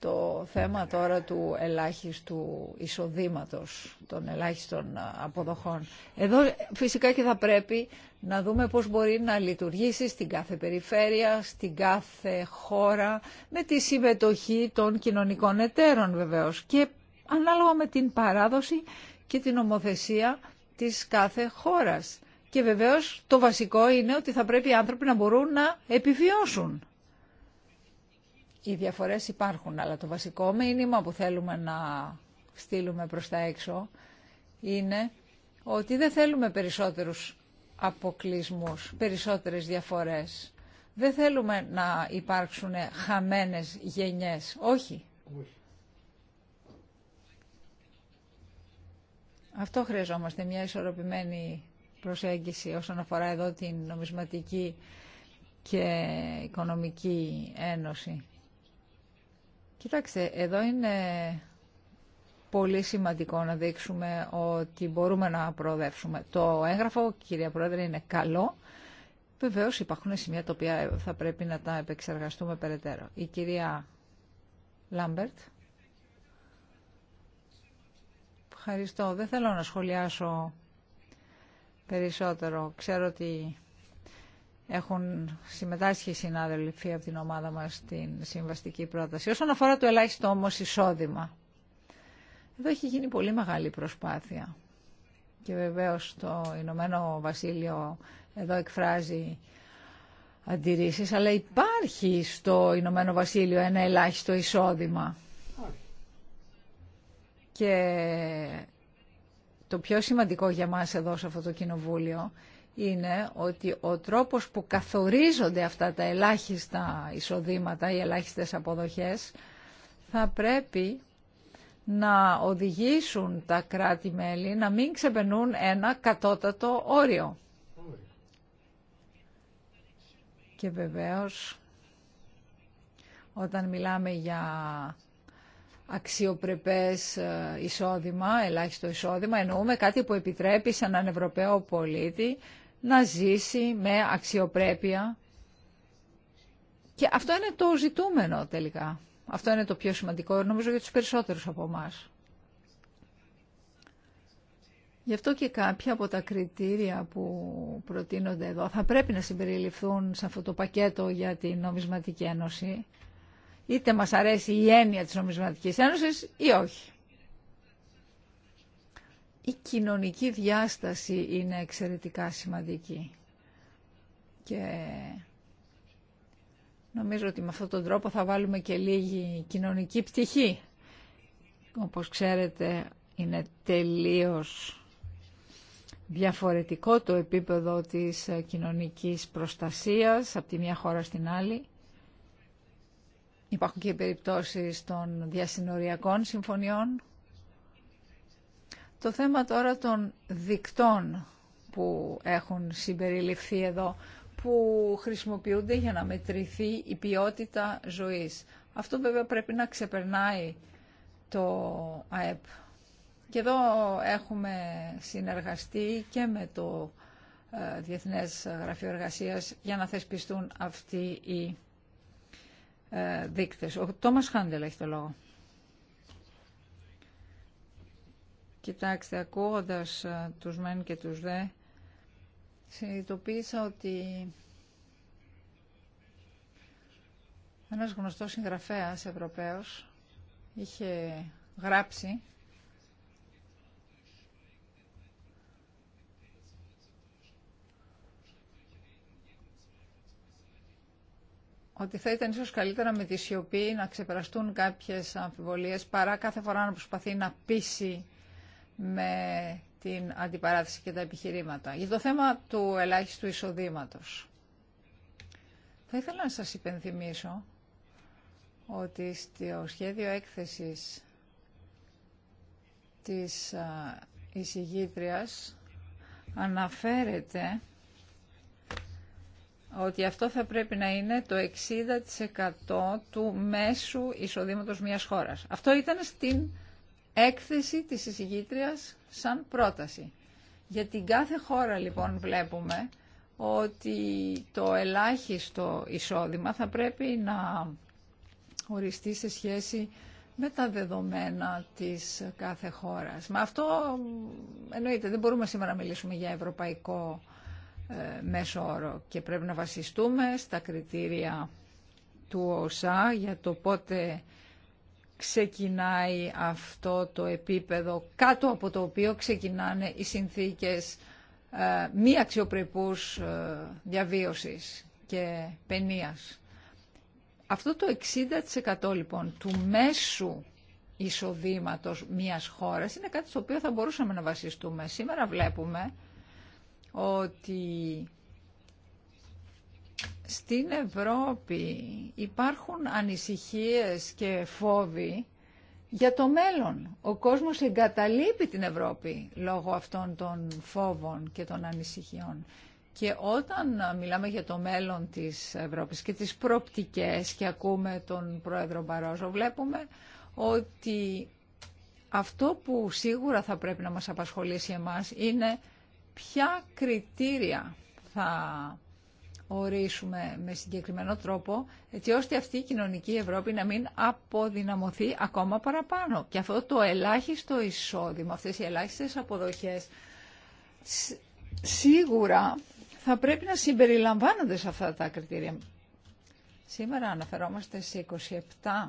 Το θέμα τώρα του ελάχιστου εισοδήματος, των ελάχιστων ε, αποδοχών. Εδώ φυσικά και θα πρέπει να δούμε πώς μπορεί να λειτουργήσει στην κάθε περιφέρεια, στην κάθε χώρα, με τη συμμετοχή των κοινωνικών εταίρων βεβαίως και ανάλογα με την παράδοση και την ομοθεσία της κάθε χώρας. Και βεβαίως το βασικό είναι ότι θα πρέπει οι άνθρωποι να μπορούν να επιβιώσουν. Οι διαφορές υπάρχουν, αλλά το βασικό μήνυμα που θέλουμε να στείλουμε προς τα έξω είναι ότι δεν θέλουμε περισσότερους αποκλεισμούς, περισσότερες διαφορές. Δεν θέλουμε να υπάρξουν χαμένες γενιές. Όχι. Όχι. Αυτό χρειαζόμαστε, μια ισορροπημένη προσέγγιση όσον αφορά εδώ την νομισματική και οικονομική ένωση. Κοιτάξτε, εδώ είναι πολύ σημαντικό να δείξουμε ότι μπορούμε να προοδεύσουμε. Το έγγραφο, κυρία Πρόεδρε, είναι καλό. Βεβαίως υπάρχουν σημεία τα οποία θα πρέπει να τα επεξεργαστούμε περαιτέρω. Η κυρία Λάμπερτ. Ευχαριστώ. Δεν θέλω να σχολιάσω περισσότερο. Ξέρω ότι έχουν συμμετάσχει οι συνάδελφοι από την ομάδα μας στην συμβαστική πρόταση. Όσον αφορά το ελάχιστο όμως εισόδημα, εδώ έχει γίνει πολύ μεγάλη προσπάθεια. Και βεβαίως το Ηνωμένο Βασίλειο εδώ εκφράζει αντιρρήσεις, αλλά υπάρχει στο Ηνωμένο Βασίλειο ένα ελάχιστο εισόδημα. Και το πιο σημαντικό για μας εδώ σε αυτό το κοινοβούλιο είναι ότι ο τρόπος που καθορίζονται αυτά τα ελάχιστα εισοδήματα, οι ελάχιστες αποδοχές, θα πρέπει να οδηγήσουν τα κράτη-μέλη να μην ξεπερνούν ένα κατώτατο όριο. Και βεβαίως, όταν μιλάμε για αξιοπρεπές ε, εισόδημα, ελάχιστο εισόδημα, εννοούμε κάτι που επιτρέπει σε έναν Ευρωπαίο πολίτη να ζήσει με αξιοπρέπεια. Και αυτό είναι το ζητούμενο τελικά. Αυτό είναι το πιο σημαντικό, νομίζω, για τους περισσότερους από εμά. Γι' αυτό και κάποια από τα κριτήρια που προτείνονται εδώ θα πρέπει να συμπεριληφθούν σε αυτό το πακέτο για την νομισματική ένωση. Είτε μας αρέσει η έννοια της νομισματικής ένωσης ή όχι. Η κοινωνική διάσταση είναι εξαιρετικά σημαντική. Και Νομίζω ότι με αυτόν τον τρόπο θα βάλουμε και λίγη κοινωνική πτυχή. Όπως ξέρετε είναι τελείως διαφορετικό το επίπεδο της κοινωνικής προστασίας από τη μια χώρα στην άλλη. Υπάρχουν και περιπτώσεις των διασυνοριακών συμφωνιών. Το θέμα τώρα των δικτών που έχουν συμπεριληφθεί εδώ που χρησιμοποιούνται για να μετρηθεί η ποιότητα ζωής. Αυτό βέβαια πρέπει να ξεπερνάει το ΑΕΠ. Και εδώ έχουμε συνεργαστεί και με το ε, Διεθνές Γραφείο Εργασίας για να θεσπιστούν αυτοί οι ε, δείκτες. Ο Τόμας Χάντελ έχει το λόγο. Κοιτάξτε, ακούγοντας ε, τους μεν και τους δε, συνειδητοποίησα ότι ένας γνωστός συγγραφέας Ευρωπαίος είχε γράψει ότι θα ήταν ίσως καλύτερα με τη σιωπή να ξεπεραστούν κάποιες αμφιβολίες παρά κάθε φορά να προσπαθεί να πείσει με την αντιπαράθεση και τα επιχειρήματα. Για το θέμα του ελάχιστου εισοδήματος. Θα ήθελα να σας υπενθυμίσω ότι στο σχέδιο έκθεσης της εισηγήτριας αναφέρεται ότι αυτό θα πρέπει να είναι το 60% του μέσου εισοδήματος μιας χώρας. Αυτό ήταν στην έκθεση της εισηγήτριας σαν πρόταση. Για την κάθε χώρα λοιπόν βλέπουμε ότι το ελάχιστο εισόδημα θα πρέπει να οριστεί σε σχέση με τα δεδομένα της κάθε χώρας. Με αυτό εννοείται δεν μπορούμε σήμερα να μιλήσουμε για ευρωπαϊκό ε, μέσο όρο και πρέπει να βασιστούμε στα κριτήρια του ΟΣΑ για το πότε ξεκινάει αυτό το επίπεδο κάτω από το οποίο ξεκινάνε οι συνθήκες ε, μη αξιοπρεπούς ε, διαβίωσης και παινίας. Αυτό το 60% λοιπόν του μέσου εισοδήματος μιας χώρας είναι κάτι στο οποίο θα μπορούσαμε να βασιστούμε. Σήμερα βλέπουμε ότι στην Ευρώπη υπάρχουν ανησυχίες και φόβοι για το μέλλον. Ο κόσμος εγκαταλείπει την Ευρώπη λόγω αυτών των φόβων και των ανησυχιών. Και όταν μιλάμε για το μέλλον της Ευρώπης και τις προπτικές και ακούμε τον Πρόεδρο Μπαρόζο, βλέπουμε ότι αυτό που σίγουρα θα πρέπει να μας απασχολήσει εμάς είναι ποια κριτήρια θα ορίσουμε με συγκεκριμένο τρόπο, έτσι ώστε αυτή η κοινωνική Ευρώπη να μην αποδυναμωθεί ακόμα παραπάνω. Και αυτό το ελάχιστο εισόδημα, αυτές οι ελάχιστες αποδοχές, σίγουρα θα πρέπει να συμπεριλαμβάνονται σε αυτά τα κριτήρια. Σήμερα αναφερόμαστε σε 27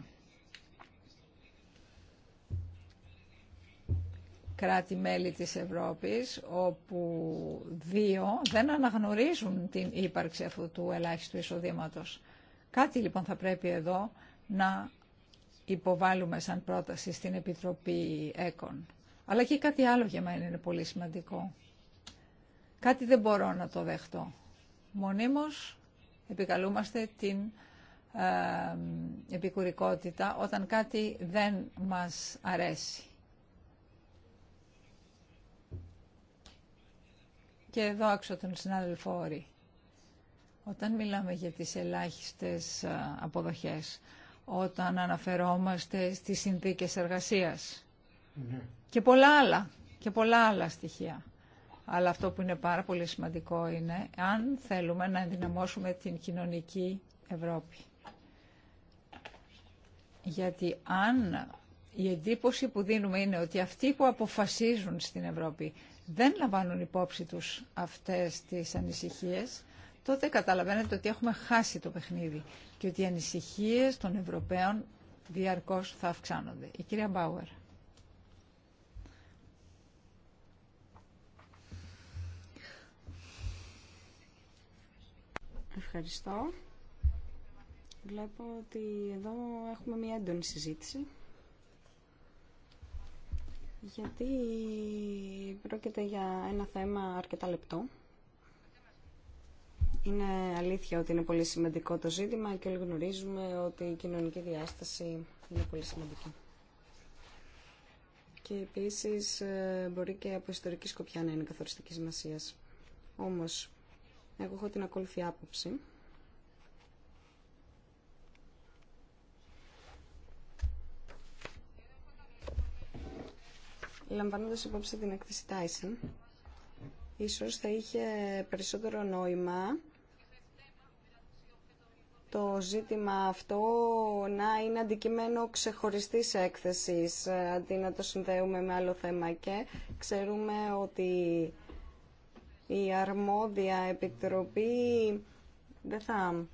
κράτη-μέλη της Ευρώπης, όπου δύο δεν αναγνωρίζουν την ύπαρξη αυτού του ελάχιστου εισοδήματος. Κάτι λοιπόν θα πρέπει εδώ να υποβάλουμε σαν πρόταση στην Επιτροπή ΕΚΟΝ. Αλλά και κάτι άλλο για μένα είναι πολύ σημαντικό. Κάτι δεν μπορώ να το δεχτώ. Μονίμως επικαλούμαστε την ε, επικουρικότητα όταν κάτι δεν μας αρέσει. και εδώ άκουσα τον συνάδελφο Όρη. Όταν μιλάμε για τις ελάχιστες αποδοχές, όταν αναφερόμαστε στις συνθήκες εργασίας ναι. και πολλά άλλα, και πολλά άλλα στοιχεία. Αλλά αυτό που είναι πάρα πολύ σημαντικό είναι αν θέλουμε να ενδυναμώσουμε την κοινωνική Ευρώπη. Γιατί αν η εντύπωση που δίνουμε είναι ότι αυτοί που αποφασίζουν στην Ευρώπη δεν λαμβάνουν υπόψη τους αυτές τις ανησυχίες, τότε καταλαβαίνετε ότι έχουμε χάσει το παιχνίδι και ότι οι ανησυχίες των Ευρωπαίων διαρκώς θα αυξάνονται. Η κυρία Μπάουερ. Ευχαριστώ. Βλέπω ότι εδώ έχουμε μια έντονη συζήτηση γιατί πρόκειται για ένα θέμα αρκετά λεπτό. Είναι αλήθεια ότι είναι πολύ σημαντικό το ζήτημα και όλοι γνωρίζουμε ότι η κοινωνική διάσταση είναι πολύ σημαντική. Και επίσης ε, μπορεί και από ιστορική σκοπιά να είναι καθοριστική σημασία. Όμως, εγώ έχω την ακόλουθη άποψη λαμβάνοντας υπόψη την έκθεση Tyson, ίσως θα είχε περισσότερο νόημα το ζήτημα αυτό να είναι αντικείμενο ξεχωριστής έκθεσης, αντί να το συνδέουμε με άλλο θέμα. Και ξέρουμε ότι η αρμόδια επιτροπή δεν θα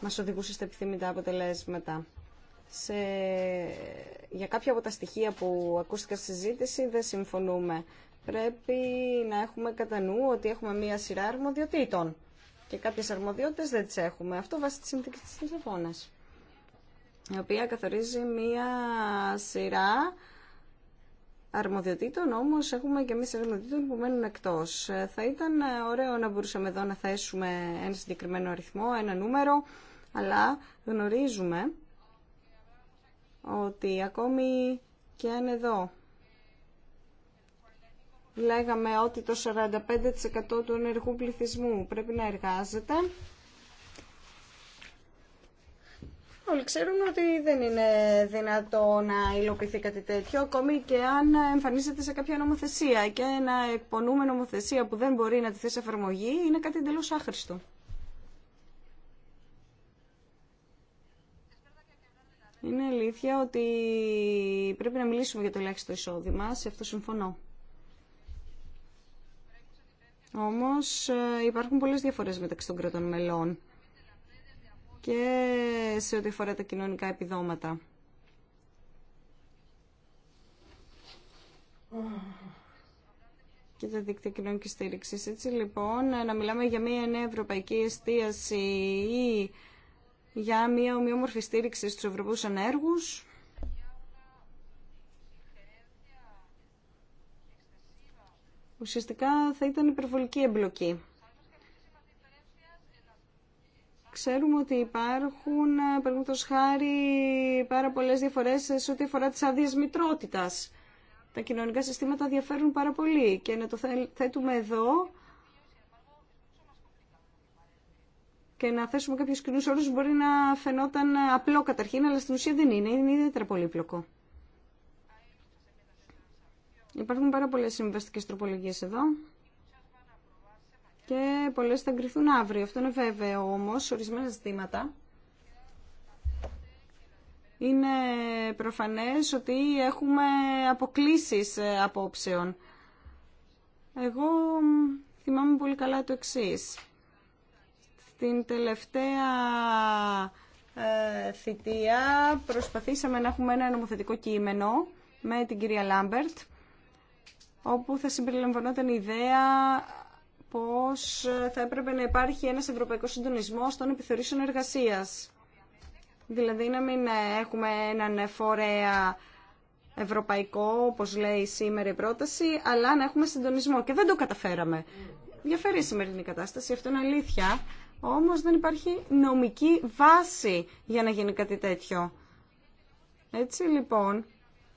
μας οδηγούσε στα επιθυμητά αποτελέσματα σε... για κάποια από τα στοιχεία που ακούστηκαν στη συζήτηση δεν συμφωνούμε. Πρέπει να έχουμε κατά νου ότι έχουμε μία σειρά αρμοδιοτήτων και κάποιες αρμοδιότητε δεν τι έχουμε. Αυτό βάσει τη συνθήκη τη Λισαβόνα. η οποία καθορίζει μία σειρά αρμοδιοτήτων, όμως έχουμε και εμεί αρμοδιοτήτων που μένουν εκτό Θα ήταν ωραίο να μπορούσαμε εδώ να θέσουμε ένα συγκεκριμένο αριθμό, ένα νούμερο, αλλά γνωρίζουμε ότι ακόμη και αν εδώ λέγαμε ότι το 45% του ενεργού πληθυσμού πρέπει να εργάζεται, Όλοι ξέρουμε ότι δεν είναι δυνατό να υλοποιηθεί κάτι τέτοιο, ακόμη και αν εμφανίζεται σε κάποια νομοθεσία. Και να εκπονούμε νομοθεσία που δεν μπορεί να τη θέσει εφαρμογή είναι κάτι εντελώ άχρηστο. Είναι αλήθεια ότι πρέπει να μιλήσουμε για το ελάχιστο εισόδημα, σε αυτό συμφωνώ. Όμως ε, υπάρχουν πολλές διαφορές μεταξύ των κρατών μελών και σε ό,τι αφορά τα κοινωνικά επιδόματα. και τα δίκτυα κοινωνική στήριξης. Έτσι λοιπόν, ε, να μιλάμε για μια νέα ευρωπαϊκή εστίαση ή για μια ομοιόμορφη στήριξη στους ευρωπαίους ενέργους. Ουσιαστικά θα ήταν υπερβολική εμπλοκή. Ξέρουμε ότι υπάρχουν, παραδείγματο χάρη, πάρα πολλέ διαφορέ σε ό,τι αφορά τι άδειε μητρότητα. Τα κοινωνικά συστήματα διαφέρουν πάρα πολύ και να το θέτουμε εδώ και να θέσουμε κάποιου κοινού όρου μπορεί να φαινόταν απλό καταρχήν, αλλά στην ουσία δεν είναι. Είναι ιδιαίτερα πολύπλοκο. Υπάρχουν πάρα πολλέ συμβαστικέ τροπολογίε εδώ και πολλέ θα εγκριθούν αύριο. Αυτό είναι βέβαιο όμω. Ορισμένα ζητήματα είναι προφανές ότι έχουμε αποκλήσει ε, απόψεων. Εγώ θυμάμαι πολύ καλά το εξής. Στην τελευταία ε, θητεία προσπαθήσαμε να έχουμε ένα νομοθετικό κείμενο με την κυρία Λάμπερτ όπου θα συμπεριλαμβανόταν η ιδέα πως ε, θα έπρεπε να υπάρχει ένας ευρωπαϊκός συντονισμός των επιθεωρήσεων εργασίας. Δηλαδή να μην ε, έχουμε έναν φορέα ευρωπαϊκό, όπως λέει σήμερα η πρόταση, αλλά να έχουμε συντονισμό. Και δεν το καταφέραμε. Διαφέρει η σημερινή κατάσταση, αυτό είναι αλήθεια. Όμως δεν υπάρχει νομική βάση για να γίνει κάτι τέτοιο. Έτσι λοιπόν,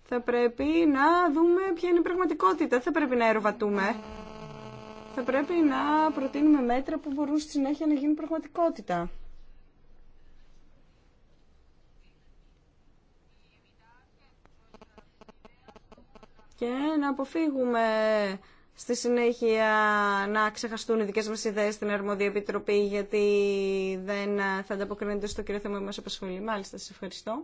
θα πρέπει να δούμε ποια είναι η πραγματικότητα. θα πρέπει να αεροβατούμε. Θα πρέπει να προτείνουμε μέτρα που μπορούν στη συνέχεια να γίνουν πραγματικότητα. Και να αποφύγουμε στη συνέχεια να ξεχαστούν οι δικές μας ιδέες στην Αρμόδια Επιτροπή γιατί δεν θα ανταποκρίνονται στο κύριο θέμα που μας απασχολεί. Μάλιστα, σας ευχαριστώ.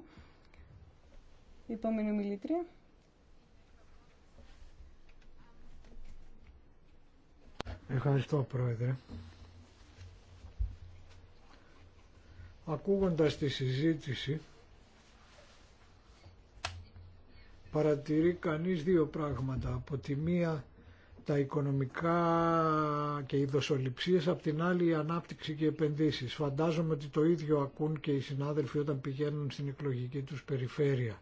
Η επόμενη μιλήτρια. Ευχαριστώ, Πρόεδρε. Ακούγοντας τη συζήτηση, παρατηρεί κανείς δύο πράγματα. Από τη μία τα οικονομικά και οι δοσοληψίες, απ' την άλλη η ανάπτυξη και οι επενδύσεις. Φαντάζομαι ότι το ίδιο ακούν και οι συνάδελφοι όταν πηγαίνουν στην εκλογική τους περιφέρεια.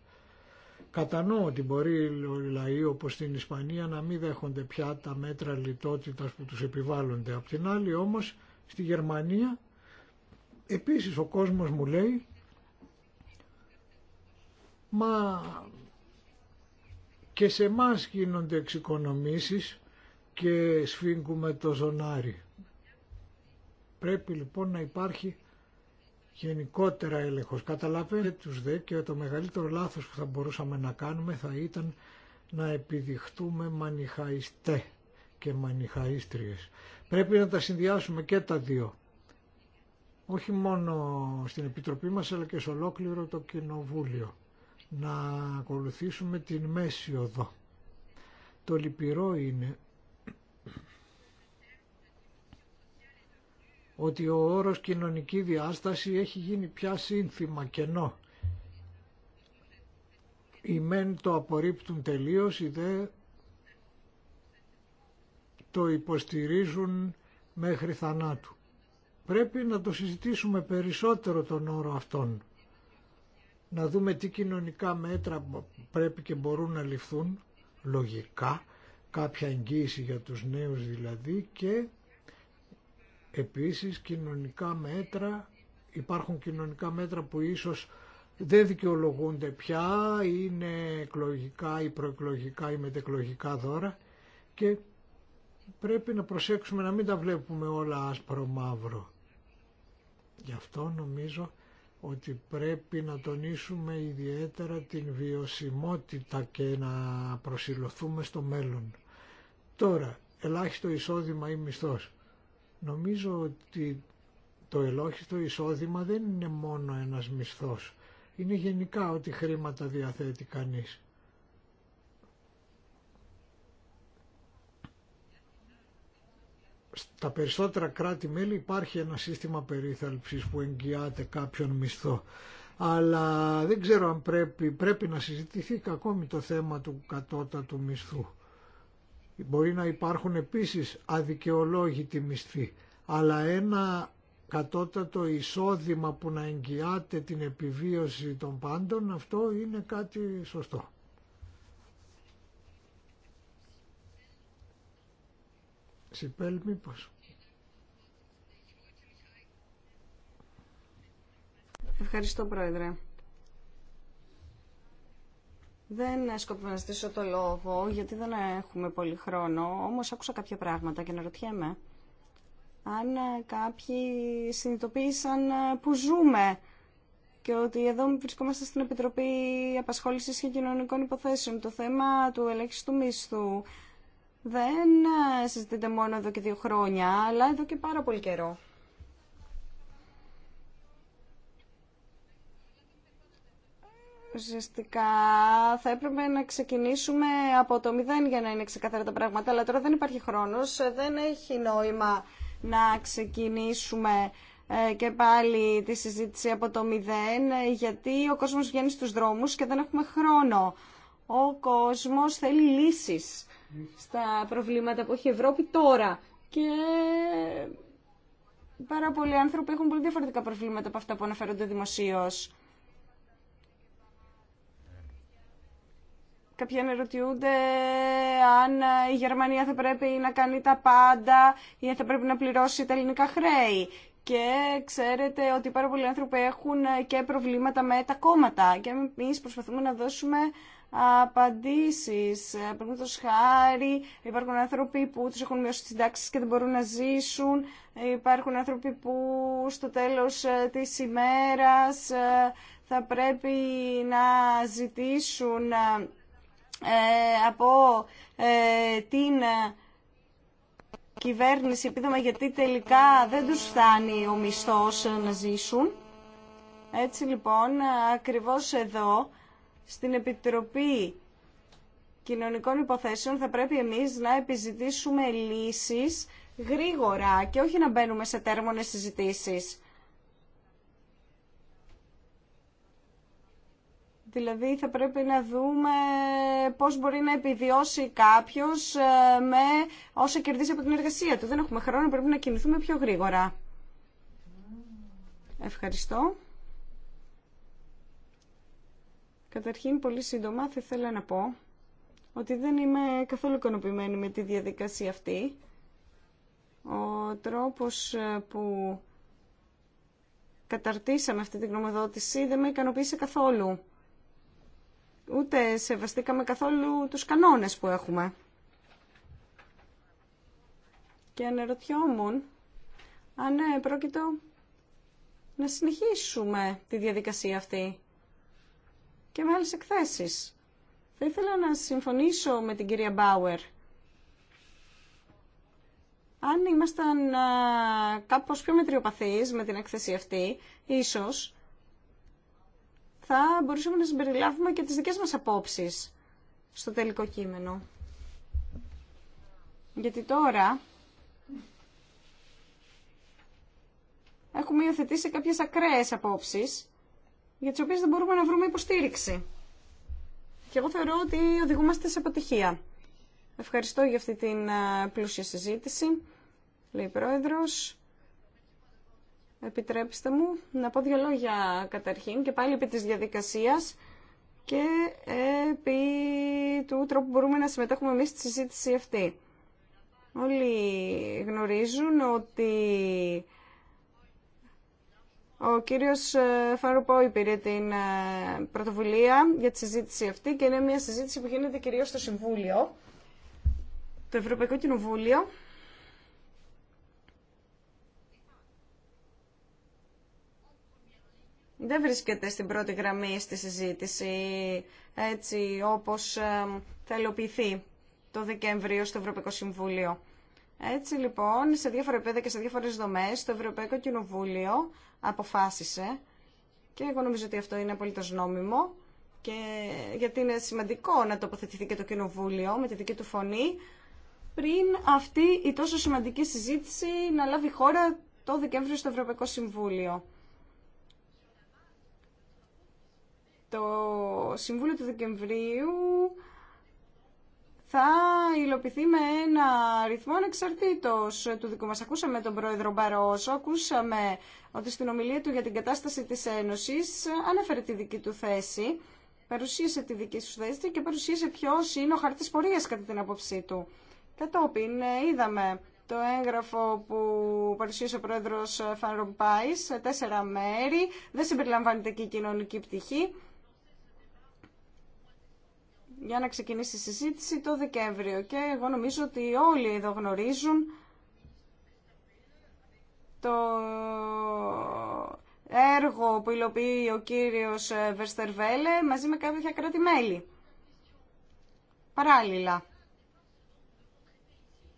Κατανοώ ότι μπορεί οι λαοί όπως στην Ισπανία να μην δέχονται πια τα μέτρα λιτότητας που τους επιβάλλονται. Απ' την άλλη όμως στη Γερμανία επίσης ο κόσμος μου λέει μα και σε εμά γίνονται εξοικονομήσεις και σφίγγουμε το ζωνάρι. Πρέπει λοιπόν να υπάρχει γενικότερα έλεγχος. Καταλαβαίνετε τους δε και το μεγαλύτερο λάθος που θα μπορούσαμε να κάνουμε θα ήταν να επιδειχτούμε μανιχαϊστέ και μανιχαίστριες. Πρέπει να τα συνδυάσουμε και τα δύο. Όχι μόνο στην Επιτροπή μας αλλά και σε ολόκληρο το Κοινοβούλιο. Να ακολουθήσουμε την μέση οδό. Το λυπηρό είναι ότι ο όρος κοινωνική διάσταση έχει γίνει πια σύνθημα κενό. Οι μεν το απορρίπτουν τελείως, οι δε το υποστηρίζουν μέχρι θανάτου. Πρέπει να το συζητήσουμε περισσότερο τον όρο αυτόν. Να δούμε τι κοινωνικά μέτρα πρέπει και μπορούν να ληφθούν, λογικά, κάποια εγγύηση για τους νέους δηλαδή και Επίσης κοινωνικά μέτρα, υπάρχουν κοινωνικά μέτρα που ίσως δεν δικαιολογούνται πια, είναι εκλογικά ή προεκλογικά ή μετεκλογικά δώρα και πρέπει να προσέξουμε να μην τα βλέπουμε όλα άσπρο μαύρο. Γι' αυτό νομίζω ότι πρέπει να τονίσουμε ιδιαίτερα την βιωσιμότητα και να προσιλωθούμε στο μέλλον. Τώρα, ελάχιστο εισόδημα ή μισθός. Νομίζω ότι το ελόχιστο εισόδημα δεν είναι μόνο ένας μισθός. Είναι γενικά ότι χρήματα διαθέτει κανείς. Στα περισσότερα κράτη-μέλη υπάρχει ένα σύστημα περίθαλψης που εγγυάται κάποιον μισθό. Αλλά δεν ξέρω αν πρέπει, πρέπει να συζητηθεί ακόμη το θέμα του κατώτατου μισθού. Μπορεί να υπάρχουν επίσης αδικαιολόγητοι μισθοί, αλλά ένα κατώτατο εισόδημα που να εγγυάται την επιβίωση των πάντων, αυτό είναι κάτι σωστό. Σιπέλ μήπως. Ευχαριστώ Πρόεδρε. Δεν σκοπεύω να ζητήσω το λόγο, γιατί δεν έχουμε πολύ χρόνο, όμως άκουσα κάποια πράγματα και να ρωτιέμαι αν κάποιοι συνειδητοποίησαν ε, που ζούμε και ότι εδώ βρισκόμαστε στην Επιτροπή Απασχόλησης και Κοινωνικών Υποθέσεων. Το θέμα του του μισθού δεν ε, συζητείται μόνο εδώ και δύο χρόνια, αλλά εδώ και πάρα πολύ καιρό. ουσιαστικά θα έπρεπε να ξεκινήσουμε από το μηδέν για να είναι ξεκάθαρα τα πράγματα, αλλά τώρα δεν υπάρχει χρόνος, δεν έχει νόημα να ξεκινήσουμε ε, και πάλι τη συζήτηση από το μηδέν, γιατί ο κόσμος βγαίνει στους δρόμους και δεν έχουμε χρόνο. Ο κόσμος θέλει λύσεις στα προβλήματα που έχει η Ευρώπη τώρα. Και πάρα πολλοί άνθρωποι έχουν πολύ διαφορετικά προβλήματα από αυτά που αναφέρονται δημοσίως. Κάποιοι αναρωτιούνται αν ε, η Γερμανία θα πρέπει να κάνει τα πάντα ή αν θα πρέπει να πληρώσει τα ελληνικά χρέη. Και ξέρετε ότι πάρα πολλοί άνθρωποι έχουν ε, και προβλήματα με τα κόμματα και εμεί προσπαθούμε να δώσουμε απαντήσεις. Ε, Παραδείγματο χάρη, υπάρχουν άνθρωποι που του έχουν μειώσει τι συντάξει και δεν μπορούν να ζήσουν. Υπάρχουν άνθρωποι που στο τέλο τη ημέρα θα πρέπει να ζητήσουν ε, από ε, την ε, κυβέρνηση επίδομα γιατί τελικά δεν τους φτάνει ο μισθός να ζήσουν. Έτσι λοιπόν, ακριβώς εδώ, στην Επιτροπή Κοινωνικών Υποθέσεων, θα πρέπει εμείς να επιζητήσουμε λύσεις γρήγορα και όχι να μπαίνουμε σε τέρμονες συζητήσεις. Δηλαδή θα πρέπει να δούμε πώς μπορεί να επιβιώσει κάποιος ε, με όσα κερδίζει από την εργασία του. Δεν έχουμε χρόνο, πρέπει να κινηθούμε πιο γρήγορα. Ευχαριστώ. Καταρχήν, πολύ σύντομα, θα ήθελα να πω ότι δεν είμαι καθόλου ικανοποιημένη με τη διαδικασία αυτή. Ο τρόπος ε, που καταρτήσαμε αυτή την γνωμοδότηση δεν με ικανοποίησε καθόλου ούτε σεβαστήκαμε καθόλου τους κανόνες που έχουμε. Και αναρωτιόμουν αν ε, πρόκειτο να συνεχίσουμε τη διαδικασία αυτή και με άλλες εκθέσεις. Θα ήθελα να συμφωνήσω με την κυρία Μπάουερ. Αν ήμασταν ε, κάπως πιο μετριοπαθείς με την εκθέση αυτή, ίσως θα μπορούσαμε να συμπεριλάβουμε και τις δικές μας απόψεις στο τελικό κείμενο. Γιατί τώρα έχουμε υιοθετήσει κάποιες ακραίες απόψεις για τις οποίες δεν μπορούμε να βρούμε υποστήριξη. Και εγώ θεωρώ ότι οδηγούμαστε σε αποτυχία. Ευχαριστώ για αυτή την ε, πλούσια συζήτηση, λέει η Πρόεδρος. Επιτρέψτε μου να πω δύο λόγια καταρχήν και πάλι επί της διαδικασίας και επί του τρόπου που μπορούμε να συμμετέχουμε εμείς στη συζήτηση αυτή. Όλοι γνωρίζουν ότι ο κύριος Φαρουπό υπήρε την ε, πρωτοβουλία για τη συζήτηση αυτή και είναι μια συζήτηση που γίνεται κυρίως στο Συμβούλιο, το Ευρωπαϊκό Κοινοβούλιο δεν βρίσκεται στην πρώτη γραμμή στη συζήτηση έτσι όπως θα υλοποιηθεί το Δεκέμβριο στο Ευρωπαϊκό Συμβούλιο. Έτσι λοιπόν, σε διάφορα επίπεδα και σε διάφορες δομές, το Ευρωπαϊκό Κοινοβούλιο αποφάσισε και εγώ νομίζω ότι αυτό είναι απολύτω νόμιμο και γιατί είναι σημαντικό να τοποθετηθεί και το Κοινοβούλιο με τη δική του φωνή πριν αυτή η τόσο σημαντική συζήτηση να λάβει χώρα το Δεκέμβριο στο Ευρωπαϊκό Συμβούλιο. Το Συμβούλιο του Δεκεμβρίου θα υλοποιηθεί με ένα ρυθμό ανεξαρτήτως του δικού μας. Ακούσαμε τον πρόεδρο Μπαρόσο, ακούσαμε ότι στην ομιλία του για την κατάσταση της Ένωσης ανέφερε τη δική του θέση, παρουσίασε τη δική σου θέση και παρουσίασε ποιο είναι ο χαρτής πορείας κατά την άποψή του. Κατόπιν ε, είδαμε το έγγραφο που παρουσίασε ο πρόεδρος Φαν σε τέσσερα μέρη, δεν συμπεριλαμβάνεται και η κοινωνική πτυχή για να ξεκινήσει η συζήτηση το Δεκέμβριο. Και εγώ νομίζω ότι όλοι εδώ γνωρίζουν το έργο που υλοποιεί ο κύριος Βεστερβέλε μαζί με κάποια κράτη-μέλη. Παράλληλα.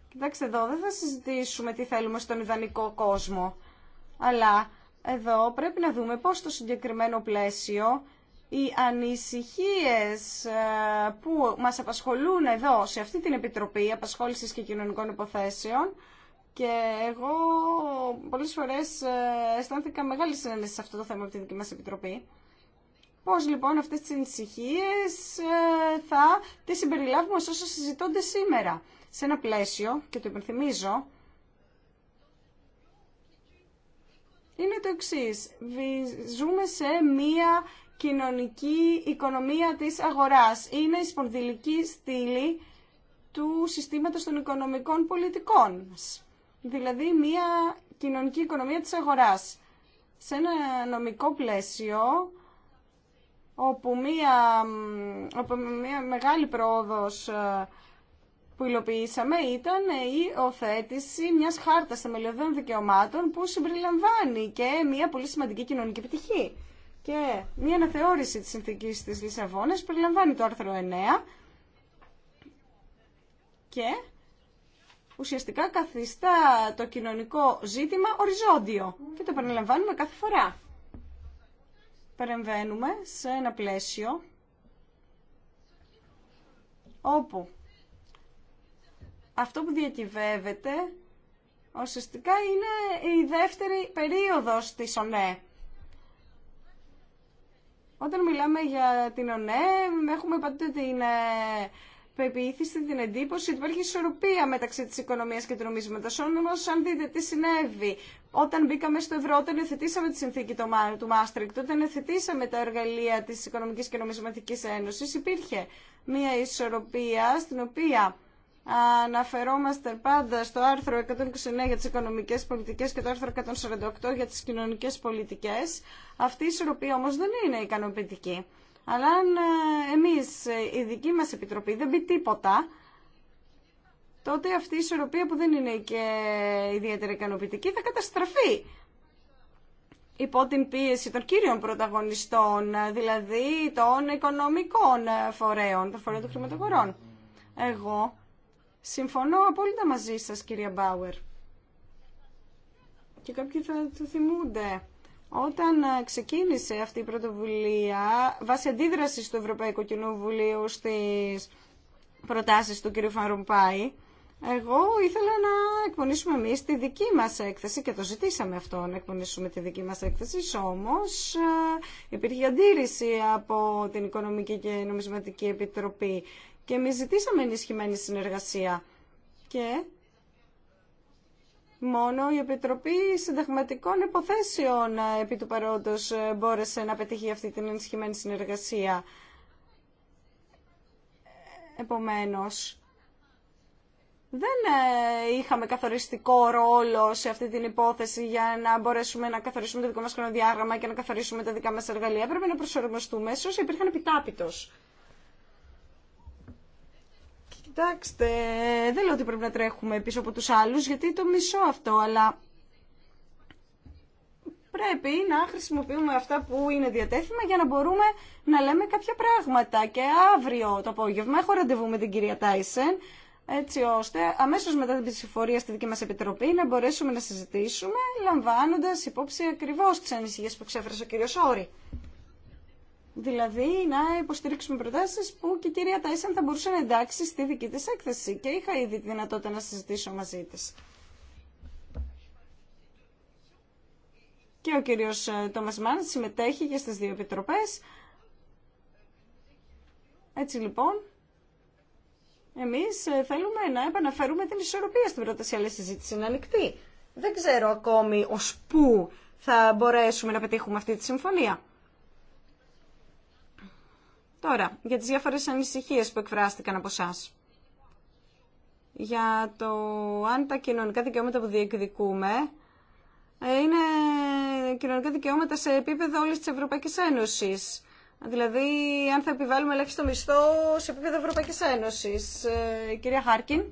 Κοιτάξτε εδώ, δεν θα συζητήσουμε τι θέλουμε στον ιδανικό κόσμο, αλλά εδώ πρέπει να δούμε πώς το συγκεκριμένο πλαίσιο οι ανησυχίες ε, που μας απασχολούν εδώ, σε αυτή την Επιτροπή Απασχόλησης και Κοινωνικών Υποθέσεων, και εγώ πολλές φορές ε, αισθάνθηκα μεγάλη συνένεση σε αυτό το θέμα από την δική μας Επιτροπή. Πώς λοιπόν αυτές τις ανησυχίες ε, θα τις συμπεριλάβουμε σε συζητώνται σήμερα. Σε ένα πλαίσιο, και το υπενθυμίζω, είναι το εξή. Ζούμε σε μία κοινωνική οικονομία της αγοράς. Είναι η σπονδυλική στήλη του συστήματος των οικονομικών πολιτικών δηλαδή μια κοινωνική οικονομία της αγοράς. Σε ένα νομικό πλαίσιο, όπου μια, όπου μια μεγάλη πρόοδος ε, που υλοποιήσαμε ήταν η οθέτηση μιας χάρτας θεμελιωδών δικαιωμάτων που συμπεριλαμβάνει και μια πολύ σημαντική κοινωνική επιτυχία και μια αναθεώρηση της συνθήκης της Λισαβόνας περιλαμβάνει το άρθρο 9 και ουσιαστικά καθιστά το κοινωνικό ζήτημα οριζόντιο και το περιλαμβάνουμε κάθε φορά. Παρεμβαίνουμε σε ένα πλαίσιο όπου αυτό που διακυβεύεται ουσιαστικά είναι η δεύτερη περίοδος της ΟΝΕ όταν μιλάμε για την ΟΝΕ, έχουμε πάντοτε την ε, πεποίθηση, την εντύπωση ότι υπάρχει ισορροπία μεταξύ τη οικονομία και του νομίσματο. Όμω, αν δείτε τι συνέβη, όταν μπήκαμε στο ευρώ, όταν εθετήσαμε τη συνθήκη του Μάστρικτ, όταν εθετήσαμε τα εργαλεία τη Οικονομική και Νομισματική Ένωση, υπήρχε μια ισορροπία στην οποία Αναφερόμαστε πάντα στο άρθρο 129 για τις οικονομικές πολιτικές και το άρθρο 148 για τις κοινωνικές πολιτικές. Αυτή η ισορροπία όμως δεν είναι ικανοποιητική. Αλλά αν ε, εμείς, ε, η δική μας Επιτροπή, δεν πει τίποτα, τότε αυτή η ισορροπία που δεν είναι και ιδιαίτερα ικανοποιητική θα καταστραφεί υπό την πίεση των κύριων πρωταγωνιστών, δηλαδή των οικονομικών ε, φορέων, των φορέων των χρηματογορών. Εγώ Συμφωνώ απόλυτα μαζί σας, κυρία Μπάουερ. Και κάποιοι θα το θυμούνται. Όταν ε, ξεκίνησε αυτή η πρωτοβουλία, βάσει αντίδραση του Ευρωπαϊκού Κοινοβουλίου στις προτάσεις του κ. Φαρουμπάη, εγώ ήθελα να εκπονήσουμε εμεί τη δική μας έκθεση και το ζητήσαμε αυτό να εκπονήσουμε τη δική μας έκθεση. Όμω ε, υπήρχε αντίρρηση από την Οικονομική και Νομισματική Επιτροπή. Και εμείς ζητήσαμε ενισχυμένη συνεργασία. Και μόνο η Επιτροπή Συνταγματικών Υποθέσεων ε, επί του παρόντος ε, μπόρεσε να πετύχει αυτή την ενισχυμένη συνεργασία. Επομένως, δεν ε, είχαμε καθοριστικό ρόλο σε αυτή την υπόθεση για να μπορέσουμε να καθορίσουμε το δικό μας χρονοδιάγραμμα και να καθορίσουμε τα δικά μας εργαλεία. Πρέπει να προσαρμοστούμε, όσα υπήρχαν επιτάπητος Κοιτάξτε, δεν λέω ότι πρέπει να τρέχουμε πίσω από τους άλλους, γιατί το μισό αυτό, αλλά πρέπει να χρησιμοποιούμε αυτά που είναι διατέθημα για να μπορούμε να λέμε κάποια πράγματα. Και αύριο το απόγευμα έχω ραντεβού με την κυρία Τάισεν, έτσι ώστε αμέσως μετά την ψηφορία στη δική μας επιτροπή να μπορέσουμε να συζητήσουμε, λαμβάνοντας υπόψη ακριβώς τις ανησυχίες που εξέφρασε ο κύριος Όρη. Δηλαδή να υποστηρίξουμε προτάσει που και η κυρία Τάισαν θα μπορούσε να εντάξει στη δική τη έκθεση και είχα ήδη τη δυνατότητα να συζητήσω μαζί της. Και ο κύριος ε, Τόμας Μάν συμμετέχει και στις δύο επιτροπές. Έτσι λοιπόν, εμείς ε, θέλουμε να επαναφέρουμε την ισορροπία στην πρόταση, αλλά συζήτηση είναι ανοιχτή. Δεν ξέρω ακόμη ως πού θα μπορέσουμε να πετύχουμε αυτή τη συμφωνία. Τώρα, για τις διάφορες ανησυχίες που εκφράστηκαν από εσά. Για το αν τα κοινωνικά δικαιώματα που διεκδικούμε ε, είναι κοινωνικά δικαιώματα σε επίπεδο όλης της Ευρωπαϊκής Ένωσης. Δηλαδή, αν θα επιβάλλουμε ελάχιστο μισθό σε επίπεδο Ευρωπαϊκής Ένωσης. Ε, κυρία Χάρκιν,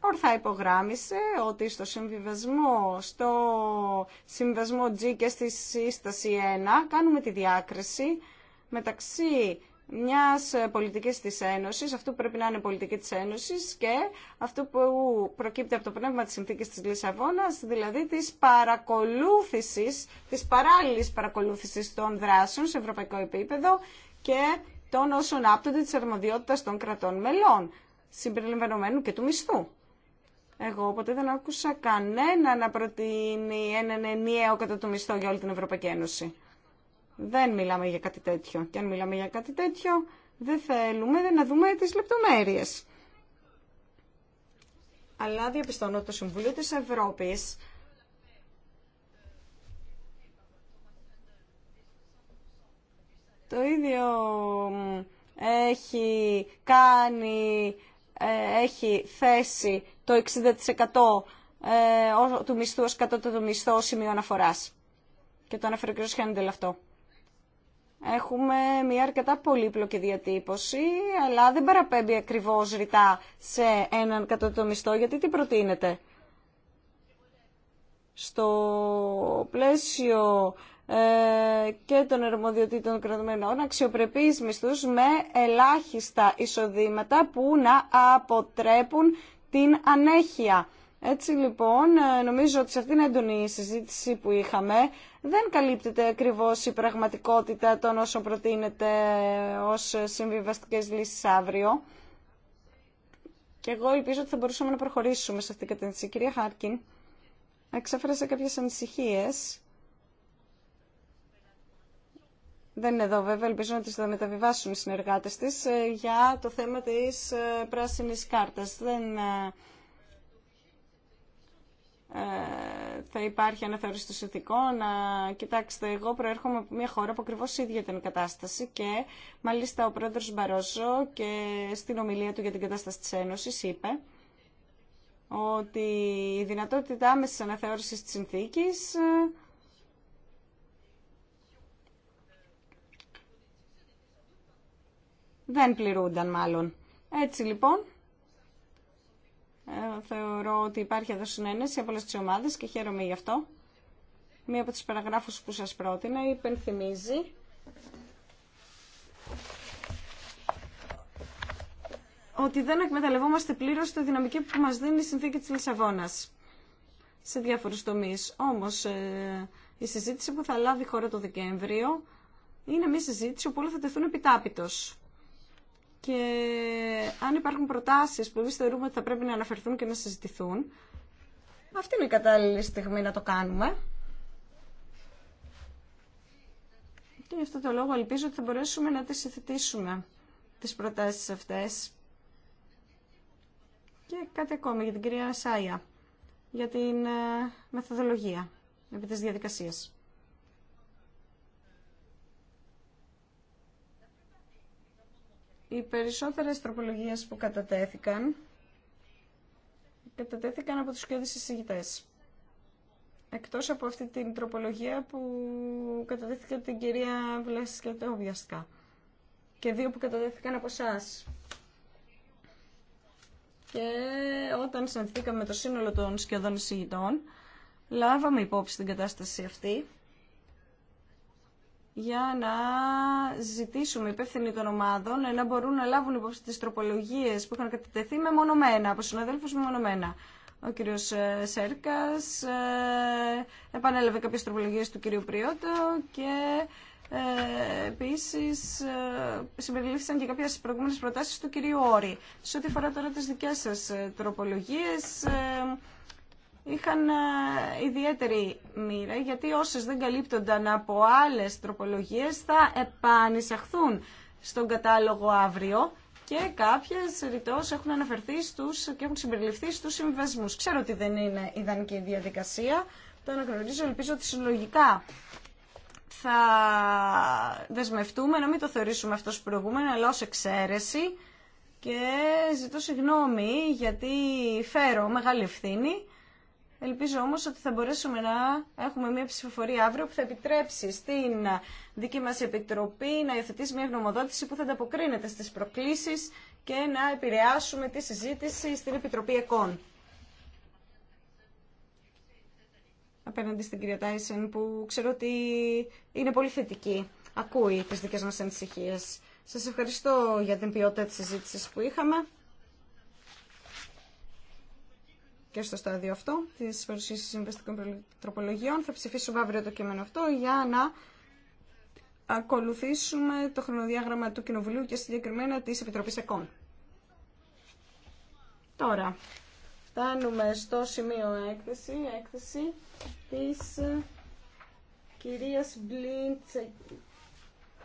ορθά υπογράμμισε ότι στο συμβιβασμό, στο συμβιβασμό G και στη σύσταση 1 κάνουμε τη διάκριση μεταξύ μιας πολιτικής της Ένωσης, αυτού που πρέπει να είναι πολιτική της Ένωσης και αυτού που προκύπτει από το πνεύμα της συνθήκης της Λισαβόνας, δηλαδή της παρακολούθησης, της παράλληλης παρακολούθησης των δράσεων σε ευρωπαϊκό επίπεδο και των όσων άπτονται της αρμοδιότητας των κρατών μελών, συμπεριλαμβανομένου και του μισθού. Εγώ ποτέ δεν άκουσα κανένα να προτείνει έναν ενιαίο κατά του μισθό για όλη την Ευρωπαϊκή Ένωση. Δεν μιλάμε για κάτι τέτοιο. Και αν μιλάμε για κάτι τέτοιο, δεν θέλουμε να δούμε τις λεπτομέρειες. Αλλά διαπιστώνω ότι το Συμβουλίο της Ευρώπης το ίδιο έχει κάνει, ε, έχει θέσει το 60% ε, του μισθού ως κατώτατο μισθό σημείο αναφοράς. Και το αναφέρει ο κ. Χέντελ αυτό. Έχουμε μια αρκετά πολύπλοκη διατύπωση, αλλά δεν παραπέμπει ακριβώς ρητά σε έναν κατώτατο μισθό, γιατί τι προτείνεται. Στο πλαίσιο ε, και των ερμοδιοτήτων κρατουμένων αξιοπρεπείς μισθούς με ελάχιστα εισοδήματα που να αποτρέπουν την ανέχεια. Έτσι λοιπόν, ε, νομίζω ότι σε αυτήν την έντονη συζήτηση που είχαμε, δεν καλύπτεται ακριβώ η πραγματικότητα των όσων προτείνεται ως συμβιβαστικές λύσεις αύριο. Και εγώ ελπίζω ότι θα μπορούσαμε να προχωρήσουμε σε αυτήν την κατεύθυνση. Κυρία Χάρκιν, εξέφρασε κάποιες ανησυχίες. Δεν είναι εδώ βέβαια, ελπίζω να τις θα μεταβιβάσουν οι συνεργάτες της ε, για το θέμα της ε, πράσινης κάρτας. Δεν ε, θα υπάρχει αναθεώρηση των συνθηκών. Κοιτάξτε, εγώ προέρχομαι από μια χώρα που ακριβώ ίδια ήταν η κατάσταση και μάλιστα ο πρόεδρο Μπαρόζο και στην ομιλία του για την κατάσταση τη Ένωση είπε ότι η δυνατότητα άμεση αναθεώρηση της συνθήκης ε, δεν πληρούνταν μάλλον. Έτσι λοιπόν, ε, θεωρώ ότι υπάρχει εδώ συνένεση από όλε τι ομάδε και χαίρομαι γι' αυτό. Μία από τις παραγράφου που σας πρότεινα υπενθυμίζει ότι δεν εκμεταλλευόμαστε πλήρως τη δυναμική που μας δίνει η συνθήκη της Λισαβόνα σε διάφορους τομείς. Όμως ε, η συζήτηση που θα λάβει η χώρα το Δεκέμβριο είναι μια συζήτηση όπου όλα θα τεθούν επιτάπητο και αν υπάρχουν προτάσεις που εμεί θεωρούμε ότι θα πρέπει να αναφερθούν και να συζητηθούν, αυτή είναι η κατάλληλη στιγμή να το κάνουμε. Και γι' αυτό το λόγο ελπίζω ότι θα μπορέσουμε να τις συζητήσουμε τις προτάσεις αυτές. Και κάτι ακόμη για την κυρία Σάια, για την ε, μεθοδολογία επί της διαδικασίας. Οι περισσότερες τροπολογίες που κατατέθηκαν, κατατέθηκαν από τους κέντες εισηγητές. Εκτός από αυτή την τροπολογία που κατατέθηκε από την κυρία Βλέσης και Και δύο που κατατέθηκαν από εσά. Και όταν συναντηθήκαμε με το σύνολο των σκιωδών εισηγητών, λάβαμε υπόψη την κατάσταση αυτή για να ζητήσουμε υπεύθυνοι των ομάδων να μπορούν να λάβουν υπόψη τι τροπολογίε που είχαν κατατεθεί μεμονωμένα, από συναδέλφους μεμονωμένα. Ο κύριος ε, Σέρκας ε, επανέλαβε κάποιε τροπολογίες του κύριου Πριώτο και ε, Επίση, ε, συμπεριλήφθησαν και κάποιε προηγούμενε προτάσει του κυρίου Όρη. Σε ό,τι αφορά τώρα τι δικέ σα τροπολογίε, είχαν ε, ιδιαίτερη μοίρα γιατί όσες δεν καλύπτονταν από άλλες τροπολογίες θα επανεισαχθούν στον κατάλογο αύριο και κάποιες ρητός έχουν αναφερθεί στους και έχουν συμπεριληφθεί στους συμβασμούς. Ξέρω ότι δεν είναι ιδανική διαδικασία, το αναγνωρίζω, ελπίζω ότι συλλογικά θα δεσμευτούμε να μην το θεωρήσουμε αυτός προηγούμενο, αλλά ως εξαίρεση και ζητώ συγγνώμη γιατί φέρω μεγάλη ευθύνη Ελπίζω όμως ότι θα μπορέσουμε να έχουμε μια ψηφοφορία αύριο που θα επιτρέψει στην δική μας Επιτροπή να υιοθετήσει μια γνωμοδότηση που θα ανταποκρίνεται στις προκλήσεις και να επηρεάσουμε τη συζήτηση στην Επιτροπή ΕΚΟΝ. Απέναντι στην κυρία Τάισεν που ξέρω ότι είναι πολύ θετική. Ακούει τις δικές μας ανησυχίες. Σας ευχαριστώ για την ποιότητα της συζήτησης που είχαμε. και στο στάδιο αυτό τη παρουσίαση συμβαστικών τροπολογιών. Θα ψηφίσουμε αύριο το κείμενο αυτό για να ακολουθήσουμε το χρονοδιάγραμμα του Κοινοβουλίου και συγκεκριμένα τη Επιτροπή ΕΚΟΝ. Τώρα, φτάνουμε στο σημείο έκθεση, έκθεση της κυρίας Μπλίντσεκ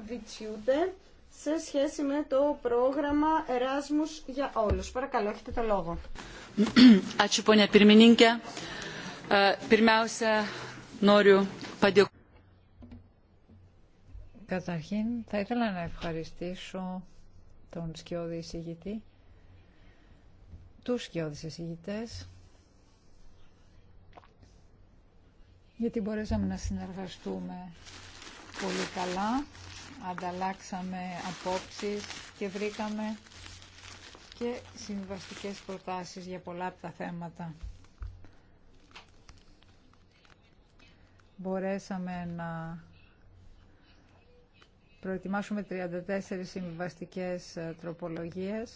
Βιτσιούτε σε σχέση με το πρόγραμμα Εράσμους για όλους. Παρακαλώ, έχετε το λόγο. Ε, Καταρχήν, θα ήθελα να ευχαριστήσω τον σκιώδη εισηγητή, τους σκιώδης εισηγητές, γιατί μπορέσαμε να συνεργαστούμε πολύ καλά ανταλλάξαμε απόψεις και βρήκαμε και συμβαστικές προτάσεις για πολλά από τα θέματα. Μπορέσαμε να προετοιμάσουμε 34 συμβαστικές ε, τροπολογίες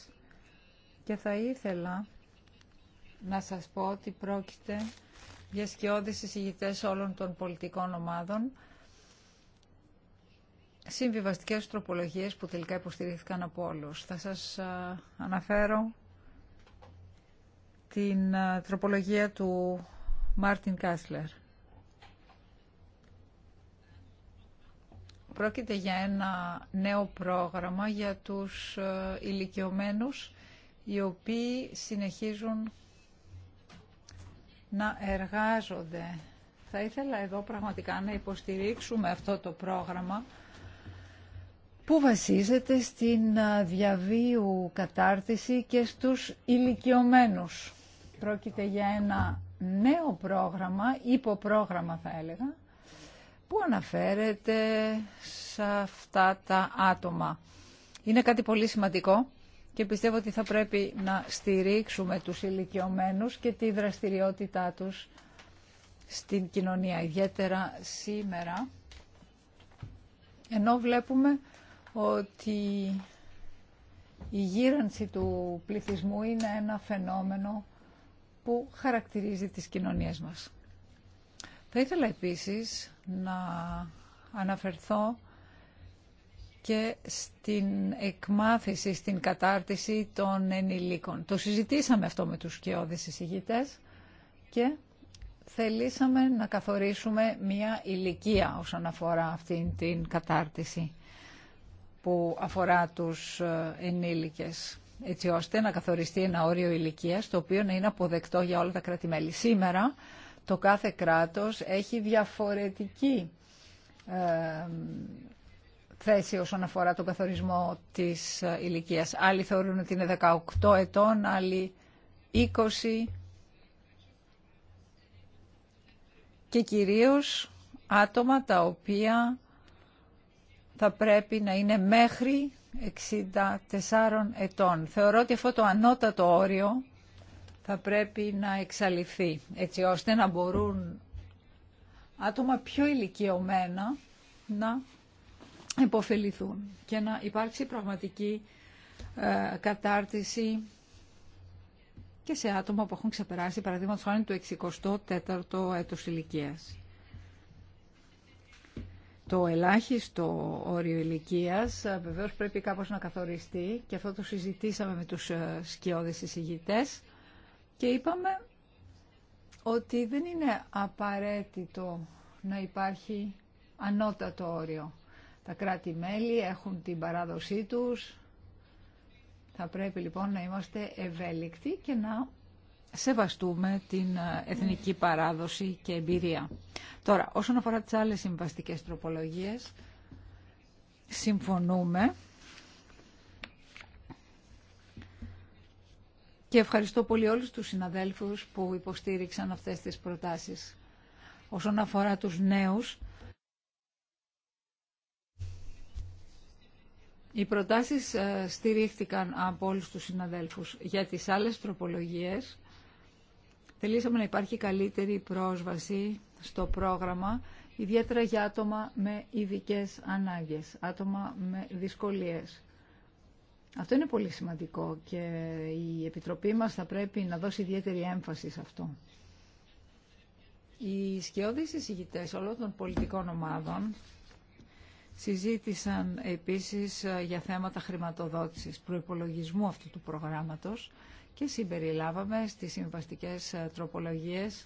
και θα ήθελα να σας πω ότι πρόκειται για σκιώδεις εισηγητές όλων των πολιτικών ομάδων συμβιβαστικές τροπολογίες που τελικά υποστηρίχθηκαν από όλους. Θα σας αναφέρω την τροπολογία του Μάρτιν Κάσλερ. Πρόκειται για ένα νέο πρόγραμμα για τους ηλικιωμένους οι οποίοι συνεχίζουν να εργάζονται. Θα ήθελα εδώ πραγματικά να υποστηρίξουμε αυτό το πρόγραμμα που βασίζεται στην διαβίου κατάρτιση και στους ηλικιωμένους. Πρόκειται για ένα νέο πρόγραμμα, υποπρόγραμμα θα έλεγα, που αναφέρεται σε αυτά τα άτομα. Είναι κάτι πολύ σημαντικό και πιστεύω ότι θα πρέπει να στηρίξουμε τους ηλικιωμένου και τη δραστηριότητά τους στην κοινωνία, ιδιαίτερα σήμερα, ενώ βλέπουμε ότι η γύρανση του πληθυσμού είναι ένα φαινόμενο που χαρακτηρίζει τις κοινωνίες μας. Θα ήθελα επίσης να αναφερθώ και στην εκμάθηση, στην κατάρτιση των ενηλίκων. Το συζητήσαμε αυτό με τους σκιώδεις εισηγητές και θελήσαμε να καθορίσουμε μία ηλικία όσον αφορά αυτήν την κατάρτιση που αφορά τους ε, ενήλικες έτσι ώστε να καθοριστεί ένα όριο ηλικίας το οποίο να είναι αποδεκτό για όλα τα κράτη-μέλη. Σήμερα το κάθε κράτος έχει διαφορετική ε, θέση όσον αφορά τον καθορισμό της ε, ηλικίας. Άλλοι θεωρούν ότι είναι 18 ετών, άλλοι 20 και κυρίως άτομα τα οποία θα πρέπει να είναι μέχρι 64 ετών. Θεωρώ ότι αυτό το ανώτατο όριο θα πρέπει να εξαλειφθεί, έτσι ώστε να μπορούν άτομα πιο ηλικιωμένα να υποφεληθούν και να υπάρξει πραγματική ε, κατάρτιση και σε άτομα που έχουν ξεπεράσει, παραδείγματος χάρη του 64ου έτους ηλικίας το ελάχιστο όριο ηλικία ε, βεβαίως πρέπει κάπως να καθοριστεί και αυτό το συζητήσαμε με τους ε, σκιώδες εισηγητές και είπαμε ότι δεν είναι απαραίτητο να υπάρχει ανώτατο όριο. Τα κράτη-μέλη έχουν την παράδοσή τους, θα πρέπει λοιπόν να είμαστε ευέλικτοι και να σεβαστούμε την ε, εθνική παράδοση και εμπειρία. Τώρα, όσον αφορά τις άλλες συμβαστικές τροπολογίες, συμφωνούμε και ευχαριστώ πολύ όλους τους συναδέλφους που υποστήριξαν αυτές τις προτάσεις. Όσον αφορά τους νέους, Οι προτάσεις ε, στηρίχθηκαν από όλους τους συναδέλφους. Για τις άλλες τροπολογίες Θελήσαμε να υπάρχει καλύτερη πρόσβαση στο πρόγραμμα, ιδιαίτερα για άτομα με ειδικέ ανάγκες, άτομα με δυσκολίες. Αυτό είναι πολύ σημαντικό και η Επιτροπή μας θα πρέπει να δώσει ιδιαίτερη έμφαση σε αυτό. Οι σκιώδεις εισηγητές όλων των πολιτικών ομάδων συζήτησαν επίσης ε, για θέματα χρηματοδότησης, προϋπολογισμού αυτού του προγράμματος και συμπεριλάβαμε στις συμβαστικές ε, τροπολογίες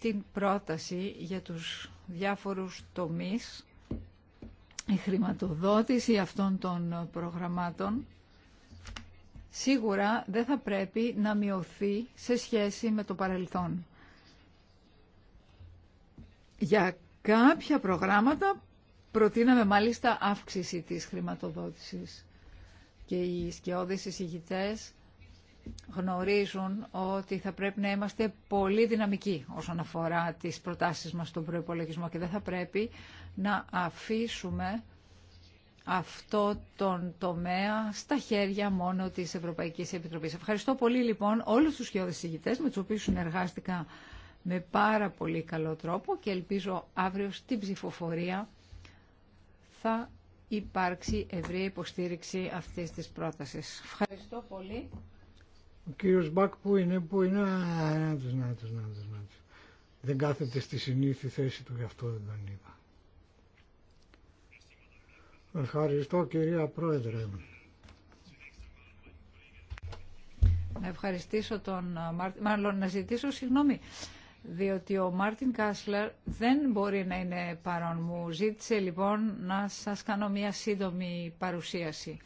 την πρόταση για τους διάφορους τομείς η χρηματοδότηση αυτών των ε, προγραμμάτων σίγουρα δεν θα πρέπει να μειωθεί σε σχέση με το παρελθόν. Για κάποια προγράμματα προτείναμε μάλιστα αύξηση της χρηματοδότησης και οι σκιώδεις εισηγητές γνωρίζουν ότι θα πρέπει να είμαστε πολύ δυναμικοί όσον αφορά τις προτάσεις μας στον προϋπολογισμό και δεν θα πρέπει να αφήσουμε αυτό τον τομέα στα χέρια μόνο της Ευρωπαϊκής Επιτροπής. Ευχαριστώ πολύ λοιπόν όλους τους σκιώδεις συγητές με τους οποίους συνεργάστηκα με πάρα πολύ καλό τρόπο και ελπίζω αύριο στην ψηφοφορία θα υπάρξει ευρεία υποστήριξη αυτής της πρότασης. Ευχαριστώ πολύ. Ο κύριος Μπακ που είναι, που είναι, να τους, να τους, Δεν κάθεται στη συνήθη θέση του, γι' αυτό δεν τον είπα. Ευχαριστώ κυρία Πρόεδρε. Να ευχαριστήσω τον Μάρτιν, μάλλον να ζητήσω συγγνώμη διότι ο Μάρτιν Κάσλερ δεν μπορεί να είναι παρόν μου. Ζήτησε λοιπόν να σας κάνω μια σύντομη παρουσίαση.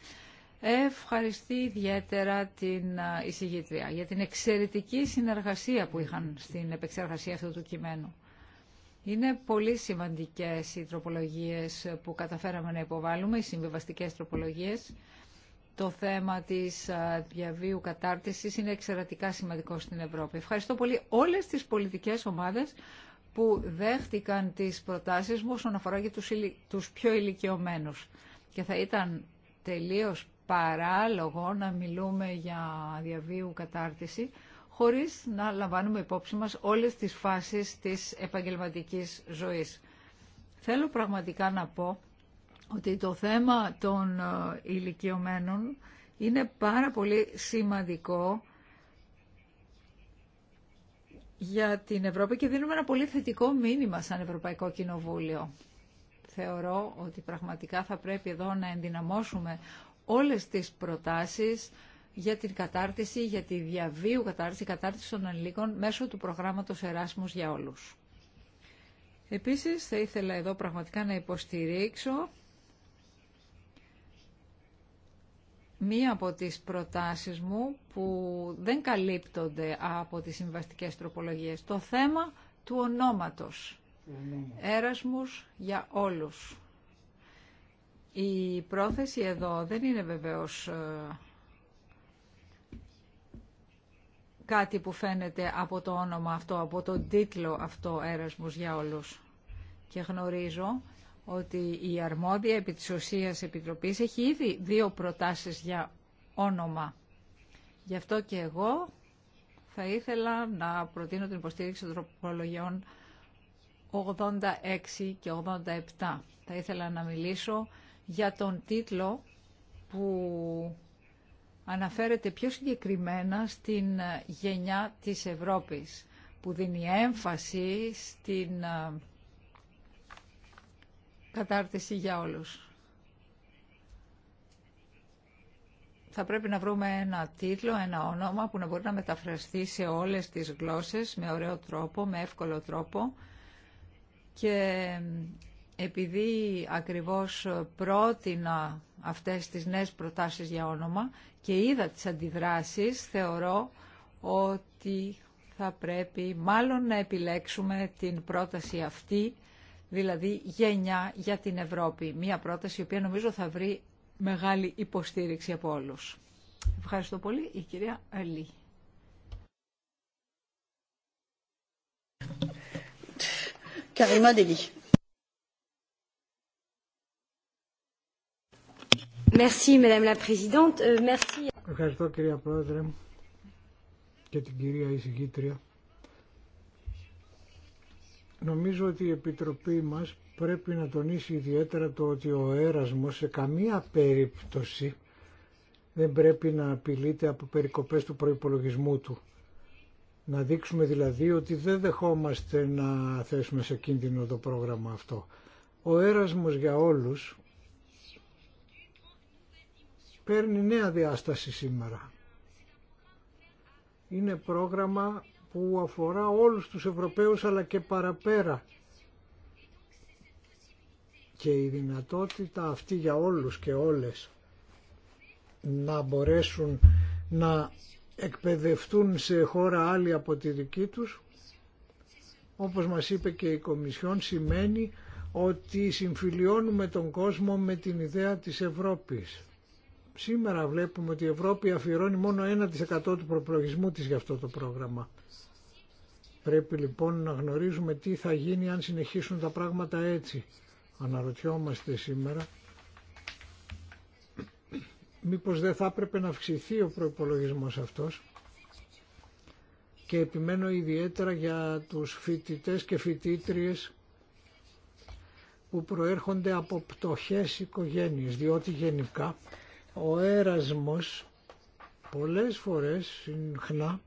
Ευχαριστεί ιδιαίτερα την εισηγήτρια για την εξαιρετική συνεργασία που είχαν στην επεξεργασία αυτού του κειμένου. Είναι πολύ σημαντικές οι τροπολογίες που καταφέραμε να υποβάλουμε, οι συμβιβαστικές τροπολογίες το θέμα της διαβίου κατάρτισης είναι εξαιρετικά σημαντικό στην Ευρώπη. Ευχαριστώ πολύ όλες τις πολιτικές ομάδες που δέχτηκαν τις προτάσεις μου όσον αφορά και τους, πιο ηλικιωμένους. Και θα ήταν τελείως παράλογο να μιλούμε για διαβίου κατάρτιση χωρίς να λαμβάνουμε υπόψη μας όλες τις φάσεις της επαγγελματικής ζωής. Θέλω πραγματικά να πω ότι το θέμα των ε, ηλικιωμένων είναι πάρα πολύ σημαντικό για την Ευρώπη και δίνουμε ένα πολύ θετικό μήνυμα σαν Ευρωπαϊκό Κοινοβούλιο. Θεωρώ ότι πραγματικά θα πρέπει εδώ να ενδυναμώσουμε όλες τις προτάσεις για την κατάρτιση, για τη διαβίου κατάρτιση, κατάρτιση των ανηλίκων μέσω του προγράμματος Εράσμους για όλους. Επίσης θα ήθελα εδώ πραγματικά να υποστηρίξω μία από τις προτάσεις μου που δεν καλύπτονται από τις συμβαστικές τροπολογίες. Το θέμα του ονόματος. Έρασμους για όλους. Η πρόθεση εδώ δεν είναι βεβαίως ε, κάτι που φαίνεται από το όνομα αυτό, από τον τίτλο αυτό «Έρασμος για όλους». Και γνωρίζω ότι η αρμόδια επί της ουσίας επιτροπής έχει ήδη δύο προτάσεις για όνομα. Γι' αυτό και εγώ θα ήθελα να προτείνω την υποστήριξη των τροπολογιών 86 και 87. Θα ήθελα να μιλήσω για τον τίτλο που αναφέρεται πιο συγκεκριμένα στην γενιά της Ευρώπης, που δίνει έμφαση στην ε, κατάρτιση για όλους. Θα πρέπει να βρούμε ένα τίτλο, ένα όνομα που να μπορεί να μεταφραστεί σε όλες τις γλώσσες με ωραίο τρόπο, με εύκολο τρόπο και επειδή ακριβώς πρότεινα αυτές τις νέες προτάσεις για όνομα και είδα τις αντιδράσεις, θεωρώ ότι θα πρέπει μάλλον να επιλέξουμε την πρόταση αυτή δηλαδή γενιά για την Ευρώπη. Μία πρόταση η οποία νομίζω θα βρει μεγάλη υποστήριξη από όλους. Ευχαριστώ πολύ. Η κυρία Αλή. Euh, Ευχαριστώ κυρία Πρόεδρε και την κυρία εισηγήτρια Νομίζω ότι η Επιτροπή μας πρέπει να τονίσει ιδιαίτερα το ότι ο έρασμος σε καμία περίπτωση δεν πρέπει να απειλείται από περικοπές του προϋπολογισμού του. Να δείξουμε δηλαδή ότι δεν δεχόμαστε να θέσουμε σε κίνδυνο το πρόγραμμα αυτό. Ο έρασμος για όλους παίρνει νέα διάσταση σήμερα. Είναι πρόγραμμα που αφορά όλους τους Ευρωπαίους αλλά και παραπέρα. Και η δυνατότητα αυτή για όλους και όλες να μπορέσουν να εκπαιδευτούν σε χώρα άλλη από τη δική τους, όπως μας είπε και η Κομισιόν, σημαίνει ότι συμφιλιώνουμε τον κόσμο με την ιδέα της Ευρώπης. Σήμερα βλέπουμε ότι η Ευρώπη αφιερώνει μόνο 1% του προπλογισμού της για αυτό το πρόγραμμα. Πρέπει λοιπόν να γνωρίζουμε τι θα γίνει αν συνεχίσουν τα πράγματα έτσι. Αναρωτιόμαστε σήμερα μήπως δεν θα έπρεπε να αυξηθεί ο προϋπολογισμός αυτός και επιμένω ιδιαίτερα για τους φοιτητές και φοιτήτριες που προέρχονται από πτωχές οικογένειες, διότι γενικά ο έρασμος πολλές φορές συχνά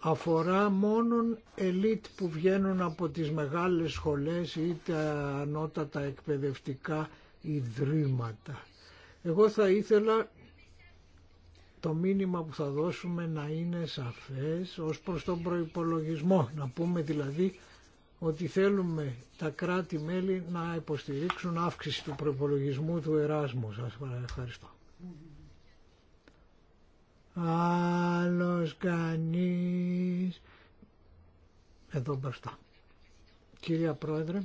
αφορά μόνον ελίτ που βγαίνουν από τις μεγάλες σχολές ή τα ανώτατα εκπαιδευτικά ιδρύματα. Εγώ θα ήθελα το μήνυμα που θα δώσουμε να είναι σαφές ως προς τον προϋπολογισμό. Να πούμε δηλαδή ότι θέλουμε τα κράτη-μέλη να υποστηρίξουν αύξηση του προϋπολογισμού του Εράσμου. Σας ευχαριστώ άλλος κανείς εδώ μπροστά. Κυρία Πρόεδρε,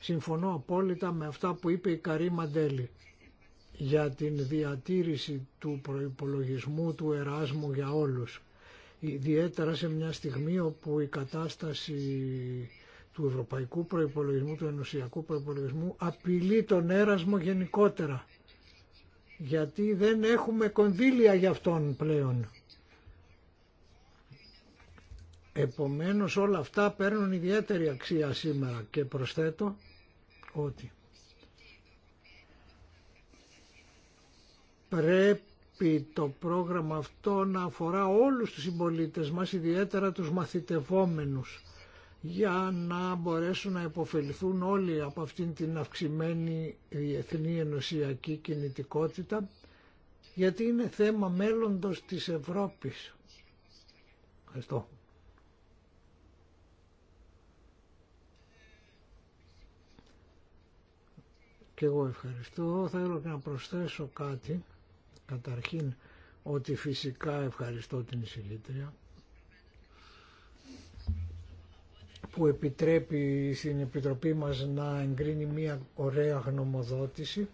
συμφωνώ απόλυτα με αυτά που είπε η Καρή Μαντέλη για την διατήρηση του προϋπολογισμού του Εράσμου για όλους. Ιδιαίτερα σε μια στιγμή όπου η κατάσταση του ευρωπαϊκού προϋπολογισμού, του ενωσιακού προϋπολογισμού απειλεί τον έρασμο γενικότερα γιατί δεν έχουμε κονδύλια για αυτόν πλέον. Επομένως όλα αυτά παίρνουν ιδιαίτερη αξία σήμερα και προσθέτω ότι πρέπει το πρόγραμμα αυτό να αφορά όλους τους συμπολίτες μας, ιδιαίτερα τους μαθητευόμενους για να μπορέσουν να υποφεληθούν όλοι από αυτήν την αυξημένη διεθνή ενωσιακή κινητικότητα γιατί είναι θέμα μέλλοντος της Ευρώπης. Ευχαριστώ. Και εγώ ευχαριστώ. Θέλω να προσθέσω κάτι. Καταρχήν ότι φυσικά ευχαριστώ την εισηγήτρια που επιτρέπει στην Επιτροπή μας να εγκρίνει μια ωραία γνωμοδότηση.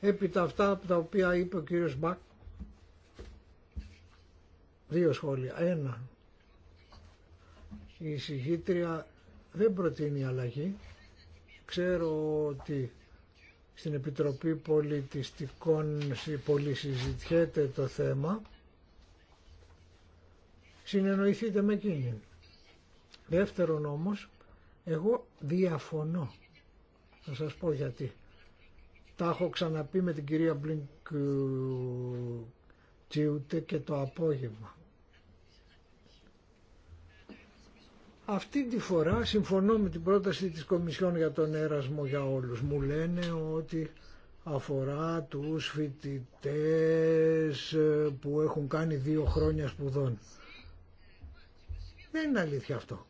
Έπειτα αυτά από τα οποία είπε ο κύριος Μπακ, δύο σχόλια. Ένα, η συγχύτρια δεν προτείνει αλλαγή. Ξέρω ότι στην Επιτροπή Πολιτιστικών πολυσυζητιέται το θέμα. Συνεννοηθείτε με εκείνη. Δεύτερον όμως, εγώ διαφωνώ. Θα σας πω γιατί. Τα έχω ξαναπεί με την κυρία Μπλίνκ Τσιούτε και το απόγευμα. Αυτή τη φορά συμφωνώ με την πρόταση της Κομισιόν για τον έρασμο για όλους. Μου λένε ότι αφορά τους φοιτητές ε, που έχουν κάνει δύο χρόνια σπουδών. Δεν είναι αλήθεια αυτό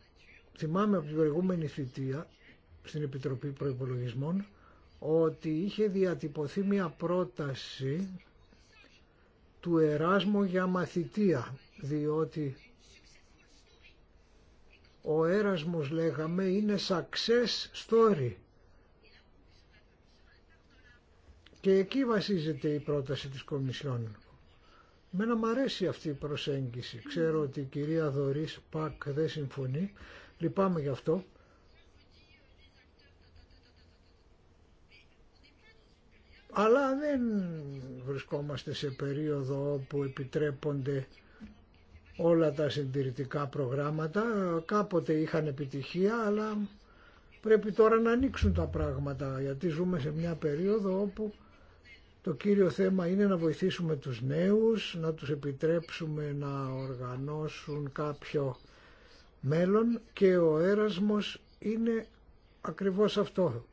θυμάμαι από την προηγούμενη θητεία στην Επιτροπή Προϋπολογισμών ότι είχε διατυπωθεί μια πρόταση του Εράσμου για μαθητεία διότι ο Έρασμος λέγαμε είναι success story και εκεί βασίζεται η πρόταση της Κομισιόν. Μένα μου αρέσει αυτή η προσέγγιση. Ξέρω ότι η κυρία Δωρής Πακ δεν συμφωνεί Λυπάμαι γι' αυτό. Αλλά δεν βρισκόμαστε σε περίοδο όπου επιτρέπονται όλα τα συντηρητικά προγράμματα. Κάποτε είχαν επιτυχία, αλλά πρέπει τώρα να ανοίξουν τα πράγματα, γιατί ζούμε σε μια περίοδο όπου το κύριο θέμα είναι να βοηθήσουμε τους νέους, να τους επιτρέψουμε να οργανώσουν κάποιο μέλλον και ο έρασμος είναι ακριβώς αυτό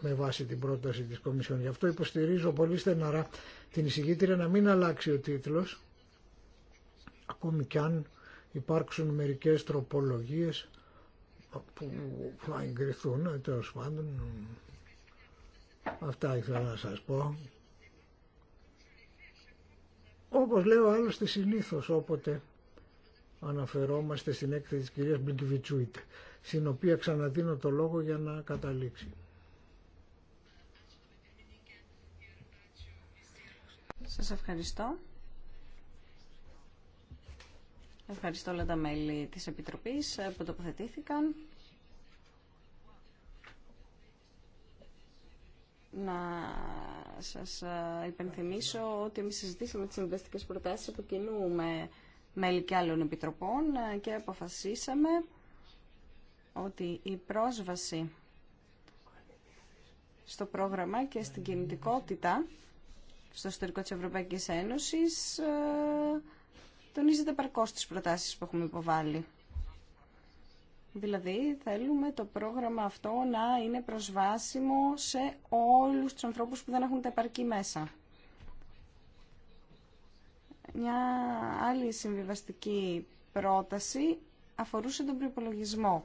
με βάση την πρόταση της Κομισιόν. Γι' αυτό υποστηρίζω πολύ στεναρά την εισηγήτρια να μην αλλάξει ο τίτλος, ακόμη κι αν υπάρξουν μερικές τροπολογίες που θα εγκριθούν, τέλο πάντων. Αυτά ήθελα να σας πω. Όπως λέω άλλωστε συνήθως όποτε αναφερόμαστε στην έκθεση της κυρίας Μπλικιβιτσούιτ, στην οποία ξαναδίνω το λόγο για να καταλήξει. Σας ευχαριστώ. Ευχαριστώ όλα τα μέλη της Επιτροπής που τοποθετήθηκαν. Να σας υπενθυμίσω ότι εμείς συζητήσαμε τις συνδεστικές προτάσεις από κοινού με μέλη και άλλων επιτροπών ε, και αποφασίσαμε ότι η πρόσβαση στο πρόγραμμα και στην κινητικότητα στο ιστορικό της Ευρωπαϊκής Ένωσης ε, τονίζεται παρκώς τις προτάσεις που έχουμε υποβάλει. Δηλαδή θέλουμε το πρόγραμμα αυτό να είναι προσβάσιμο σε όλους τους ανθρώπους που δεν έχουν τα επαρκή μέσα. Μια άλλη συμβιβαστική πρόταση αφορούσε τον προπολογισμό.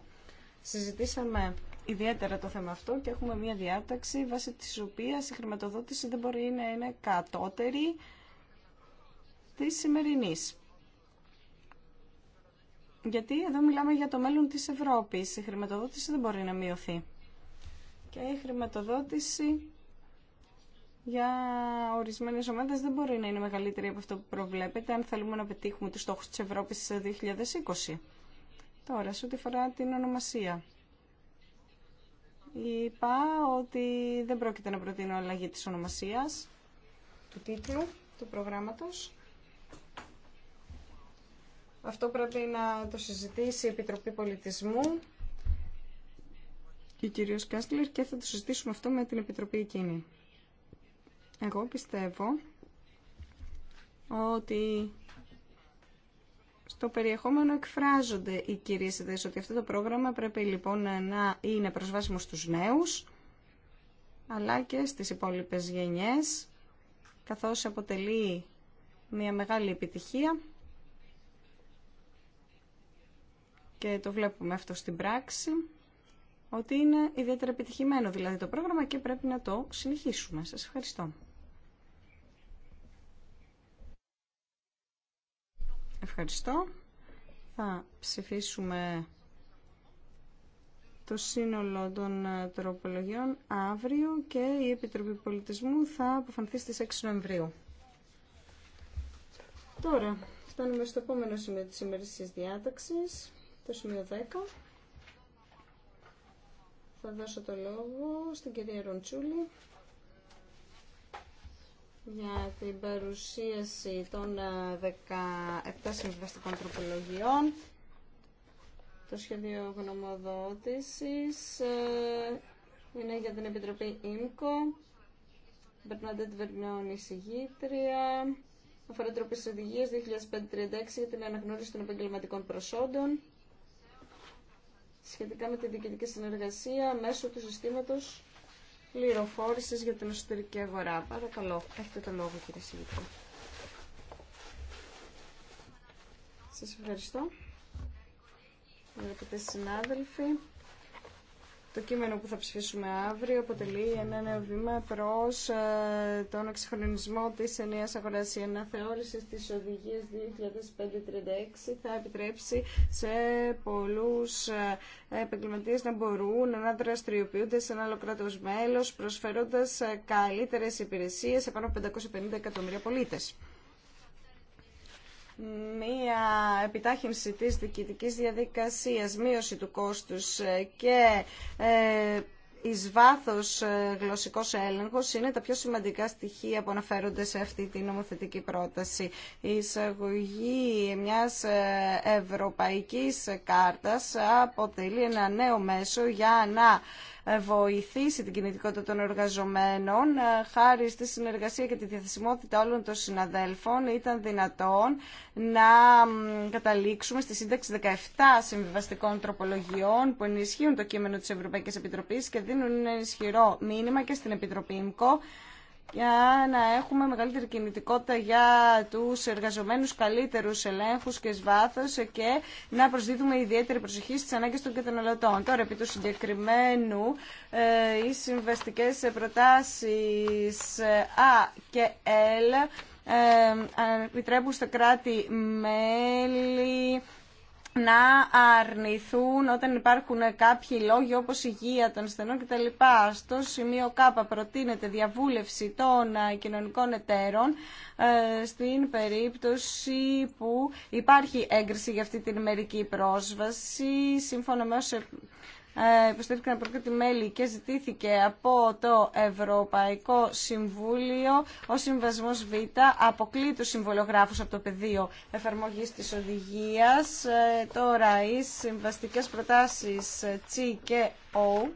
Συζητήσαμε ιδιαίτερα το θέμα αυτό και έχουμε μια διάταξη βάσει της οποίας η χρηματοδότηση δεν μπορεί να είναι κατώτερη της σημερινής. Γιατί εδώ μιλάμε για το μέλλον της Ευρώπης. Η χρηματοδότηση δεν μπορεί να μειωθεί. Και η χρηματοδότηση για ορισμένες ομάδες δεν μπορεί να είναι μεγαλύτερη από αυτό που προβλέπετε αν θέλουμε να πετύχουμε τους στόχους της Ευρώπης 2020. Τώρα, σε ό,τι φορά την ονομασία. Είπα ότι δεν πρόκειται να προτείνω αλλαγή της ονομασίας, του τίτλου, του προγράμματος. Αυτό πρέπει να το συζητήσει η Επιτροπή Πολιτισμού και ο κύριος Κάστλερ και θα το συζητήσουμε αυτό με την Επιτροπή εκείνη. Εγώ πιστεύω ότι στο περιεχόμενο εκφράζονται οι κυρίες ιδέες ότι αυτό το πρόγραμμα πρέπει λοιπόν να είναι προσβάσιμο στους νέους αλλά και στις υπόλοιπες γενιές καθώς αποτελεί μια μεγάλη επιτυχία και το βλέπουμε αυτό στην πράξη ότι είναι ιδιαίτερα επιτυχημένο δηλαδή το πρόγραμμα και πρέπει να το συνεχίσουμε. Σας ευχαριστώ. Ευχαριστώ. Θα ψηφίσουμε το σύνολο των ε, τροπολογιών αύριο και η Επιτροπή Πολιτισμού θα αποφανθεί στις 6 Νοεμβρίου. Τώρα, φτάνουμε στο επόμενο σημείο της σημερινής διάταξης, το σημείο 10. Θα δώσω το λόγο στην κυρία Ροντσούλη για την παρουσίαση των 17 ε, συμβιβαστικών τροπολογιών. Το σχέδιο γνωμοδότησης ε, είναι για την Επιτροπή ΙΜΚΟ. Μπερνάντε την Βερνιόν εισηγήτρια. τροπής οδηγίας οδηγίε για την αναγνώριση των επαγγελματικών προσόντων σχετικά με τη διοικητική συνεργασία μέσω του συστήματος πληροφόρηση για την εσωτερική αγορά. Παρακαλώ, έχετε το λόγο κύριε Σιλίκο. Σας ευχαριστώ. Αγαπητέ συνάδελφοι, το κείμενο που θα ψηφίσουμε αύριο αποτελεί ένα νέο βήμα προς ε, τον εξυγχρονισμό της ενιαίας αγοράς. Η αναθεώρηση της οδηγίας θα επιτρέψει σε πολλούς ε, επαγγελματίες να μπορούν να δραστηριοποιούνται σε ένα άλλο κράτος μέλος, προσφέροντας ε, καλύτερες υπηρεσίες σε πάνω από 550 εκατομμύρια πολίτες μία επιτάχυνση της διοικητικής διαδικασίας, μείωση του κόστους και ε, εις βάθος ε, γλωσσικός έλεγχος είναι τα πιο σημαντικά στοιχεία που αναφέρονται σε αυτή την νομοθετική πρόταση. Η εισαγωγή μιας ε, ευρωπαϊκής κάρτας αποτελεί ένα νέο μέσο για να ε, βοηθήσει την κινητικότητα των εργαζομένων ε, χάρη στη συνεργασία και τη διαθεσιμότητα όλων των συναδέλφων ήταν δυνατόν να καταλήξουμε στη σύνταξη 17 συμβιβαστικών τροπολογιών που ενισχύουν το κείμενο της Ευρωπαϊκής Επιτροπής και δίνουν ένα ισχυρό μήνυμα και στην Επιτροπή ΙΜΚΟ για να έχουμε μεγαλύτερη κινητικότητα για τους εργαζομένους, καλύτερους ελέγχους και σβάθος και να προσδίδουμε ιδιαίτερη προσοχή στις ανάγκες των καταναλωτών. Τώρα, επί του συγκεκριμένου, ε, οι συμβαστικές προτάσεις Α και L ε, επιτρέπουν στα κράτη-μέλη να αρνηθούν όταν υπάρχουν κάποιοι λόγοι όπως υγεία των στενών κτλ. Στο σημείο Κ προτείνεται διαβούλευση των ε, κοινωνικών εταίρων ε, στην περίπτωση που υπάρχει έγκριση για αυτή την μερική πρόσβαση σύμφωνα με όσο ε, υποστήριξαν από τη μέλη και ζητήθηκε από το Ευρωπαϊκό Συμβούλιο ο Συμβασμό Β αποκλεί του συμβολογράφου από το πεδίο εφαρμογή τη οδηγία. Ε, τώρα οι συμβαστικέ προτάσει Τ και Ο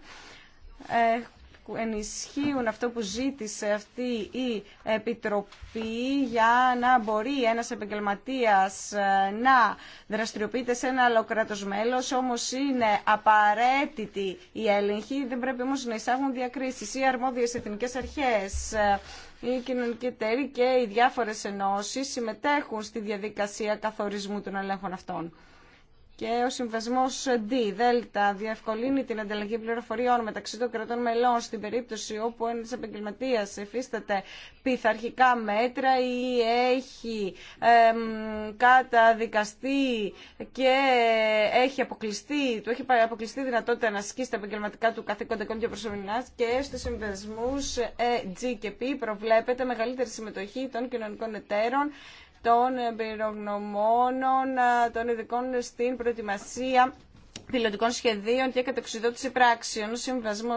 ενισχύουν αυτό που ζήτησε αυτή η Επιτροπή για να μπορεί ένας επαγγελματίας ε, να δραστηριοποιείται σε ένα άλλο κράτος μέλος, όμως είναι απαραίτητη η έλεγχη, δεν πρέπει όμως να εισάγουν διακρίσεις ή αρμόδιες εθνικές αρχές ε, οι κοινωνικοί εταίροι και οι διάφορες ενώσεις συμμετέχουν στη διαδικασία καθορισμού των ελέγχων αυτών και ο συμβασμό D, ΔΕΛΤΑ, διευκολύνει την ανταλλαγή πληροφοριών μεταξύ των κρατών μελών στην περίπτωση όπου ένα επαγγελματία εφίσταται πειθαρχικά μέτρα ή έχει εμ, καταδικαστεί και έχει αποκλειστεί, του έχει αποκλειστεί δυνατότητα να ασκήσει τα επαγγελματικά του καθήκοντα και προσωρινά και στου συμβασμού ε, G και P προβλέπεται μεγαλύτερη συμμετοχή των κοινωνικών εταίρων των εμπειρογνωμόνων, ε, των ειδικών στην προετοιμασία πιλωτικών σχεδίων και κατεξουδότηση πράξεων. Ο Συμβασμό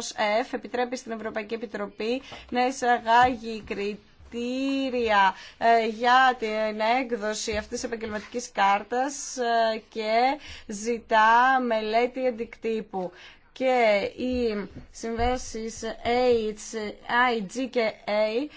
F επιτρέπει στην Ευρωπαϊκή Επιτροπή να εισαγάγει κριτήρια ε, για την έκδοση αυτής της επαγγελματικής κάρτας ε, και ζητά μελέτη αντικτύπου και οι συμβέσεις H, I, G και A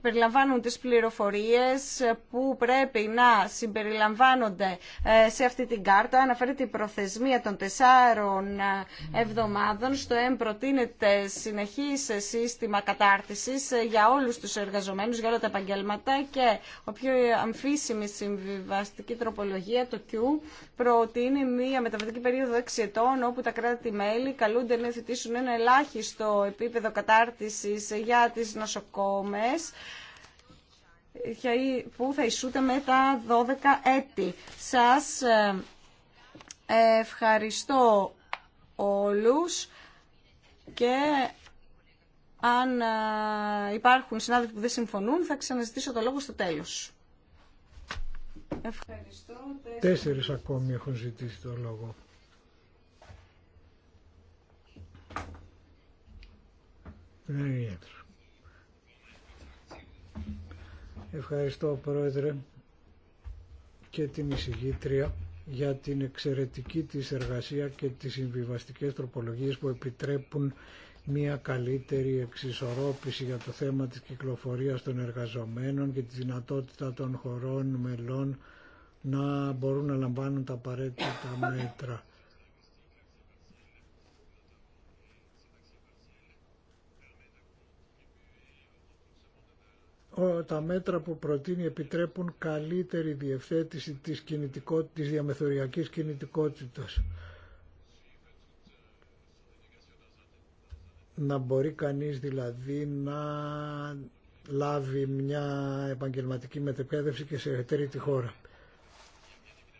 περιλαμβάνουν τις πληροφορίες που πρέπει να συμπεριλαμβάνονται ε, σε αυτή την κάρτα. Αναφέρεται η προθεσμία των τεσσάρων ε, εβδομάδων στο ΕΜ προτείνεται συνεχής σύστημα κατάρτισης ε, για όλους τους εργαζομένους, για όλα τα επαγγέλματα και ο πιο αμφίσιμη συμβιβαστική τροπολογία, το Q, προτείνει μια μεταβατική περίοδο 6 ετών όπου τα κράτη-μέλη καλούνται να θετήσουν ένα ελάχιστο επίπεδο κατάρτισης για τις νοσοκόμε που θα ισούται με τα 12 έτη. Σας ε, ευχαριστώ όλους και αν ε, υπάρχουν συνάδελφοι που δεν συμφωνούν θα ξαναζητήσω το λόγο στο τέλος. Ευχαριστώ. Τέσσερις ακόμη έχουν ζητήσει το λόγο. Δεν ναι, Ευχαριστώ Πρόεδρε και την εισηγήτρια για την εξαιρετική της εργασία και τις συμβιβαστικές τροπολογίες που επιτρέπουν μια καλύτερη εξισορρόπηση για το θέμα της κυκλοφορίας των εργαζομένων και τη δυνατότητα των χωρών μελών να μπορούν να λαμβάνουν τα απαραίτητα μέτρα. τα μέτρα που προτείνει επιτρέπουν καλύτερη διευθέτηση της, της διαμεθοριακής κινητικότητας. Να μπορεί κανείς δηλαδή να λάβει μια επαγγελματική μετεπέδευση και σε τη χώρα,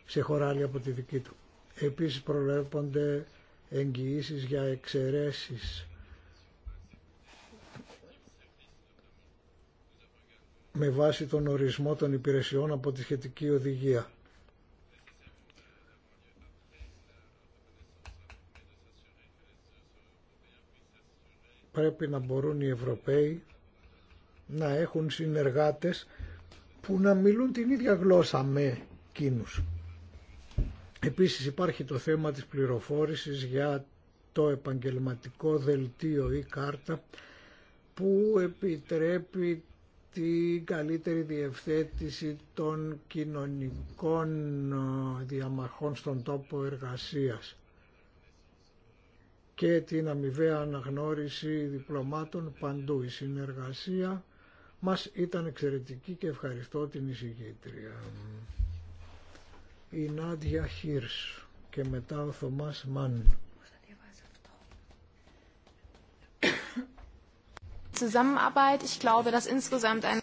σε χώρα άλλη από τη δική του. Επίσης προβλέπονται εγγυήσεις για εξαιρέσεις με βάση τον ορισμό των υπηρεσιών από τη σχετική οδηγία. Πρέπει να μπορούν οι Ευρωπαίοι να έχουν συνεργάτες που να μιλούν την ίδια γλώσσα με κίνους. Επίσης υπάρχει το θέμα της πληροφόρησης για το επαγγελματικό δελτίο ή κάρτα που επιτρέπει την καλύτερη διευθέτηση των κοινωνικών ε, διαμαχών στον τόπο εργασίας και την αμοιβαία αναγνώριση διπλωμάτων παντού. Η συνεργασία μας ήταν εξαιρετική και ευχαριστώ την εισηγήτρια. Η Νάντια Χίρς και μετά ο Θωμάς Μάν. Zusammenarbeit. Ich glaube, dass insgesamt ein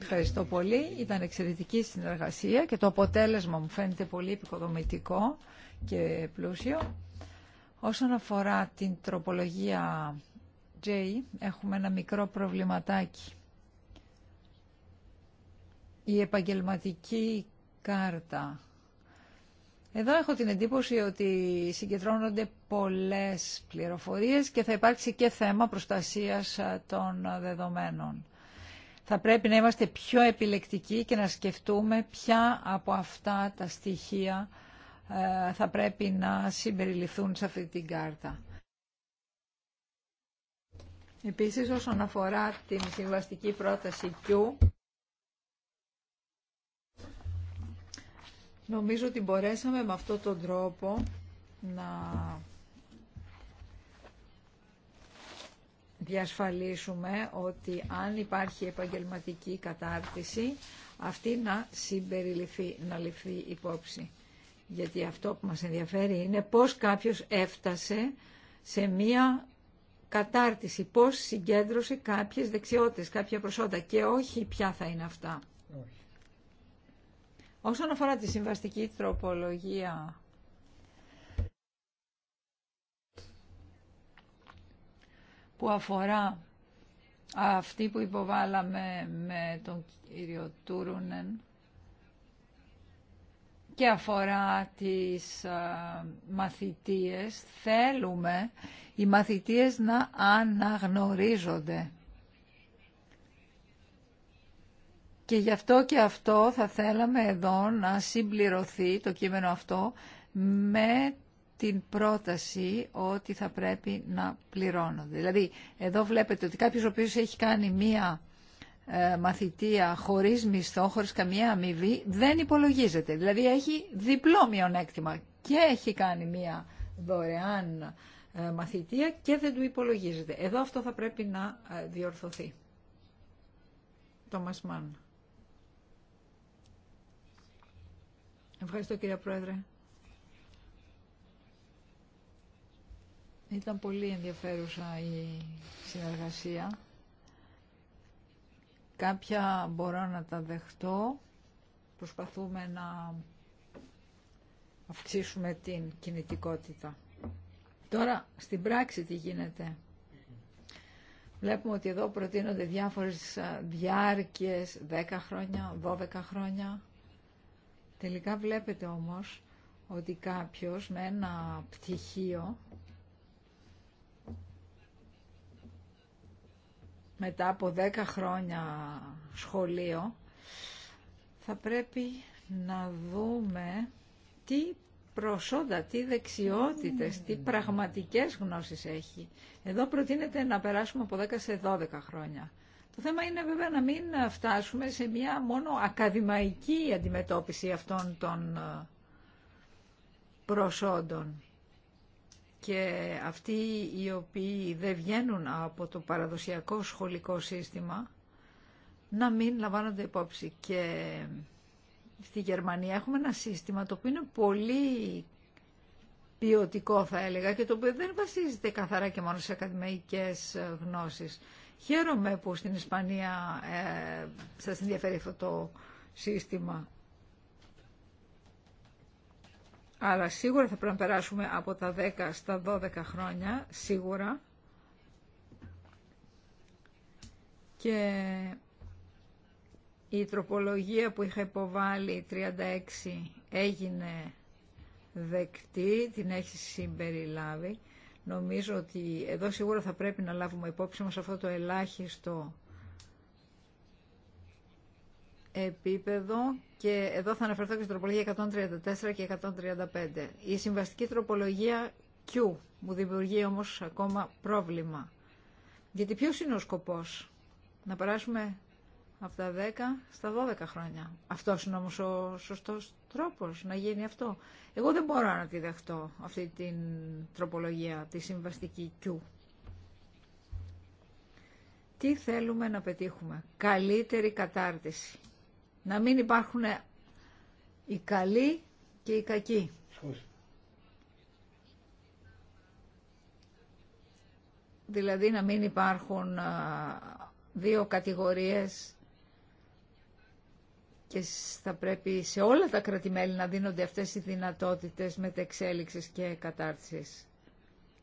Ευχαριστώ πολύ. Ήταν εξαιρετική συνεργασία και το αποτέλεσμα μου φαίνεται πολύ επικοδομητικό και πλούσιο. Όσον αφορά την τροπολογία J, έχουμε ένα μικρό προβληματάκι. Η επαγγελματική κάρτα εδώ έχω την εντύπωση ότι συγκεντρώνονται πολλές πληροφορίες και θα υπάρξει και θέμα προστασίας των δεδομένων. Θα πρέπει να είμαστε πιο επιλεκτικοί και να σκεφτούμε ποια από αυτά τα στοιχεία ε, θα πρέπει να συμπεριληφθούν σε αυτή την κάρτα. Επίσης, όσον αφορά την συμβαστική πρόταση Q, Νομίζω ότι μπορέσαμε με αυτόν τον τρόπο να διασφαλίσουμε ότι αν υπάρχει επαγγελματική κατάρτιση αυτή να συμπεριληφθεί, να ληφθεί υπόψη. Γιατί αυτό που μας ενδιαφέρει είναι πώς κάποιος έφτασε σε μία κατάρτιση, πώς συγκέντρωσε κάποιες δεξιότητες, κάποια προσόντα και όχι ποια θα είναι αυτά. Όσον αφορά τη συμβαστική τροπολογία, που αφορά αυτή που υποβάλαμε με τον κύριο Τούρουνεν και αφορά τις μαθητίες, θέλουμε οι μαθητίες να αναγνωρίζονται. Και γι' αυτό και αυτό θα θέλαμε εδώ να συμπληρωθεί το κείμενο αυτό με την πρόταση ότι θα πρέπει να πληρώνονται. Δηλαδή, εδώ βλέπετε ότι κάποιος ο οποίος έχει κάνει μία ε, μαθητεία χωρίς μισθό, χωρίς καμία αμοιβή, δεν υπολογίζεται. Δηλαδή, έχει διπλό μειονέκτημα και έχει κάνει μία δωρεάν ε, μαθητεία και δεν του υπολογίζεται. Εδώ αυτό θα πρέπει να ε, διορθωθεί. Το Μασμάν. Ευχαριστώ κύριε Πρόεδρε. Ήταν πολύ ενδιαφέρουσα η συνεργασία. Κάποια μπορώ να τα δεχτώ. Προσπαθούμε να αυξήσουμε την κινητικότητα. Τώρα, στην πράξη τι γίνεται. Βλέπουμε ότι εδώ προτείνονται διάφορες διάρκειες 10 χρόνια, 12 χρόνια. Τελικά βλέπετε όμως ότι κάποιος με ένα πτυχίο μετά από 10 χρόνια σχολείο θα πρέπει να δούμε τι προσόντα, τι δεξιότητες, τι mm. πραγματικές γνώσεις έχει. Εδώ προτείνεται να περάσουμε από 10 σε 12 χρόνια. Το θέμα είναι βέβαια να μην φτάσουμε σε μια μόνο ακαδημαϊκή αντιμετώπιση αυτών των ε, προσόντων και αυτοί οι οποίοι δεν βγαίνουν από το παραδοσιακό σχολικό σύστημα να μην λαμβάνονται υπόψη. Και στη Γερμανία έχουμε ένα σύστημα το οποίο είναι πολύ ποιοτικό θα έλεγα και το οποίο δεν βασίζεται καθαρά και μόνο σε ακαδημαϊκές γνώσεις. Χαίρομαι που στην Ισπανία ε, σας ενδιαφέρει αυτό το σύστημα. Αλλά σίγουρα θα πρέπει να περάσουμε από τα 10 στα 12 χρόνια, σίγουρα. Και η τροπολογία που είχα υποβάλει 36 έγινε δεκτή, την έχει συμπεριλάβει. Νομίζω ότι εδώ σίγουρα θα πρέπει να λάβουμε υπόψη μας αυτό το ελάχιστο επίπεδο και εδώ θα αναφερθώ και στην τροπολογία 134 και 135. Η συμβαστική τροπολογία Q μου δημιουργεί όμως ακόμα πρόβλημα. Γιατί ποιος είναι ο σκοπός να περάσουμε από τα 10 στα 12 χρόνια. Αυτός είναι όμως ο σωστός τρόπος να γίνει αυτό. Εγώ δεν μπορώ να τη δεχτώ αυτή την τροπολογία, τη συμβαστική Q. Τι θέλουμε να πετύχουμε. Καλύτερη κατάρτιση. Να μην υπάρχουν οι καλοί και οι κακοί. Δηλαδή να μην υπάρχουν δύο κατηγορίες και θα πρέπει σε όλα τα κρατημέλη να δίνονται αυτές οι δυνατότητες μετεξέλιξης και κατάρτισης.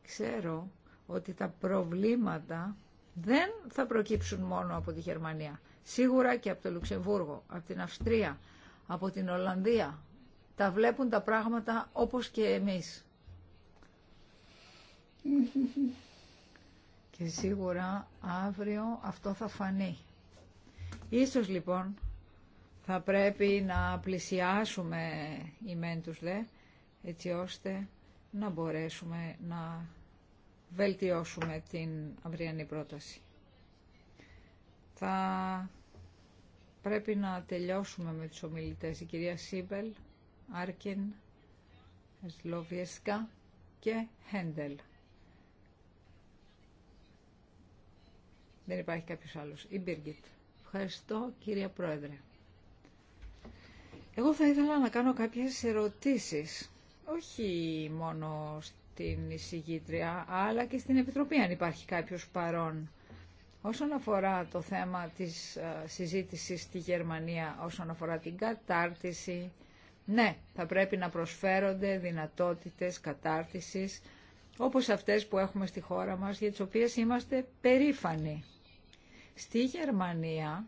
Ξέρω ότι τα προβλήματα δεν θα προκύψουν μόνο από τη Γερμανία. Σίγουρα και από το Λουξεμβούργο, από την Αυστρία, από την Ολλανδία. Τα βλέπουν τα πράγματα όπως και εμείς. Και σίγουρα αύριο αυτό θα φανεί. Ίσως λοιπόν θα πρέπει να πλησιάσουμε η μεν τους δε, έτσι ώστε να μπορέσουμε να βελτιώσουμε την αυριανή πρόταση. Θα πρέπει να τελειώσουμε με τους ομιλητές. Η κυρία Σίμπελ, Άρκιν, Σλοβιέσκα και Χέντελ. Δεν υπάρχει κάποιος άλλος. Η Μπίργκιτ. Ευχαριστώ κυρία Πρόεδρε. Εγώ θα ήθελα να κάνω κάποιες ερωτήσεις, όχι μόνο στην εισηγήτρια, αλλά και στην Επιτροπή, αν υπάρχει κάποιος παρόν. Όσον αφορά το θέμα της ε, συζήτησης στη Γερμανία, όσον αφορά την κατάρτιση, ναι, θα πρέπει να προσφέρονται δυνατότητες κατάρτισης, όπως αυτές που έχουμε στη χώρα μας, για τις οποίες είμαστε περήφανοι. Στη Γερμανία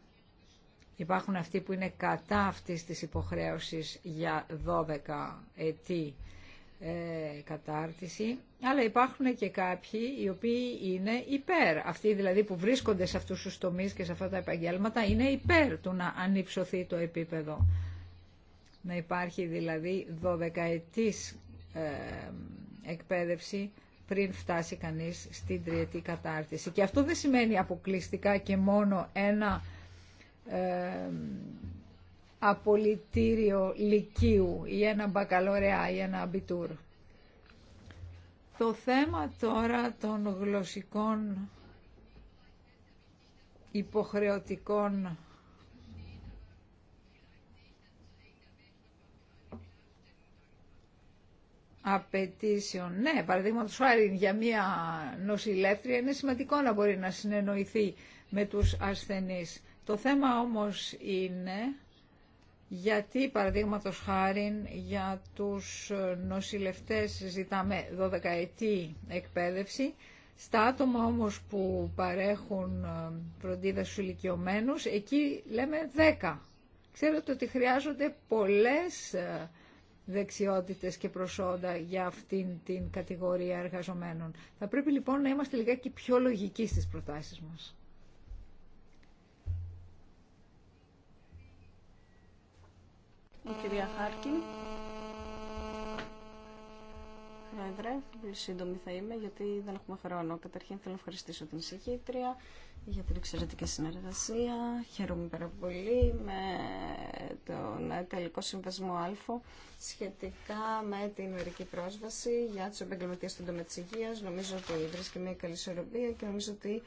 Υπάρχουν αυτοί που είναι κατά αυτής της υποχρέωσης για 12 ετή ε, κατάρτιση, αλλά υπάρχουν και κάποιοι οι οποίοι είναι υπέρ. Αυτοί δηλαδή που βρίσκονται σε αυτούς τους τομείς και σε αυτά τα επαγγέλματα είναι υπέρ του να ανυψωθεί το επίπεδο. Να υπάρχει δηλαδή 12 ετής ε, εκπαίδευση πριν φτάσει κανείς στην τριετή κατάρτιση. Και αυτό δεν σημαίνει αποκλειστικά και μόνο ένα ε, απολυτήριο λυκείου ή ένα μπακαλωρεά ή ένα αμπιτούρ. Το θέμα τώρα των γλωσσικών υποχρεωτικών απαιτήσεων. Ναι, παραδείγματο χάρη για μια νοσηλεύτρια είναι σημαντικό να μπορεί να συνεννοηθεί με τους ασθενείς. Το θέμα όμως είναι γιατί παραδείγματο χάρη για τους νοσηλευτές ζητάμε 12 ετή εκπαίδευση, στα άτομα όμως που παρέχουν ε, φροντίδα στους ηλικιωμένους, εκεί λέμε 10. Ξέρετε ότι χρειάζονται πολλές ε, δεξιότητες και προσόντα για αυτήν την κατηγορία εργαζομένων. Θα πρέπει λοιπόν να είμαστε λιγάκι πιο λογικοί στις προτάσεις μας. η κυρία Χάρκιν. Πρόεδρε, σύντομη θα είμαι γιατί δεν έχουμε χρόνο. Καταρχήν θέλω να ευχαριστήσω την εισηγήτρια για την εξαιρετική συνεργασία. Χαίρομαι πάρα πολύ με τον τελικό συμβασμό Α σχετικά με την μερική πρόσβαση για του επαγγελματίε στον τομέα τη υγεία. Νομίζω ότι βρίσκει μια καλή ισορροπία και νομίζω ότι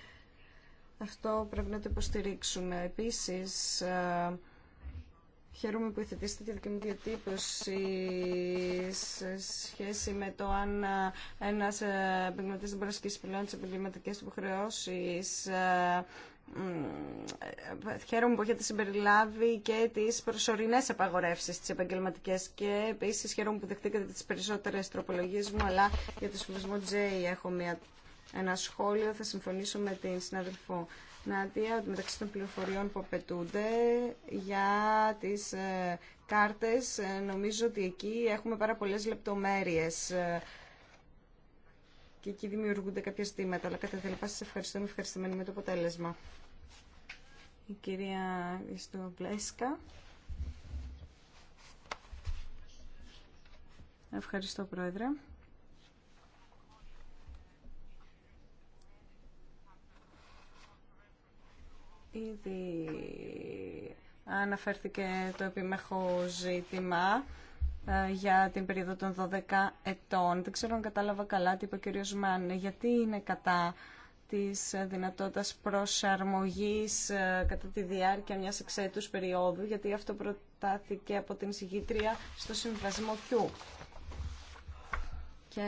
αυτό πρέπει να το υποστηρίξουμε. Επίσης, ε, Χαίρομαι που υθετήσετε τη δική μου διατύπωση σε σχέση με το αν ε, ένα ε, επαγγελματή δεν μπορεί να ασκήσει πλέον τι επαγγελματικέ του υποχρεώσει. Ε, χαίρομαι που έχετε συμπεριλάβει και τι προσωρινέ απαγορεύσει τι επαγγελματικέ και επίση χαίρομαι που δεχτήκατε τι περισσότερε τροπολογίε μου, αλλά για το συμβασμό J έχω μια ένα σχόλιο, θα συμφωνήσω με την συνάδελφο Νάντια μεταξύ των πληροφοριών που απαιτούνται για τις ε, κάρτες. Ε, νομίζω ότι εκεί έχουμε πάρα πολλές λεπτομέρειες ε, και εκεί δημιουργούνται κάποια στήματα. Αλλά κατά τα λοιπά σας ευχαριστώ, είμαι ευχαριστημένη με το αποτέλεσμα. Η κυρία Ιστοβλέσκα. Ευχαριστώ, Πρόεδρε. Ήδη αναφέρθηκε το επιμέχο ζήτημα ε, για την περίοδο των 12 ετών. Δεν ξέρω αν κατάλαβα καλά τι είπε ο κ. Μάν. Γιατί είναι κατά της δυνατότητας προσαρμογής ε, κατά τη διάρκεια μιας εξέτους περίοδου, γιατί αυτό προτάθηκε από την συγκήτρια στο συμβασμό Q. Και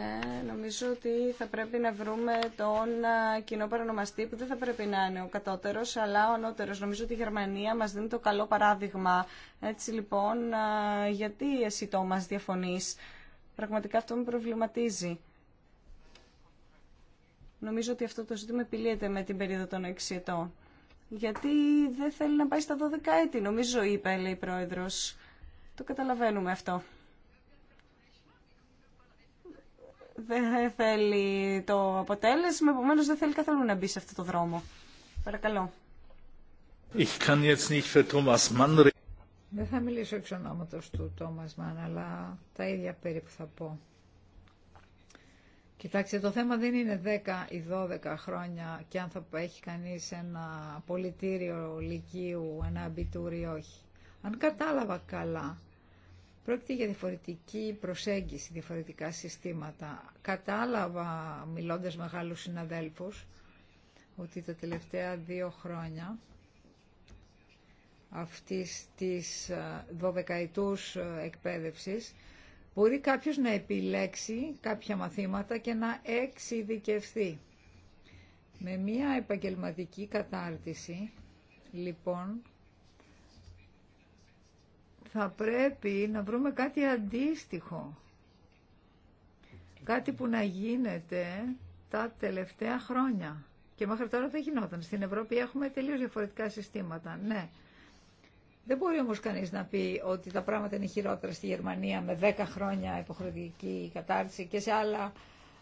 νομίζω ότι θα πρέπει να βρούμε τον ε, κοινό παρονομαστή που δεν θα πρέπει να είναι ο κατώτερος αλλά ο ανώτερος. Νομίζω ότι η Γερμανία μας δίνει το καλό παράδειγμα. Έτσι λοιπόν, ε, γιατί εσύ το μας διαφωνείς. Πραγματικά αυτό με προβληματίζει. Νομίζω ότι αυτό το ζήτημα επιλύεται με την περίοδο των 6 Γιατί δεν θέλει να πάει στα 12 έτη, νομίζω είπε, λέει η Πρόεδρος. Το καταλαβαίνουμε αυτό. δεν θέλει το αποτέλεσμα, επομένως δεν θέλει καθόλου να μπει σε αυτό το δρόμο. Παρακαλώ. Ich kann jetzt nicht für Thomas Mann... Δεν θα μιλήσω εξ ονόματος του Τόμας Μαν, αλλά τα ίδια περίπου θα πω. Κοιτάξτε, το θέμα δεν είναι 10 ή 12 χρόνια και αν θα έχει κανείς ένα πολιτήριο λυκείου, ένα αμπιτούρι, όχι. Αν κατάλαβα καλά, Πρόκειται για διαφορετική προσέγγιση, διαφορετικά συστήματα. Κατάλαβα, μιλώντας μεγάλους συναδέλφους, ότι τα τελευταία δύο χρόνια αυτής της ε, δωδεκαετούς ε, εκπαίδευσης μπορεί κάποιος να επιλέξει κάποια μαθήματα και να εξειδικευθεί. Με μία επαγγελματική κατάρτιση, λοιπόν, θα πρέπει να βρούμε κάτι αντίστοιχο. Κάτι που να γίνεται τα τελευταία χρόνια. Και μέχρι τώρα δεν γινόταν. Στην Ευρώπη έχουμε τελείως διαφορετικά συστήματα. Ναι. Δεν μπορεί όμως κανείς να πει ότι τα πράγματα είναι χειρότερα στη Γερμανία με 10 χρόνια υποχρεωτική κατάρτιση και σε άλλα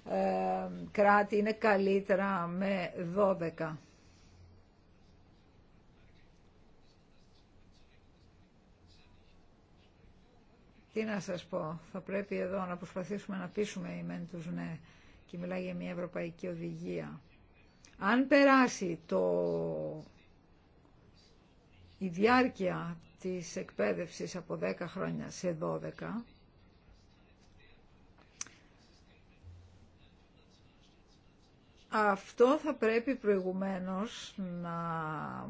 ε, κράτη είναι καλύτερα με 12. Τι να σας πω, θα πρέπει εδώ να προσπαθήσουμε να πείσουμε οι μεν τους ναι και μιλάει για μια ευρωπαϊκή οδηγία. Αν περάσει το... η διάρκεια της εκπαίδευσης από 10 χρόνια σε 12, Αυτό θα πρέπει προηγουμένως να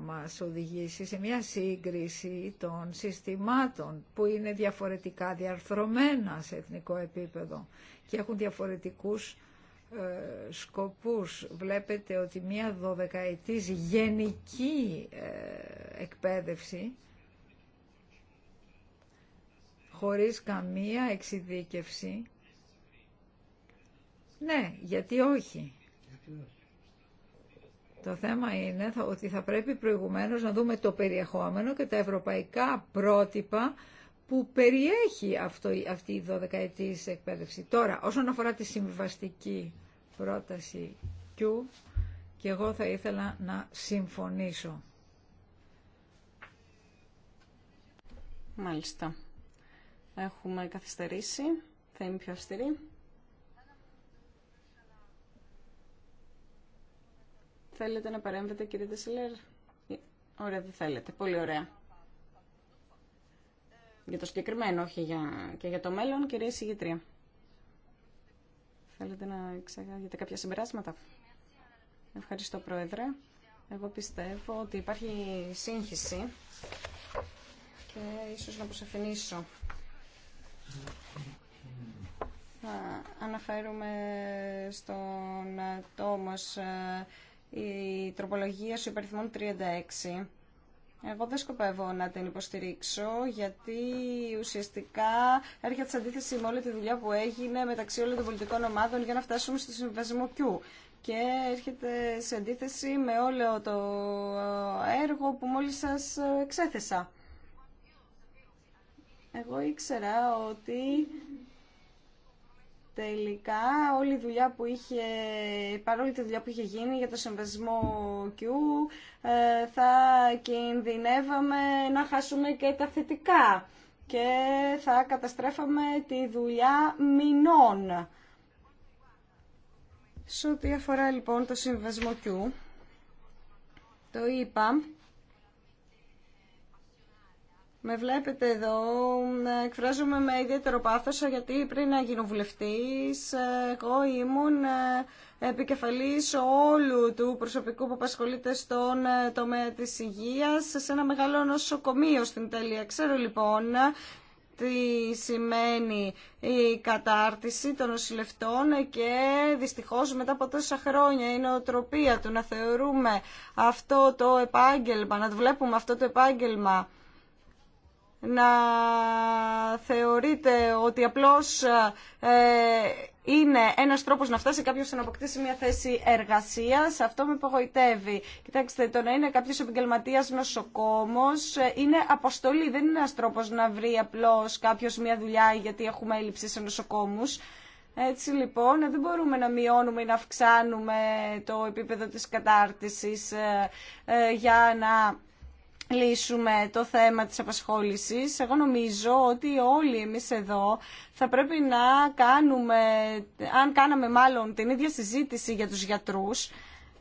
μας οδηγήσει σε μια σύγκριση των συστημάτων που είναι διαφορετικά διαρθρωμένα σε εθνικό επίπεδο και έχουν διαφορετικούς ε, σκοπούς. Βλέπετε ότι μια δωδεκαετής γενική ε, εκπαίδευση χωρίς καμία εξειδίκευση. Ναι, γιατί όχι. Το θέμα είναι ότι θα πρέπει προηγουμένως να δούμε το περιεχόμενο και τα ευρωπαϊκά πρότυπα που περιέχει αυτό, αυτή η 12 εκπαίδευση. Τώρα, όσον αφορά τη συμβαστική πρόταση Q, και εγώ θα ήθελα να συμφωνήσω. Μάλιστα. Έχουμε καθυστερήσει. Θα είμαι πιο αυστηρή. Θέλετε να παρέμβετε κύριε Δεσιλέρ. Ε, ωραία, δεν θέλετε. Πολύ ωραία. Για το συγκεκριμένο, όχι για... και για το μέλλον, κυρία Συγητρία. Θέλετε να εξαγάγετε κάποια συμπεράσματα. Ευχαριστώ, Πρόεδρε. Εγώ πιστεύω ότι υπάρχει σύγχυση και ίσως να προσεφηνήσω. Αναφέρουμε στον Τόμος ε, η τροπολογία σου υπαριθμών 36. Εγώ δεν σκοπεύω να την υποστηρίξω, γιατί ουσιαστικά έρχεται σε αντίθεση με όλη τη δουλειά που έγινε μεταξύ όλων των πολιτικών ομάδων για να φτάσουμε στο συμβασμό Q. Και έρχεται σε αντίθεση με όλο το έργο που μόλις σας εξέθεσα. Εγώ ήξερα ότι τελικά όλη η δουλειά που είχε, παρόλη τη δουλειά που είχε γίνει για το συμβασμό Q, ε, θα κινδυνεύαμε να χάσουμε και τα θετικά και θα καταστρέφαμε τη δουλειά μηνών. Σε ό,τι αφορά λοιπόν το συμβασμό Q, το είπα με βλέπετε εδώ, εκφράζομαι με ιδιαίτερο πάθος γιατί πριν να γίνω βουλευτής, εγώ ήμουν ε, επικεφαλής όλου του προσωπικού που απασχολείται στον ε, τομέα της υγείας σε ένα μεγάλο νοσοκομείο στην Ιταλία. Ξέρω λοιπόν τι σημαίνει η κατάρτιση των νοσηλευτών και δυστυχώς μετά από τόσα χρόνια η νοοτροπία του να θεωρούμε αυτό το επάγγελμα, να βλέπουμε αυτό το επάγγελμα να θεωρείτε ότι απλώς ε, είναι ένας τρόπος να φτάσει κάποιος να αποκτήσει μια θέση εργασίας. Αυτό με υπογοητεύει. Κοιτάξτε, το να είναι κάποιος επαγγελματίας νοσοκόμος ε, είναι αποστολή. Δεν είναι ένας τρόπος να βρει απλώς κάποιος μια δουλειά γιατί έχουμε έλλειψη σε νοσοκόμους. Έτσι λοιπόν, ε, δεν μπορούμε να μειώνουμε ή να αυξάνουμε το επίπεδο της κατάρτισης για να λύσουμε το θέμα της απασχόλησης. Εγώ νομίζω ότι όλοι εμείς εδώ θα πρέπει να κάνουμε, αν κάναμε μάλλον την ίδια συζήτηση για τους γιατρούς,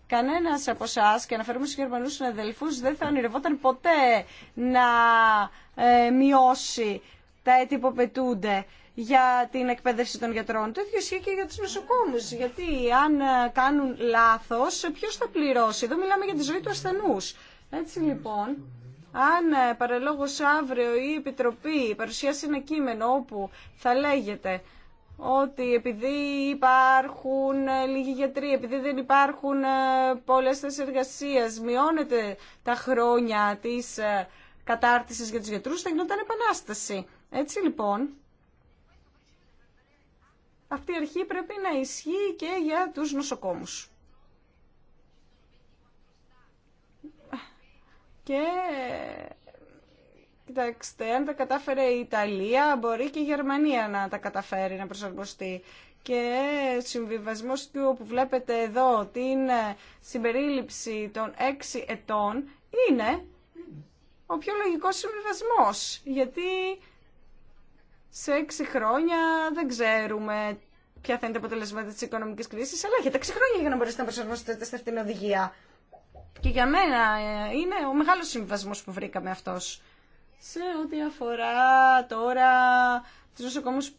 κανένας από εσά και αναφέρουμε στους Γερμανούς συναδελφούς δεν θα ονειρευόταν ποτέ να ε, μειώσει τα έτη που για την εκπαίδευση των γιατρών. Το ίδιο ισχύει και για τους νοσοκόμους, γιατί αν ε, κάνουν λάθος, ποιος θα πληρώσει. Εδώ μιλάμε για τη ζωή του ασθενούς. Έτσι λοιπόν, αν ε, παρελόγω αύριο η Επιτροπή παρουσιάσει ένα κείμενο όπου θα λέγεται ότι επειδή υπάρχουν ε, λίγοι γιατροί, επειδή δεν υπάρχουν ε, πολλές θέσεις εργασίας, μειώνεται τα χρόνια της κατάρτισης για τους γιατρούς, θα γινόταν επανάσταση. Έτσι λοιπόν, αυτή η αρχή πρέπει να ισχύει και για τους νοσοκόμους. Και κοιτάξτε, αν τα κατάφερε η Ιταλία, μπορεί και η Γερμανία να τα καταφέρει να προσαρμοστεί. Και συμβιβασμό του που βλέπετε εδώ, την ε, συμπερίληψη των έξι ετών, είναι ο πιο λογικός συμβιβασμός. Γιατί σε έξι χρόνια δεν ξέρουμε ποια θα είναι τα αποτελέσματα της οικονομική κρίσης, αλλά έχετε έξι χρόνια για να μπορέσετε να προσαρμοστείτε σε αυτήν την οδηγία. Και για μένα ε, είναι ο μεγάλος συμβασμός που βρήκαμε αυτός. Σε ό,τι αφορά τώρα τους νοσοκομούς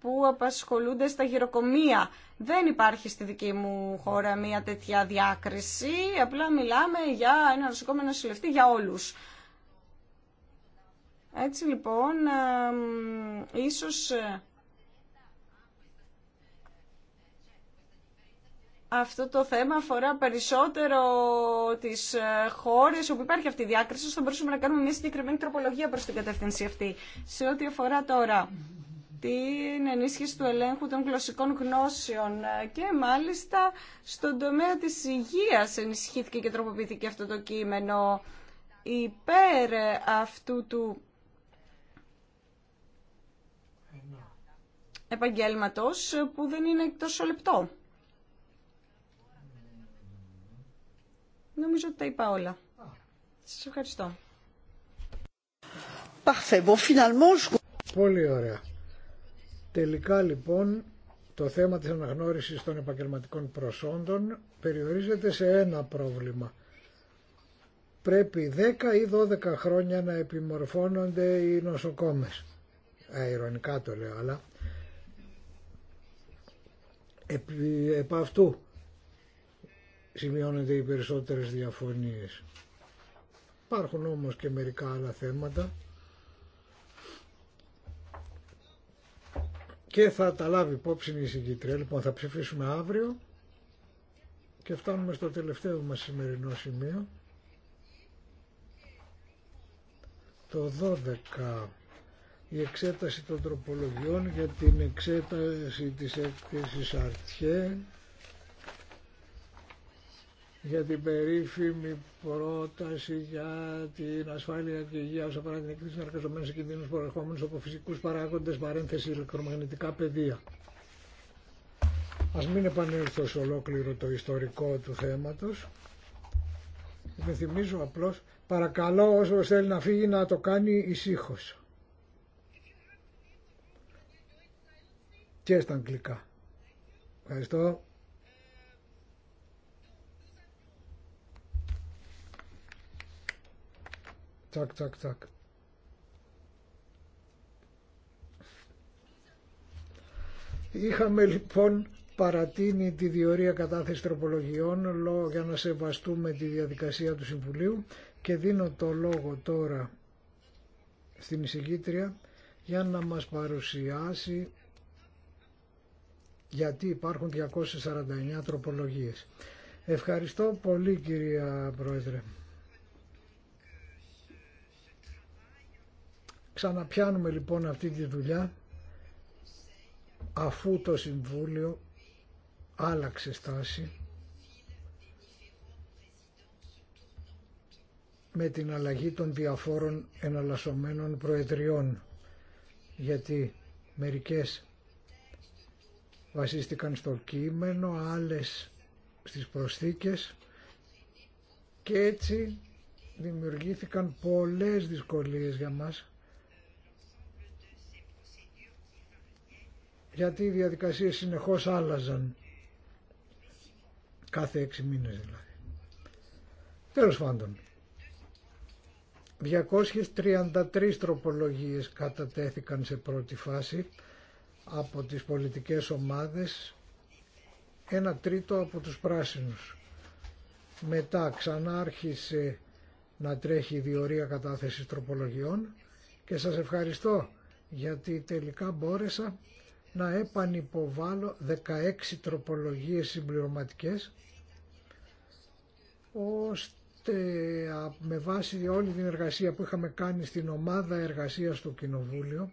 που απασχολούνται στα γυροκομεία. Δεν υπάρχει στη δική μου χώρα μια τέτοια διάκριση, απλά μιλάμε για ένα νοσοκόμενο νοσηλευτή για όλους. Έτσι λοιπόν, ίσως ε, αυτό το θέμα αφορά περισσότερο τις ε, χώρες όπου υπάρχει αυτή η διάκριση, ώστε μπορούσαμε να κάνουμε μια συγκεκριμένη τροπολογία προς την κατεύθυνση αυτή. Σε ό,τι αφορά τώρα την ενίσχυση του ελέγχου των γλωσσικών γνώσεων ε, και μάλιστα στον τομέα της υγείας ενισχύθηκε και τροποποιήθηκε αυτό το κείμενο υπέρ ε, αυτού του επαγγέλματος που δεν είναι τόσο λεπτό. Νομίζω ότι τα είπα όλα. Σα ευχαριστώ. Πολύ ωραία. Τελικά λοιπόν το θέμα της αναγνώρισης των επαγγελματικών προσόντων περιορίζεται σε ένα πρόβλημα. Πρέπει 10 ή 12 χρόνια να επιμορφώνονται οι νοσοκόμες. Αιρωνικά ε, το λέω, αλλά επί, επ' αυτού σημειώνονται οι περισσότερες διαφωνίες. Υπάρχουν όμως και μερικά άλλα θέματα και θα τα λάβει υπόψη η συγκήτρια. Λοιπόν, θα ψηφίσουμε αύριο και φτάνουμε στο τελευταίο μας σημερινό σημείο. Το 12 η εξέταση των τροπολογιών για την εξέταση της έκθεσης Αρτιέ για την περίφημη πρόταση για την ασφάλεια και υγεία όσο αφορά την εκκρίση των εργαζομένων σε κινδύνου προερχόμενου από φυσικού παράγοντε παρένθεση ηλεκτρομαγνητικά πεδία. Ας μην επανέλθω σε ολόκληρο το ιστορικό του θέματος. θυμίζω απλώς, παρακαλώ όσο θέλει να φύγει να το κάνει ησύχω. Και στα αγγλικά. Ευχαριστώ. Tak, tak, Είχαμε λοιπόν παρατείνει τη διορία κατάθεση τροπολογιών για να σεβαστούμε τη διαδικασία του Συμβουλίου και δίνω το λόγο τώρα στην εισηγήτρια για να μας παρουσιάσει γιατί υπάρχουν 249 τροπολογίες. Ευχαριστώ πολύ κυρία Πρόεδρε. Ξαναπιάνουμε λοιπόν αυτή τη δουλειά αφού το Συμβούλιο άλλαξε στάση με την αλλαγή των διαφόρων εναλλασσομένων προεδριών γιατί μερικές βασίστηκαν στο κείμενο, άλλες στις προσθήκες και έτσι δημιουργήθηκαν πολλές δυσκολίες για μας γιατί οι διαδικασίες συνεχώς άλλαζαν κάθε έξι μήνες δηλαδή. Τέλος πάντων, 233 τροπολογίες κατατέθηκαν σε πρώτη φάση από τις πολιτικές ομάδες, ένα τρίτο από τους πράσινους. Μετά ξανάρχισε να τρέχει η διορία κατάθεσης τροπολογιών και σας ευχαριστώ γιατί τελικά μπόρεσα να επανυποβάλω 16 τροπολογίες συμπληρωματικές ώστε με βάση όλη την εργασία που είχαμε κάνει στην ομάδα εργασίας του Κοινοβούλιο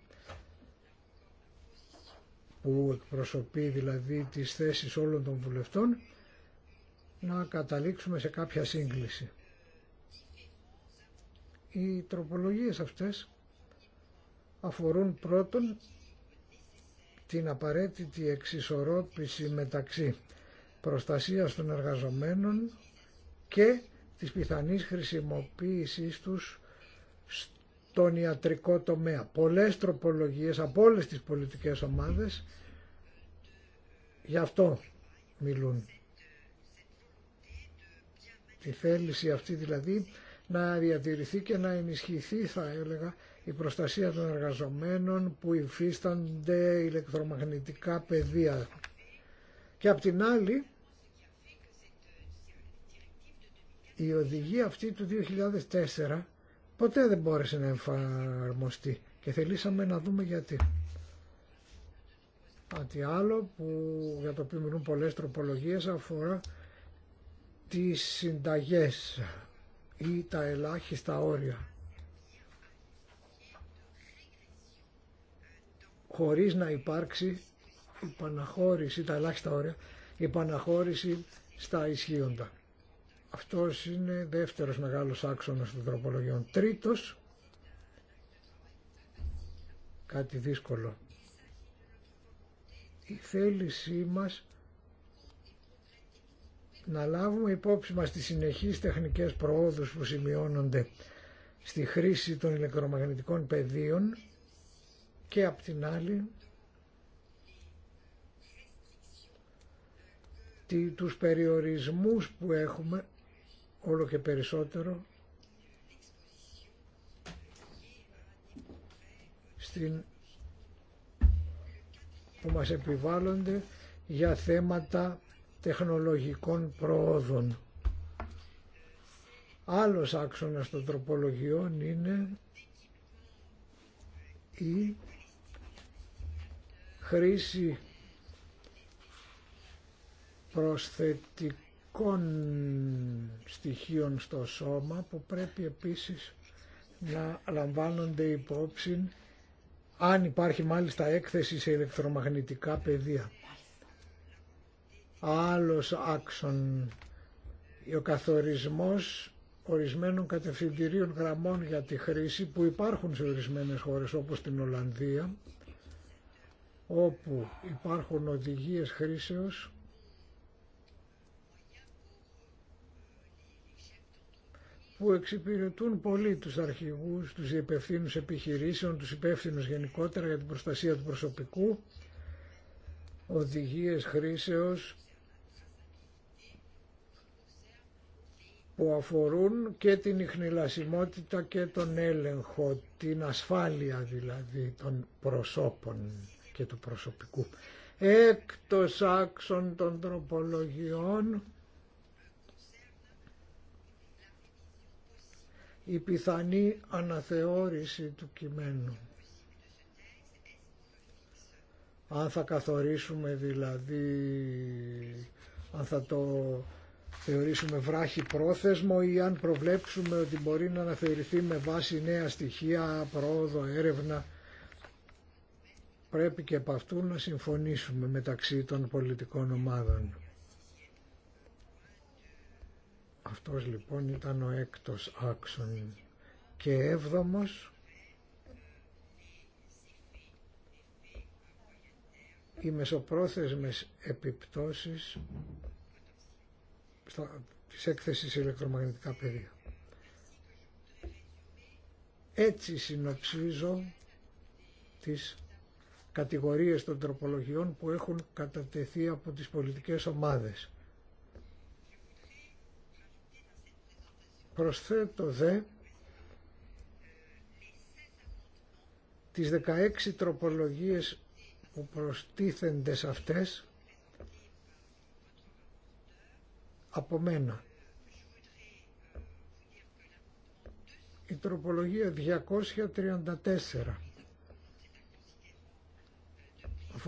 που εκπροσωπεί δηλαδή τις θέσεις όλων των βουλευτών να καταλήξουμε σε κάποια σύγκληση. Οι τροπολογίες αυτές αφορούν πρώτον την απαραίτητη εξισορρόπηση μεταξύ προστασίας των εργαζομένων και της πιθανής χρησιμοποίησής τους στον ιατρικό τομέα. Πολλές τροπολογίες από όλες τις πολιτικές ομάδες γι' αυτό μιλούν. Τη θέληση αυτή δηλαδή να διατηρηθεί και να ενισχυθεί θα έλεγα η προστασία των εργαζομένων που υφίστανται ηλεκτρομαγνητικά πεδία. Και απ' την άλλη, η οδηγία αυτή του 2004 ποτέ δεν μπόρεσε να εμφαρμοστεί και θελήσαμε να δούμε γιατί. Κάτι άλλο που για το οποίο μιλούν πολλές τροπολογίες αφορά τις συνταγές ή τα ελάχιστα όρια. χωρίς να υπάρξει η παναχώρηση, τα ελάχιστα όρια, η παναχώρηση στα ισχύοντα. Αυτός είναι δεύτερος μεγάλος άξονας των τροπολογιών. Τρίτος, κάτι δύσκολο, η θέλησή μας να λάβουμε υπόψη μας τις συνεχείς τεχνικές προόδους που σημειώνονται στη χρήση των ηλεκτρομαγνητικών πεδίων και απ' την άλλη τους περιορισμούς που έχουμε όλο και περισσότερο στην, που μας επιβάλλονται για θέματα τεχνολογικών προόδων. Άλλος άξονας των τροπολογιών είναι η χρήση προσθετικών στοιχείων στο σώμα που πρέπει επίσης να λαμβάνονται υπόψη αν υπάρχει μάλιστα έκθεση σε ηλεκτρομαγνητικά πεδία. Άλλος άξον, ο καθορισμός ορισμένων κατευθυντηρίων γραμμών για τη χρήση που υπάρχουν σε ορισμένες χώρες όπως την Ολλανδία όπου υπάρχουν οδηγίες χρήσεως που εξυπηρετούν πολύ τους αρχηγούς, τους υπευθύνους επιχειρήσεων, τους υπεύθυνου γενικότερα για την προστασία του προσωπικού, οδηγίες χρήσεως που αφορούν και την ιχνηλασιμότητα και τον έλεγχο, την ασφάλεια δηλαδή των προσώπων και του προσωπικού. Έκτος άξον των τροπολογιών η πιθανή αναθεώρηση του κειμένου. Αν θα καθορίσουμε δηλαδή, αν θα το θεωρήσουμε βράχη πρόθεσμο ή αν προβλέψουμε ότι μπορεί να αναθεωρηθεί με βάση νέα στοιχεία, πρόοδο, έρευνα πρέπει και από αυτού να συμφωνήσουμε μεταξύ των πολιτικών ομάδων. Αυτός λοιπόν ήταν ο έκτος άξον και έβδομος οι μεσοπρόθεσμες επιπτώσεις στα, της έκθεσης ηλεκτρομαγνητικά πεδία. Έτσι συνοψίζω τις κατηγορίες των τροπολογιών που έχουν κατατεθεί από τις πολιτικές ομάδες. Προσθέτω δε τις 16 τροπολογίες που προστίθενται σε αυτές από μένα. Η τροπολογία 234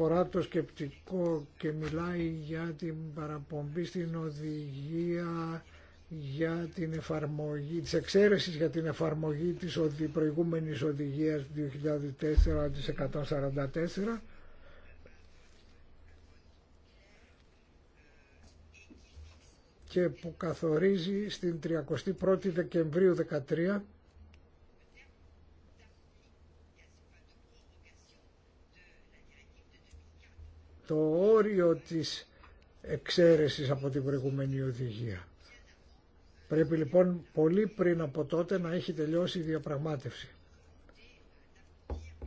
αφορά το σκεπτικό και μιλάει για την παραπομπή στην οδηγία για την εφαρμογή, της εξαίρεσης για την εφαρμογή της οδη, προηγούμενης οδηγίας 2004-144 και που καθορίζει στην 31η Δεκεμβρίου 13 το όριο της εξαίρεσης από την προηγούμενη οδηγία. Πρέπει λοιπόν πολύ πριν από τότε να έχει τελειώσει η διαπραγμάτευση.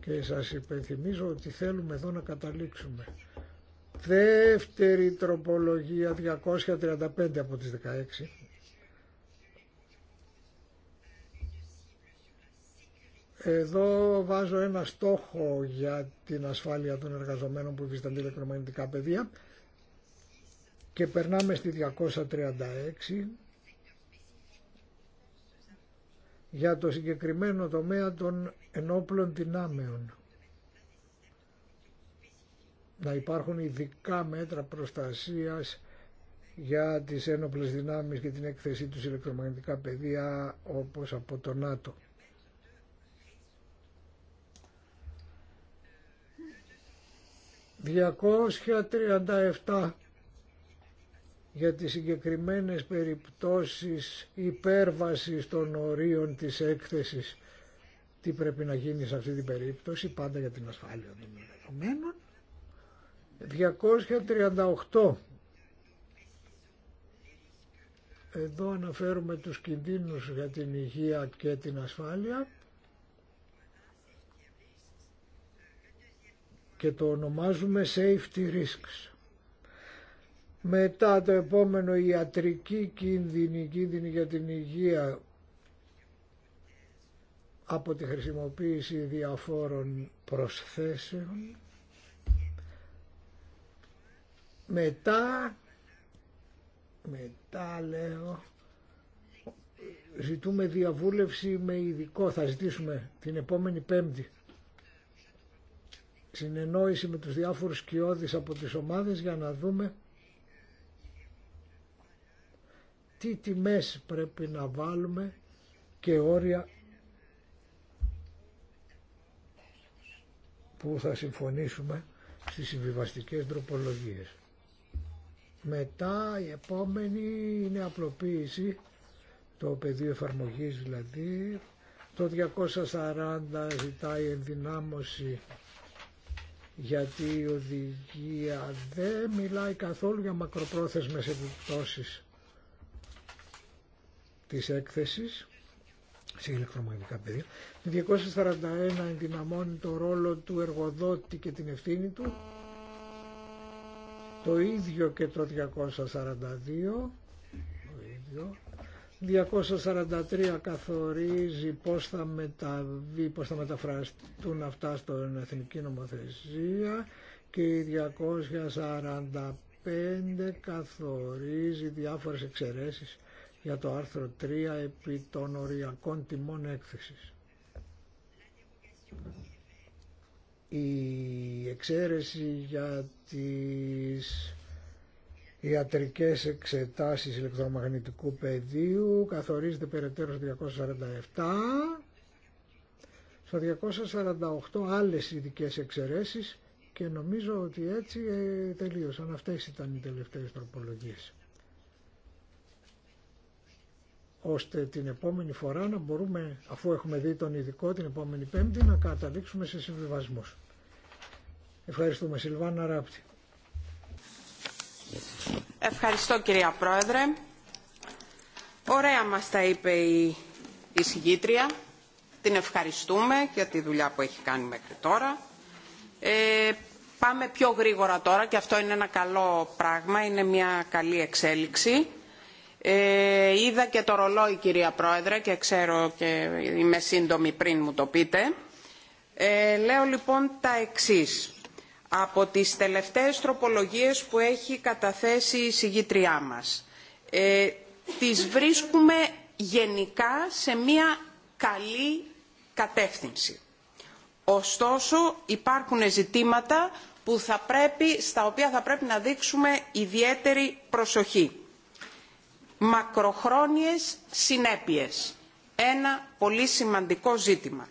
Και σας υπενθυμίζω ότι θέλουμε εδώ να καταλήξουμε. Δεύτερη τροπολογία 235 από τις 16 Εδώ βάζω ένα στόχο για την ασφάλεια των εργαζομένων που υφιστανται ηλεκτρομαγνητικά πεδία και περνάμε στη 236 για το συγκεκριμένο τομέα των ενόπλων δυνάμεων. Να υπάρχουν ειδικά μέτρα προστασίας για τις ένοπλες δυνάμεις και την έκθεσή τους ηλεκτρομαγνητικά πεδία όπως από το ΝΑΤΟ. 237 για τις συγκεκριμένες περιπτώσεις υπέρβασης των ορίων της έκθεσης τι πρέπει να γίνει σε αυτή την περίπτωση πάντα για την ασφάλεια των δεδομένων 238 εδώ αναφέρουμε τους κινδύνους για την υγεία και την ασφάλεια και το ονομάζουμε safety risks. Μετά το επόμενο ιατρική κίνδυνη, κίνδυνη για την υγεία από τη χρησιμοποίηση διαφόρων προσθέσεων. Μετά, μετά λέω, ζητούμε διαβούλευση με ειδικό, θα ζητήσουμε την επόμενη πέμπτη συνεννόηση με τους διάφορους σκιώδεις από τις ομάδες για να δούμε τι τιμές πρέπει να βάλουμε και όρια που θα συμφωνήσουμε στις συμβιβαστικές τροπολογίες. Μετά η επόμενη είναι απλοποίηση, το πεδίο εφαρμογής δηλαδή. Το 240 ζητάει ενδυνάμωση γιατί η οδηγία δεν μιλάει καθόλου για μακροπρόθεσμες επιπτώσεις της έκθεσης σε ηλεκτρομαγνητικά Το 241 ενδυναμώνει το ρόλο του εργοδότη και την ευθύνη του. Το ίδιο και το 242. Το ίδιο. 243 καθορίζει πώς θα, θα μεταφραστούν αυτά στον εθνική νομοθεσία και η 245 καθορίζει διάφορες εξαιρέσεις για το άρθρο 3 επί των οριακών τιμών έκθεσης. Η εξαίρεση για τις ιατρικές εξετάσεις ηλεκτρομαγνητικού πεδίου καθορίζεται περαιτέρω 247 στο 248 άλλες ειδικέ εξαιρέσεις και νομίζω ότι έτσι ε, τελείωσαν αυτές ήταν οι τελευταίες τροπολογίες ώστε την επόμενη φορά να μπορούμε, αφού έχουμε δει τον ειδικό την επόμενη πέμπτη, να καταλήξουμε σε συμβιβασμούς. Ευχαριστούμε Σιλβάνα Ράπτη. Ευχαριστώ κυρία Πρόεδρε. Ωραία μας τα είπε η εισηγήτρια. Την ευχαριστούμε για τη δουλειά που έχει κάνει μέχρι τώρα. Ε, πάμε πιο γρήγορα τώρα και αυτό είναι ένα καλό πράγμα, είναι μια καλή εξέλιξη. Ε, είδα και το ρολόι κυρία Πρόεδρε και ξέρω και είμαι σύντομη πριν μου το πείτε. Ε, λέω λοιπόν τα εξής από τις τελευταίες τροπολογίες που έχει καταθέσει η συγγήτριά μας. Ε, τις βρίσκουμε γενικά σε μια καλή κατεύθυνση. Ωστόσο υπάρχουν ζητήματα που θα πρέπει, στα οποία θα πρέπει να δείξουμε ιδιαίτερη προσοχή. Μακροχρόνιες συνέπειες. Ένα πολύ σημαντικό ζήτημα.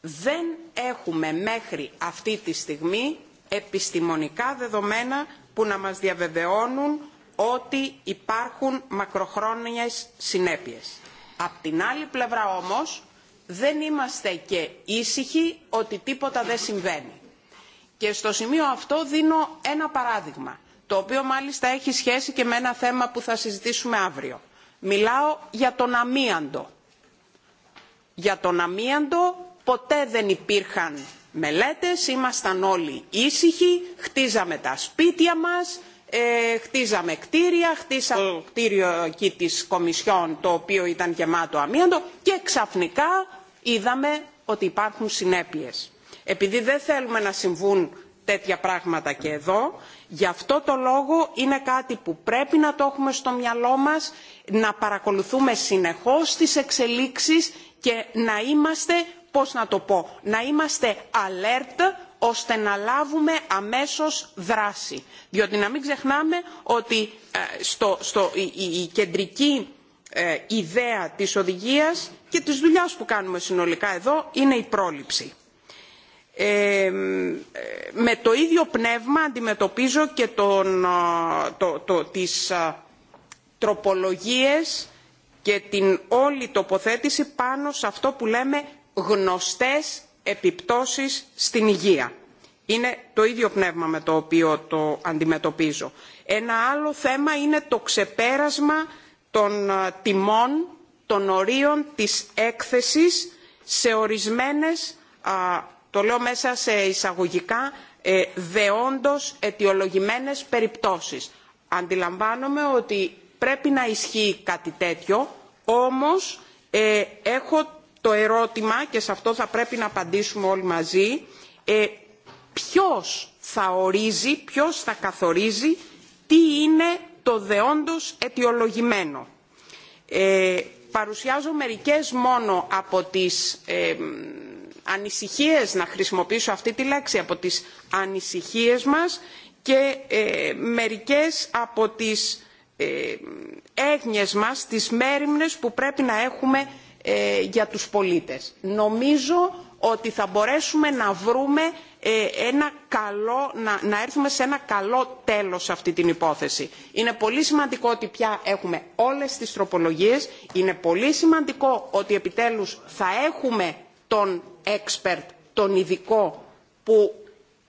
Δεν έχουμε μέχρι αυτή τη στιγμή επιστημονικά δεδομένα που να μας διαβεβαιώνουν ότι υπάρχουν μακροχρόνιες συνέπειες. Απ' την άλλη πλευρά όμως δεν είμαστε και ήσυχοι ότι τίποτα δεν συμβαίνει. Και στο σημείο αυτό δίνω ένα παράδειγμα, το οποίο μάλιστα έχει σχέση και με ένα θέμα που θα συζητήσουμε αύριο. Μιλάω για τον αμίαντο. Για τον αμίαντο ποτέ δεν υπήρχαν μελέτες, ήμασταν όλοι ήσυχοι, χτίζαμε τα σπίτια μας, ε, χτίζαμε κτίρια, χτίσαμε το κτίριο εκεί της Κομισιόν το οποίο ήταν γεμάτο αμύαντο και ξαφνικά είδαμε ότι υπάρχουν συνέπειες. Επειδή δεν θέλουμε να συμβούν τέτοια πράγματα και εδώ, γι' αυτό το λόγο είναι κάτι που πρέπει να το έχουμε στο μυαλό μας, να παρακολουθούμε συνεχώς τις εξελίξεις και να είμαστε πώς να το πω, να είμαστε alert ώστε να λάβουμε αμέσως δράση. Διότι να μην ξεχνάμε ότι ε, στο, στο, η, κεντρική ε, ιδέα της οδηγίας και της δουλειάς που κάνουμε συνολικά εδώ είναι η πρόληψη. Ε, με το ίδιο πνεύμα αντιμετωπίζω και τον, το, το, τις τροπολογίες και την όλη τοποθέτηση πάνω σε αυτό που λέμε γνωστές επιπτώσεις στην υγεία. Είναι το ίδιο πνεύμα με το οποίο το αντιμετωπίζω. Ένα άλλο θέμα είναι το ξεπέρασμα των ε, τιμών, των ορίων της έκθεσης σε ορισμένες, το λέω μέσα σε εισαγωγικά, ε, δεόντως αιτιολογημένες περιπτώσεις. Αντιλαμβάνομαι ότι πρέπει να ισχύει κάτι τέτοιο, όμως ε, έχω το ερώτημα και σε αυτό θα πρέπει να απαντήσουμε όλοι μαζί ε, ποιος θα ορίζει, ποιος θα καθορίζει τι είναι το δεόντος αιτιολογημένο. Ε, παρουσιάζω μερικές μόνο από τις ε, ανησυχίες, να χρησιμοποιήσω αυτή τη λέξη, από τις ανησυχίες μας και ε, μερικές από τις ε, έγνοιες μας, τις μέρημνες που πρέπει να έχουμε ε, για τους πολίτες. Νομίζω ότι θα μπορέσουμε να βρούμε ε, ένα καλό, να, έρθουμε σε ένα καλό τέλος σε αυτή την υπόθεση. Είναι πολύ σημαντικό ότι πια έχουμε όλες τις τροπολογίες. Είναι πολύ σημαντικό ότι επιτέλους θα έχουμε τον expert, τον ειδικό που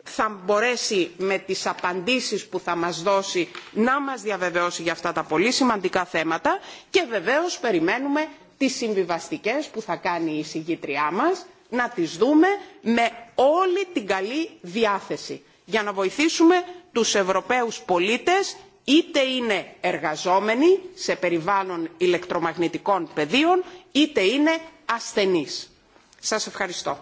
θα μπορέσει με τις απαντήσεις που θα μας δώσει να μας διαβεβαιώσει για αυτά τα πολύ σημαντικά θέματα και βεβαίως περιμένουμε τις συμβιβαστικές που θα κάνει η εισηγήτριά μας, να τις δούμε με όλη την καλή διάθεση για να βοηθήσουμε τους Ευρωπαίους πολίτες είτε είναι εργαζόμενοι σε περιβάλλον ηλεκτρομαγνητικών πεδίων είτε είναι ασθενείς. Σας ευχαριστώ.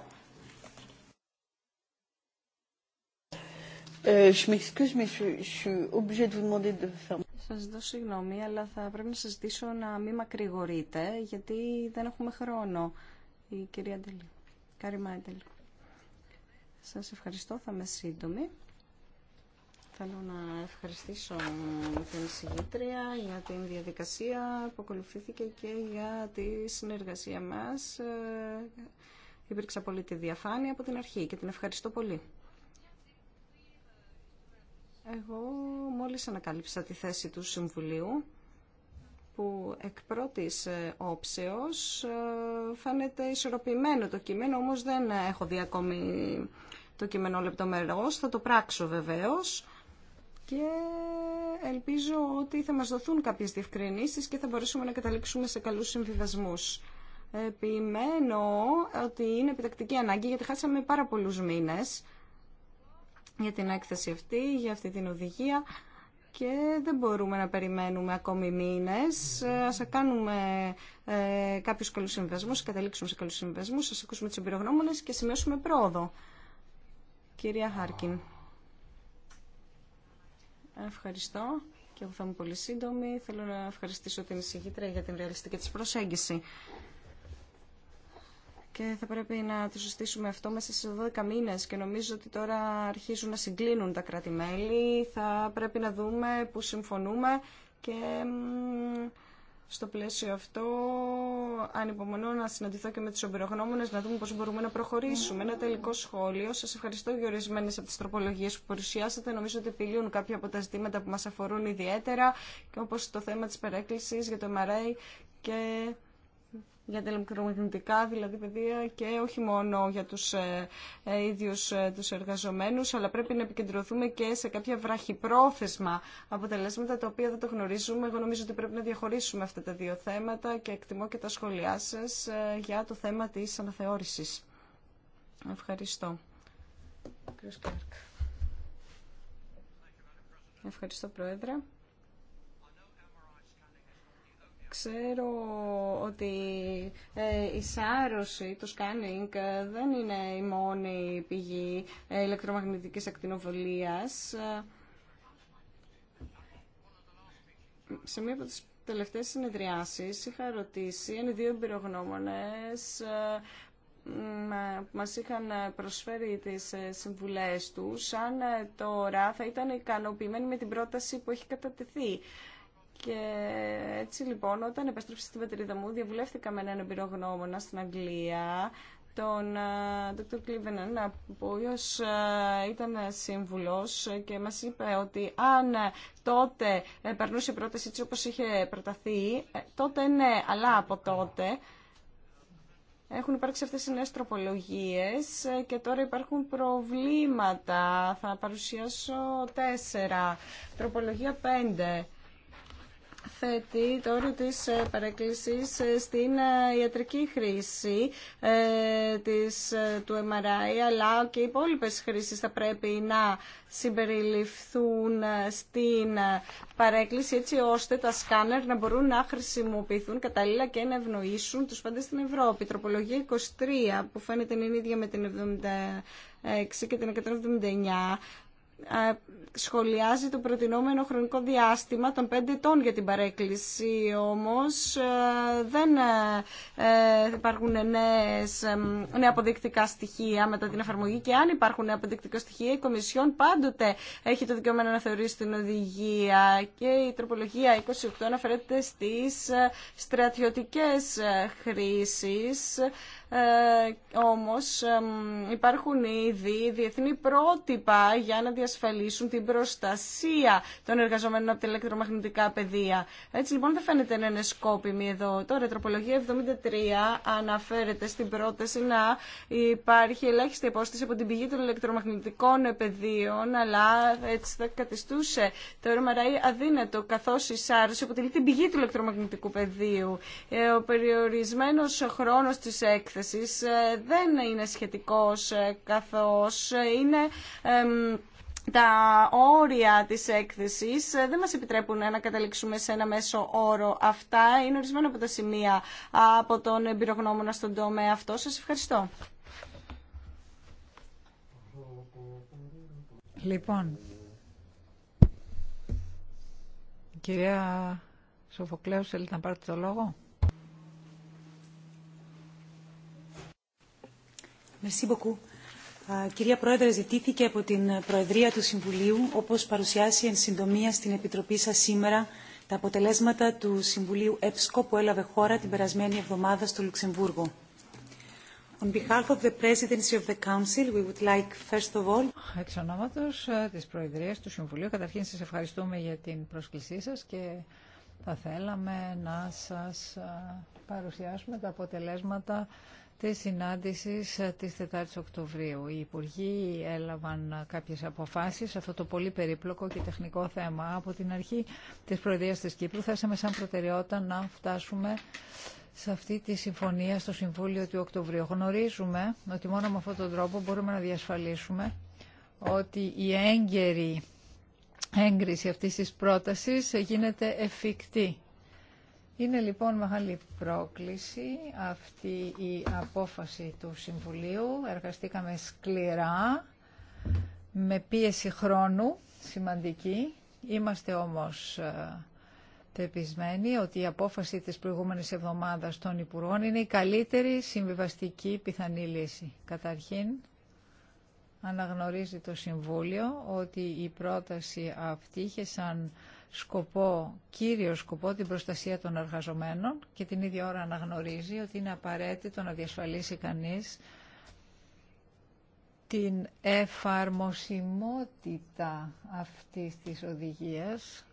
Θα σας δώσω συγγνώμη, αλλά θα πρέπει να σας ζητήσω να μην μακρηγορείτε, γιατί δεν έχουμε χρόνο. Η κυρία Ντελή. Κάρι Ντελή. Σας ευχαριστώ, θα είμαι σύντομη. Θέλω να ευχαριστήσω την συγγήτρια για την διαδικασία που ακολουθήθηκε και για τη συνεργασία μας. Ε, πολύ τη διαφάνεια από την αρχή και την ευχαριστώ πολύ. Εγώ μόλις ανακάλυψα τη θέση του Συμβουλίου που εκ πρώτης ε, όψεως ε, φαίνεται ισορροπημένο το κείμενο, όμως δεν έχω δει ακόμη το κείμενο λεπτομερώς, θα το πράξω βεβαίως και ελπίζω ότι θα μας δοθούν κάποιες διευκρινήσεις και θα μπορέσουμε να καταλήξουμε σε καλούς συμβιβασμούς. Επιμένω ότι είναι επιτακτική ανάγκη γιατί χάσαμε πάρα πολλούς μήνες για την έκθεση αυτή, για αυτή την οδηγία και δεν μπορούμε να περιμένουμε ακόμη μήνες. Ε, ας κάνουμε ε, κάποιους καλούς συμβασμούς, καταλήξουμε σε καλούς συμβασμούς, ας ακούσουμε τις εμπειρογνώμονες και σημειώσουμε πρόοδο. Κυρία Χάρκιν. Ευχαριστώ και εγώ θα είμαι πολύ σύντομη. Θέλω να ευχαριστήσω την εισηγήτρια για την ρεαλιστική της προσέγγιση και θα πρέπει να το συστήσουμε αυτό μέσα σε 12 μήνες και νομίζω ότι τώρα αρχίζουν να συγκλίνουν τα κράτη-μέλη. Θα πρέπει να δούμε που συμφωνούμε και στο πλαίσιο αυτό ανυπομονώ να συναντηθώ και με τους εμπειρογνώμονες να δούμε πώς μπορούμε να προχωρήσουμε. Ένα τελικό σχόλιο. Σας ευχαριστώ για ορισμένες από τις τροπολογίες που παρουσιάσατε. Νομίζω ότι επιλύουν κάποια από τα ζητήματα που μας αφορούν ιδιαίτερα και όπως το θέμα της περέκκλησης για το MRA και για τα ηλεκτρομαγνητικά δηλαδή παιδεία και όχι μόνο για τους ε, ε ίδιους ε, τους εργαζομένους αλλά πρέπει να επικεντρωθούμε και σε κάποια βραχυπρόθεσμα αποτελέσματα τα οποία δεν το γνωρίζουμε. Εγώ νομίζω ότι πρέπει να διαχωρίσουμε αυτά τα δύο θέματα και εκτιμώ και τα σχόλιά σας ε, για το θέμα της αναθεώρησης. Ευχαριστώ. Ευχαριστώ Πρόεδρε. Ξέρω ότι ε, η σάρωση, το σκάνινγκ, ε, δεν είναι η μόνη πηγή ε, ηλεκτρομαγνητικής ακτινοβολίας. Σε μία από τις τελευταίες συνεδριάσεις είχα ρωτήσει, είναι δύο εμπειρογνώμονες μας είχαν προσφέρει τις συμβουλές τους αν τώρα θα ήταν ικανοποιημένοι με την πρόταση που έχει κατατεθεί. Και έτσι λοιπόν όταν επέστρεψα στην πατρίδα μου διαβουλεύτηκα με έναν εμπειρογνώμονα στην Αγγλία τον ε, Dr. Κλίβενεν, ο οποίο ε, ήταν σύμβουλος και μας είπε ότι αν τότε ε, περνούσε η πρόταση έτσι όπως είχε προταθεί, τότε ναι, αλλά από τότε έχουν υπάρξει αυτές οι νέες τροπολογίες και τώρα υπάρχουν προβλήματα. Θα παρουσιάσω τέσσερα. Τροπολογία πέντε θέτει το όριο της ε, ε, στην ε, ιατρική χρήση της, του MRI, αλλά και οι υπόλοιπε χρήσεις θα πρέπει να συμπεριληφθούν στην παρέκκληση, έτσι ώστε τα σκάνερ να μπορούν να χρησιμοποιηθούν κατάλληλα και να ευνοήσουν τους πάντες στην Ευρώπη. Η τροπολογία 23, που φαίνεται είναι ίδια με την 76 και την 179 ε, σχολιάζει το προτινόμενο χρονικό διάστημα των πέντε ετών για την παρέκκληση. Όμως ε, δεν ε, υπάρχουν νέες, νέα αποδεικτικά στοιχεία μετά την εφαρμογή και αν υπάρχουν νέα αποδεικτικά στοιχεία η Κομισιόν πάντοτε έχει το δικαίωμα να θεωρήσει την οδηγία και η τροπολογία 28 αναφέρεται στις στρατιωτικές χρήσεις ε, όμως υπάρχουν ήδη διεθνή πρότυπα για να διασφαλίσουν την προστασία των εργαζομένων από τα ηλεκτρομαγνητικά πεδία. Έτσι λοιπόν δεν φαίνεται να είναι σκόπιμη εδώ. Τώρα η τροπολογία 73 αναφέρεται στην πρόταση να υπάρχει ελάχιστη υπόσταση από την πηγή των ηλεκτρομαγνητικών πεδίων αλλά έτσι θα καθιστούσε το MRI αδύνατο καθώς η SARS αποτελεί την πηγή του ηλεκτρομαγνητικού πεδίου. Ε, ο περιορισμένος χρόνος της έκθεσης ε, δεν είναι σχετικός ε, καθώς είναι τα όρια της έκθεσης ε, δεν μας επιτρέπουν να καταλήξουμε σε ένα μέσο όρο. Αυτά είναι ορισμένα από τα σημεία από τον εμπειρογνώμονα στον τομέα αυτό. Σας ευχαριστώ. Λοιπόν, κυρία Σοφοκλέου θέλετε να πάρετε το λόγο. Κυρία Πρόεδρε, ζητήθηκε από την Προεδρία του Συμβουλίου, όπως παρουσιάσει εν συντομία στην Επιτροπή σας σήμερα, τα αποτελέσματα του Συμβουλίου ΕΠΣΚΟ που έλαβε χώρα την περασμένη εβδομάδα στο Λουξεμβούργο. On behalf of the Presidency of the Council, we would like first of all... Εξ ονόματος ε, της Προεδρίας του Συμβουλίου, καταρχήν σας ευχαριστούμε για την πρόσκλησή σας και θα θέλαμε να σας ε, παρουσιάσουμε τα αποτελέσματα της συνάντησης της 4 Οκτωβρίου. Οι Υπουργοί έλαβαν κάποιες αποφάσεις σε αυτό το πολύ περίπλοκο και τεχνικό θέμα. Από την αρχή της Προεδρίας της Κύπρου θέσαμε σαν προτεραιότητα να φτάσουμε σε αυτή τη συμφωνία στο Συμβούλιο του Οκτωβρίου. Γνωρίζουμε ότι μόνο με αυτόν τον τρόπο μπορούμε να διασφαλίσουμε ότι η έγκαιρη έγκριση αυτής της πρότασης γίνεται εφικτή είναι λοιπόν μεγάλη πρόκληση αυτή η απόφαση του Συμβουλίου. Εργαστήκαμε σκληρά, με πίεση χρόνου σημαντική. Είμαστε όμως τεπισμένοι ε, ότι η απόφαση της προηγούμενης εβδομάδας των Υπουργών είναι η καλύτερη συμβιβαστική πιθανή λύση. Καταρχήν, αναγνωρίζει το Συμβούλιο ότι η πρόταση αυτή είχε σαν σκοπό, κύριο σκοπό την προστασία των εργαζομένων και την ίδια ώρα αναγνωρίζει ότι είναι απαραίτητο να διασφαλίσει κανείς την εφαρμοσιμότητα αυτής της οδηγίας.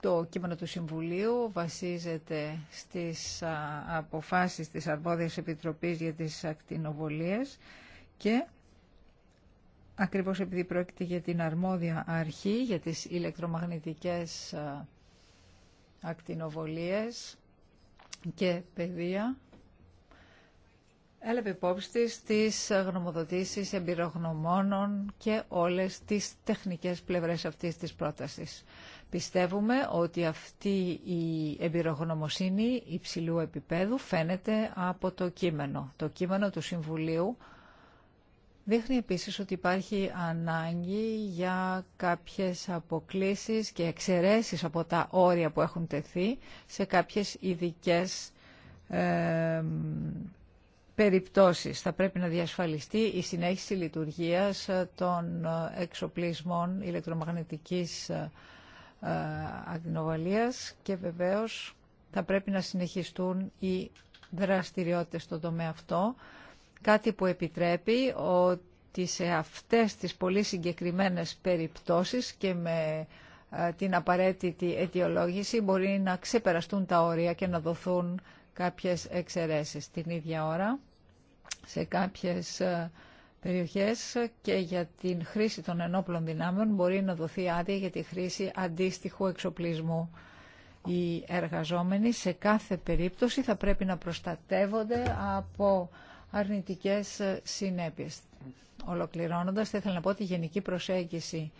Το κείμενο του Συμβουλίου βασίζεται στις αποφάσεις της Αρμόδιας Επιτροπής για τις Ακτινοβολίες και ακριβώς επειδή πρόκειται για την αρμόδια αρχή, για τις ηλεκτρομαγνητικές ε, ακτινοβολίες και παιδεία, έλαβε υπόψη της τις γνωμοδοτήσεις εμπειρογνωμόνων και όλες τις τεχνικές πλευρές αυτής της πρότασης. Πιστεύουμε ότι αυτή η εμπειρογνωμοσύνη υψηλού επίπεδου φαίνεται από το κείμενο. Το κείμενο του Συμβουλίου Δείχνει επίσης ότι υπάρχει ανάγκη για κάποιες αποκλήσεις και εξαιρέσεις από τα όρια που έχουν τεθεί σε κάποιες ειδικέ ε, περιπτώσεις. Θα πρέπει να διασφαλιστεί η συνέχιση λειτουργίας των εξοπλισμών ηλεκτρομαγνητικής ε, και βεβαίως θα πρέπει να συνεχιστούν οι δραστηριότητες στον τομέα αυτό κάτι που επιτρέπει ότι σε αυτές τις πολύ συγκεκριμένες περιπτώσεις και με την απαραίτητη αιτιολόγηση μπορεί να ξεπεραστούν τα όρια και να δοθούν κάποιες εξαιρέσεις την ίδια ώρα σε κάποιες περιοχές και για την χρήση των ενόπλων δυνάμεων μπορεί να δοθεί άδεια για τη χρήση αντίστοιχου εξοπλισμού. Οι εργαζόμενοι σε κάθε περίπτωση θα πρέπει να προστατεύονται από αρνητικές ε, συνέπειες. Ολοκληρώνοντας, θα ήθελα να πω ότι η γενική προσέγγιση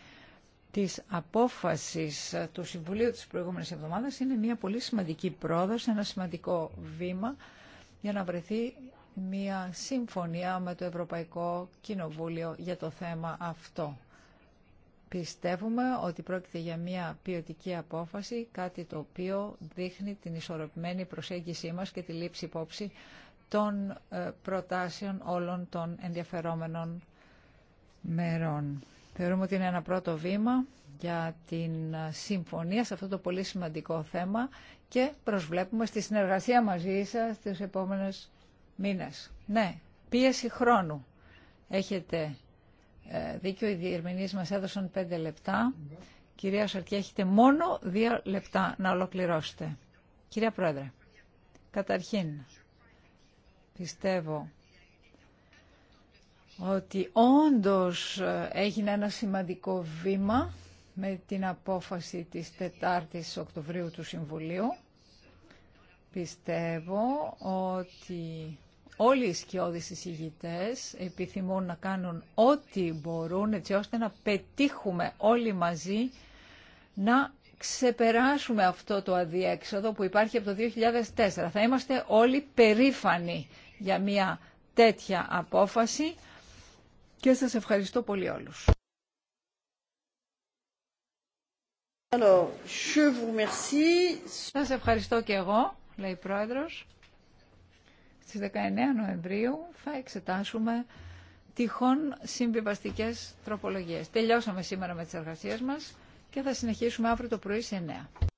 της απόφασης ε, του Συμβουλίου της προηγούμενης εβδομάδας είναι μια πολύ σημαντική πρόοδος, ένα σημαντικό βήμα για να βρεθεί μια συμφωνία με το Ευρωπαϊκό Κοινοβούλιο για το θέμα αυτό. Πιστεύουμε ότι πρόκειται για μια ποιοτική απόφαση, κάτι το οποίο δείχνει την ισορροπημένη προσέγγιση μας και τη λήψη υπόψη των ε, προτάσεων όλων των ενδιαφερόμενων μερών. Θεωρούμε ότι είναι ένα πρώτο βήμα για την ε, συμφωνία σε αυτό το πολύ σημαντικό θέμα και προσβλέπουμε στη συνεργασία μαζί σας τους επόμενες μήνες. Ναι, πίεση χρόνου. Έχετε ε, δίκιο, οι διερμηνείς μας έδωσαν πέντε λεπτά. Κυρία Σαρκή, έχετε μόνο δύο λεπτά να ολοκληρώσετε. Κυρία Πρόεδρε, καταρχήν, Πιστεύω ότι όντως ε, έγινε ένα σημαντικό βήμα με την απόφαση της 4ης Οκτωβρίου του Συμβουλίου. Πιστεύω ότι όλοι οι σκιώδεις εισηγητές επιθυμούν να κάνουν ό,τι μπορούν έτσι ώστε να πετύχουμε όλοι μαζί να ξεπεράσουμε αυτό το αδιέξοδο που υπάρχει από το 2004. Θα είμαστε όλοι περήφανοι για μια τέτοια απόφαση και σας ευχαριστώ πολύ όλους. Alors, Σας ευχαριστώ και εγώ, λέει η Πρόεδρος. Στις 19 Νοεμβρίου θα εξετάσουμε τυχόν συμβιβαστικές τροπολογίες. Τελειώσαμε σήμερα με τις εργασίες μας και θα συνεχίσουμε αύριο το πρωί σε 9.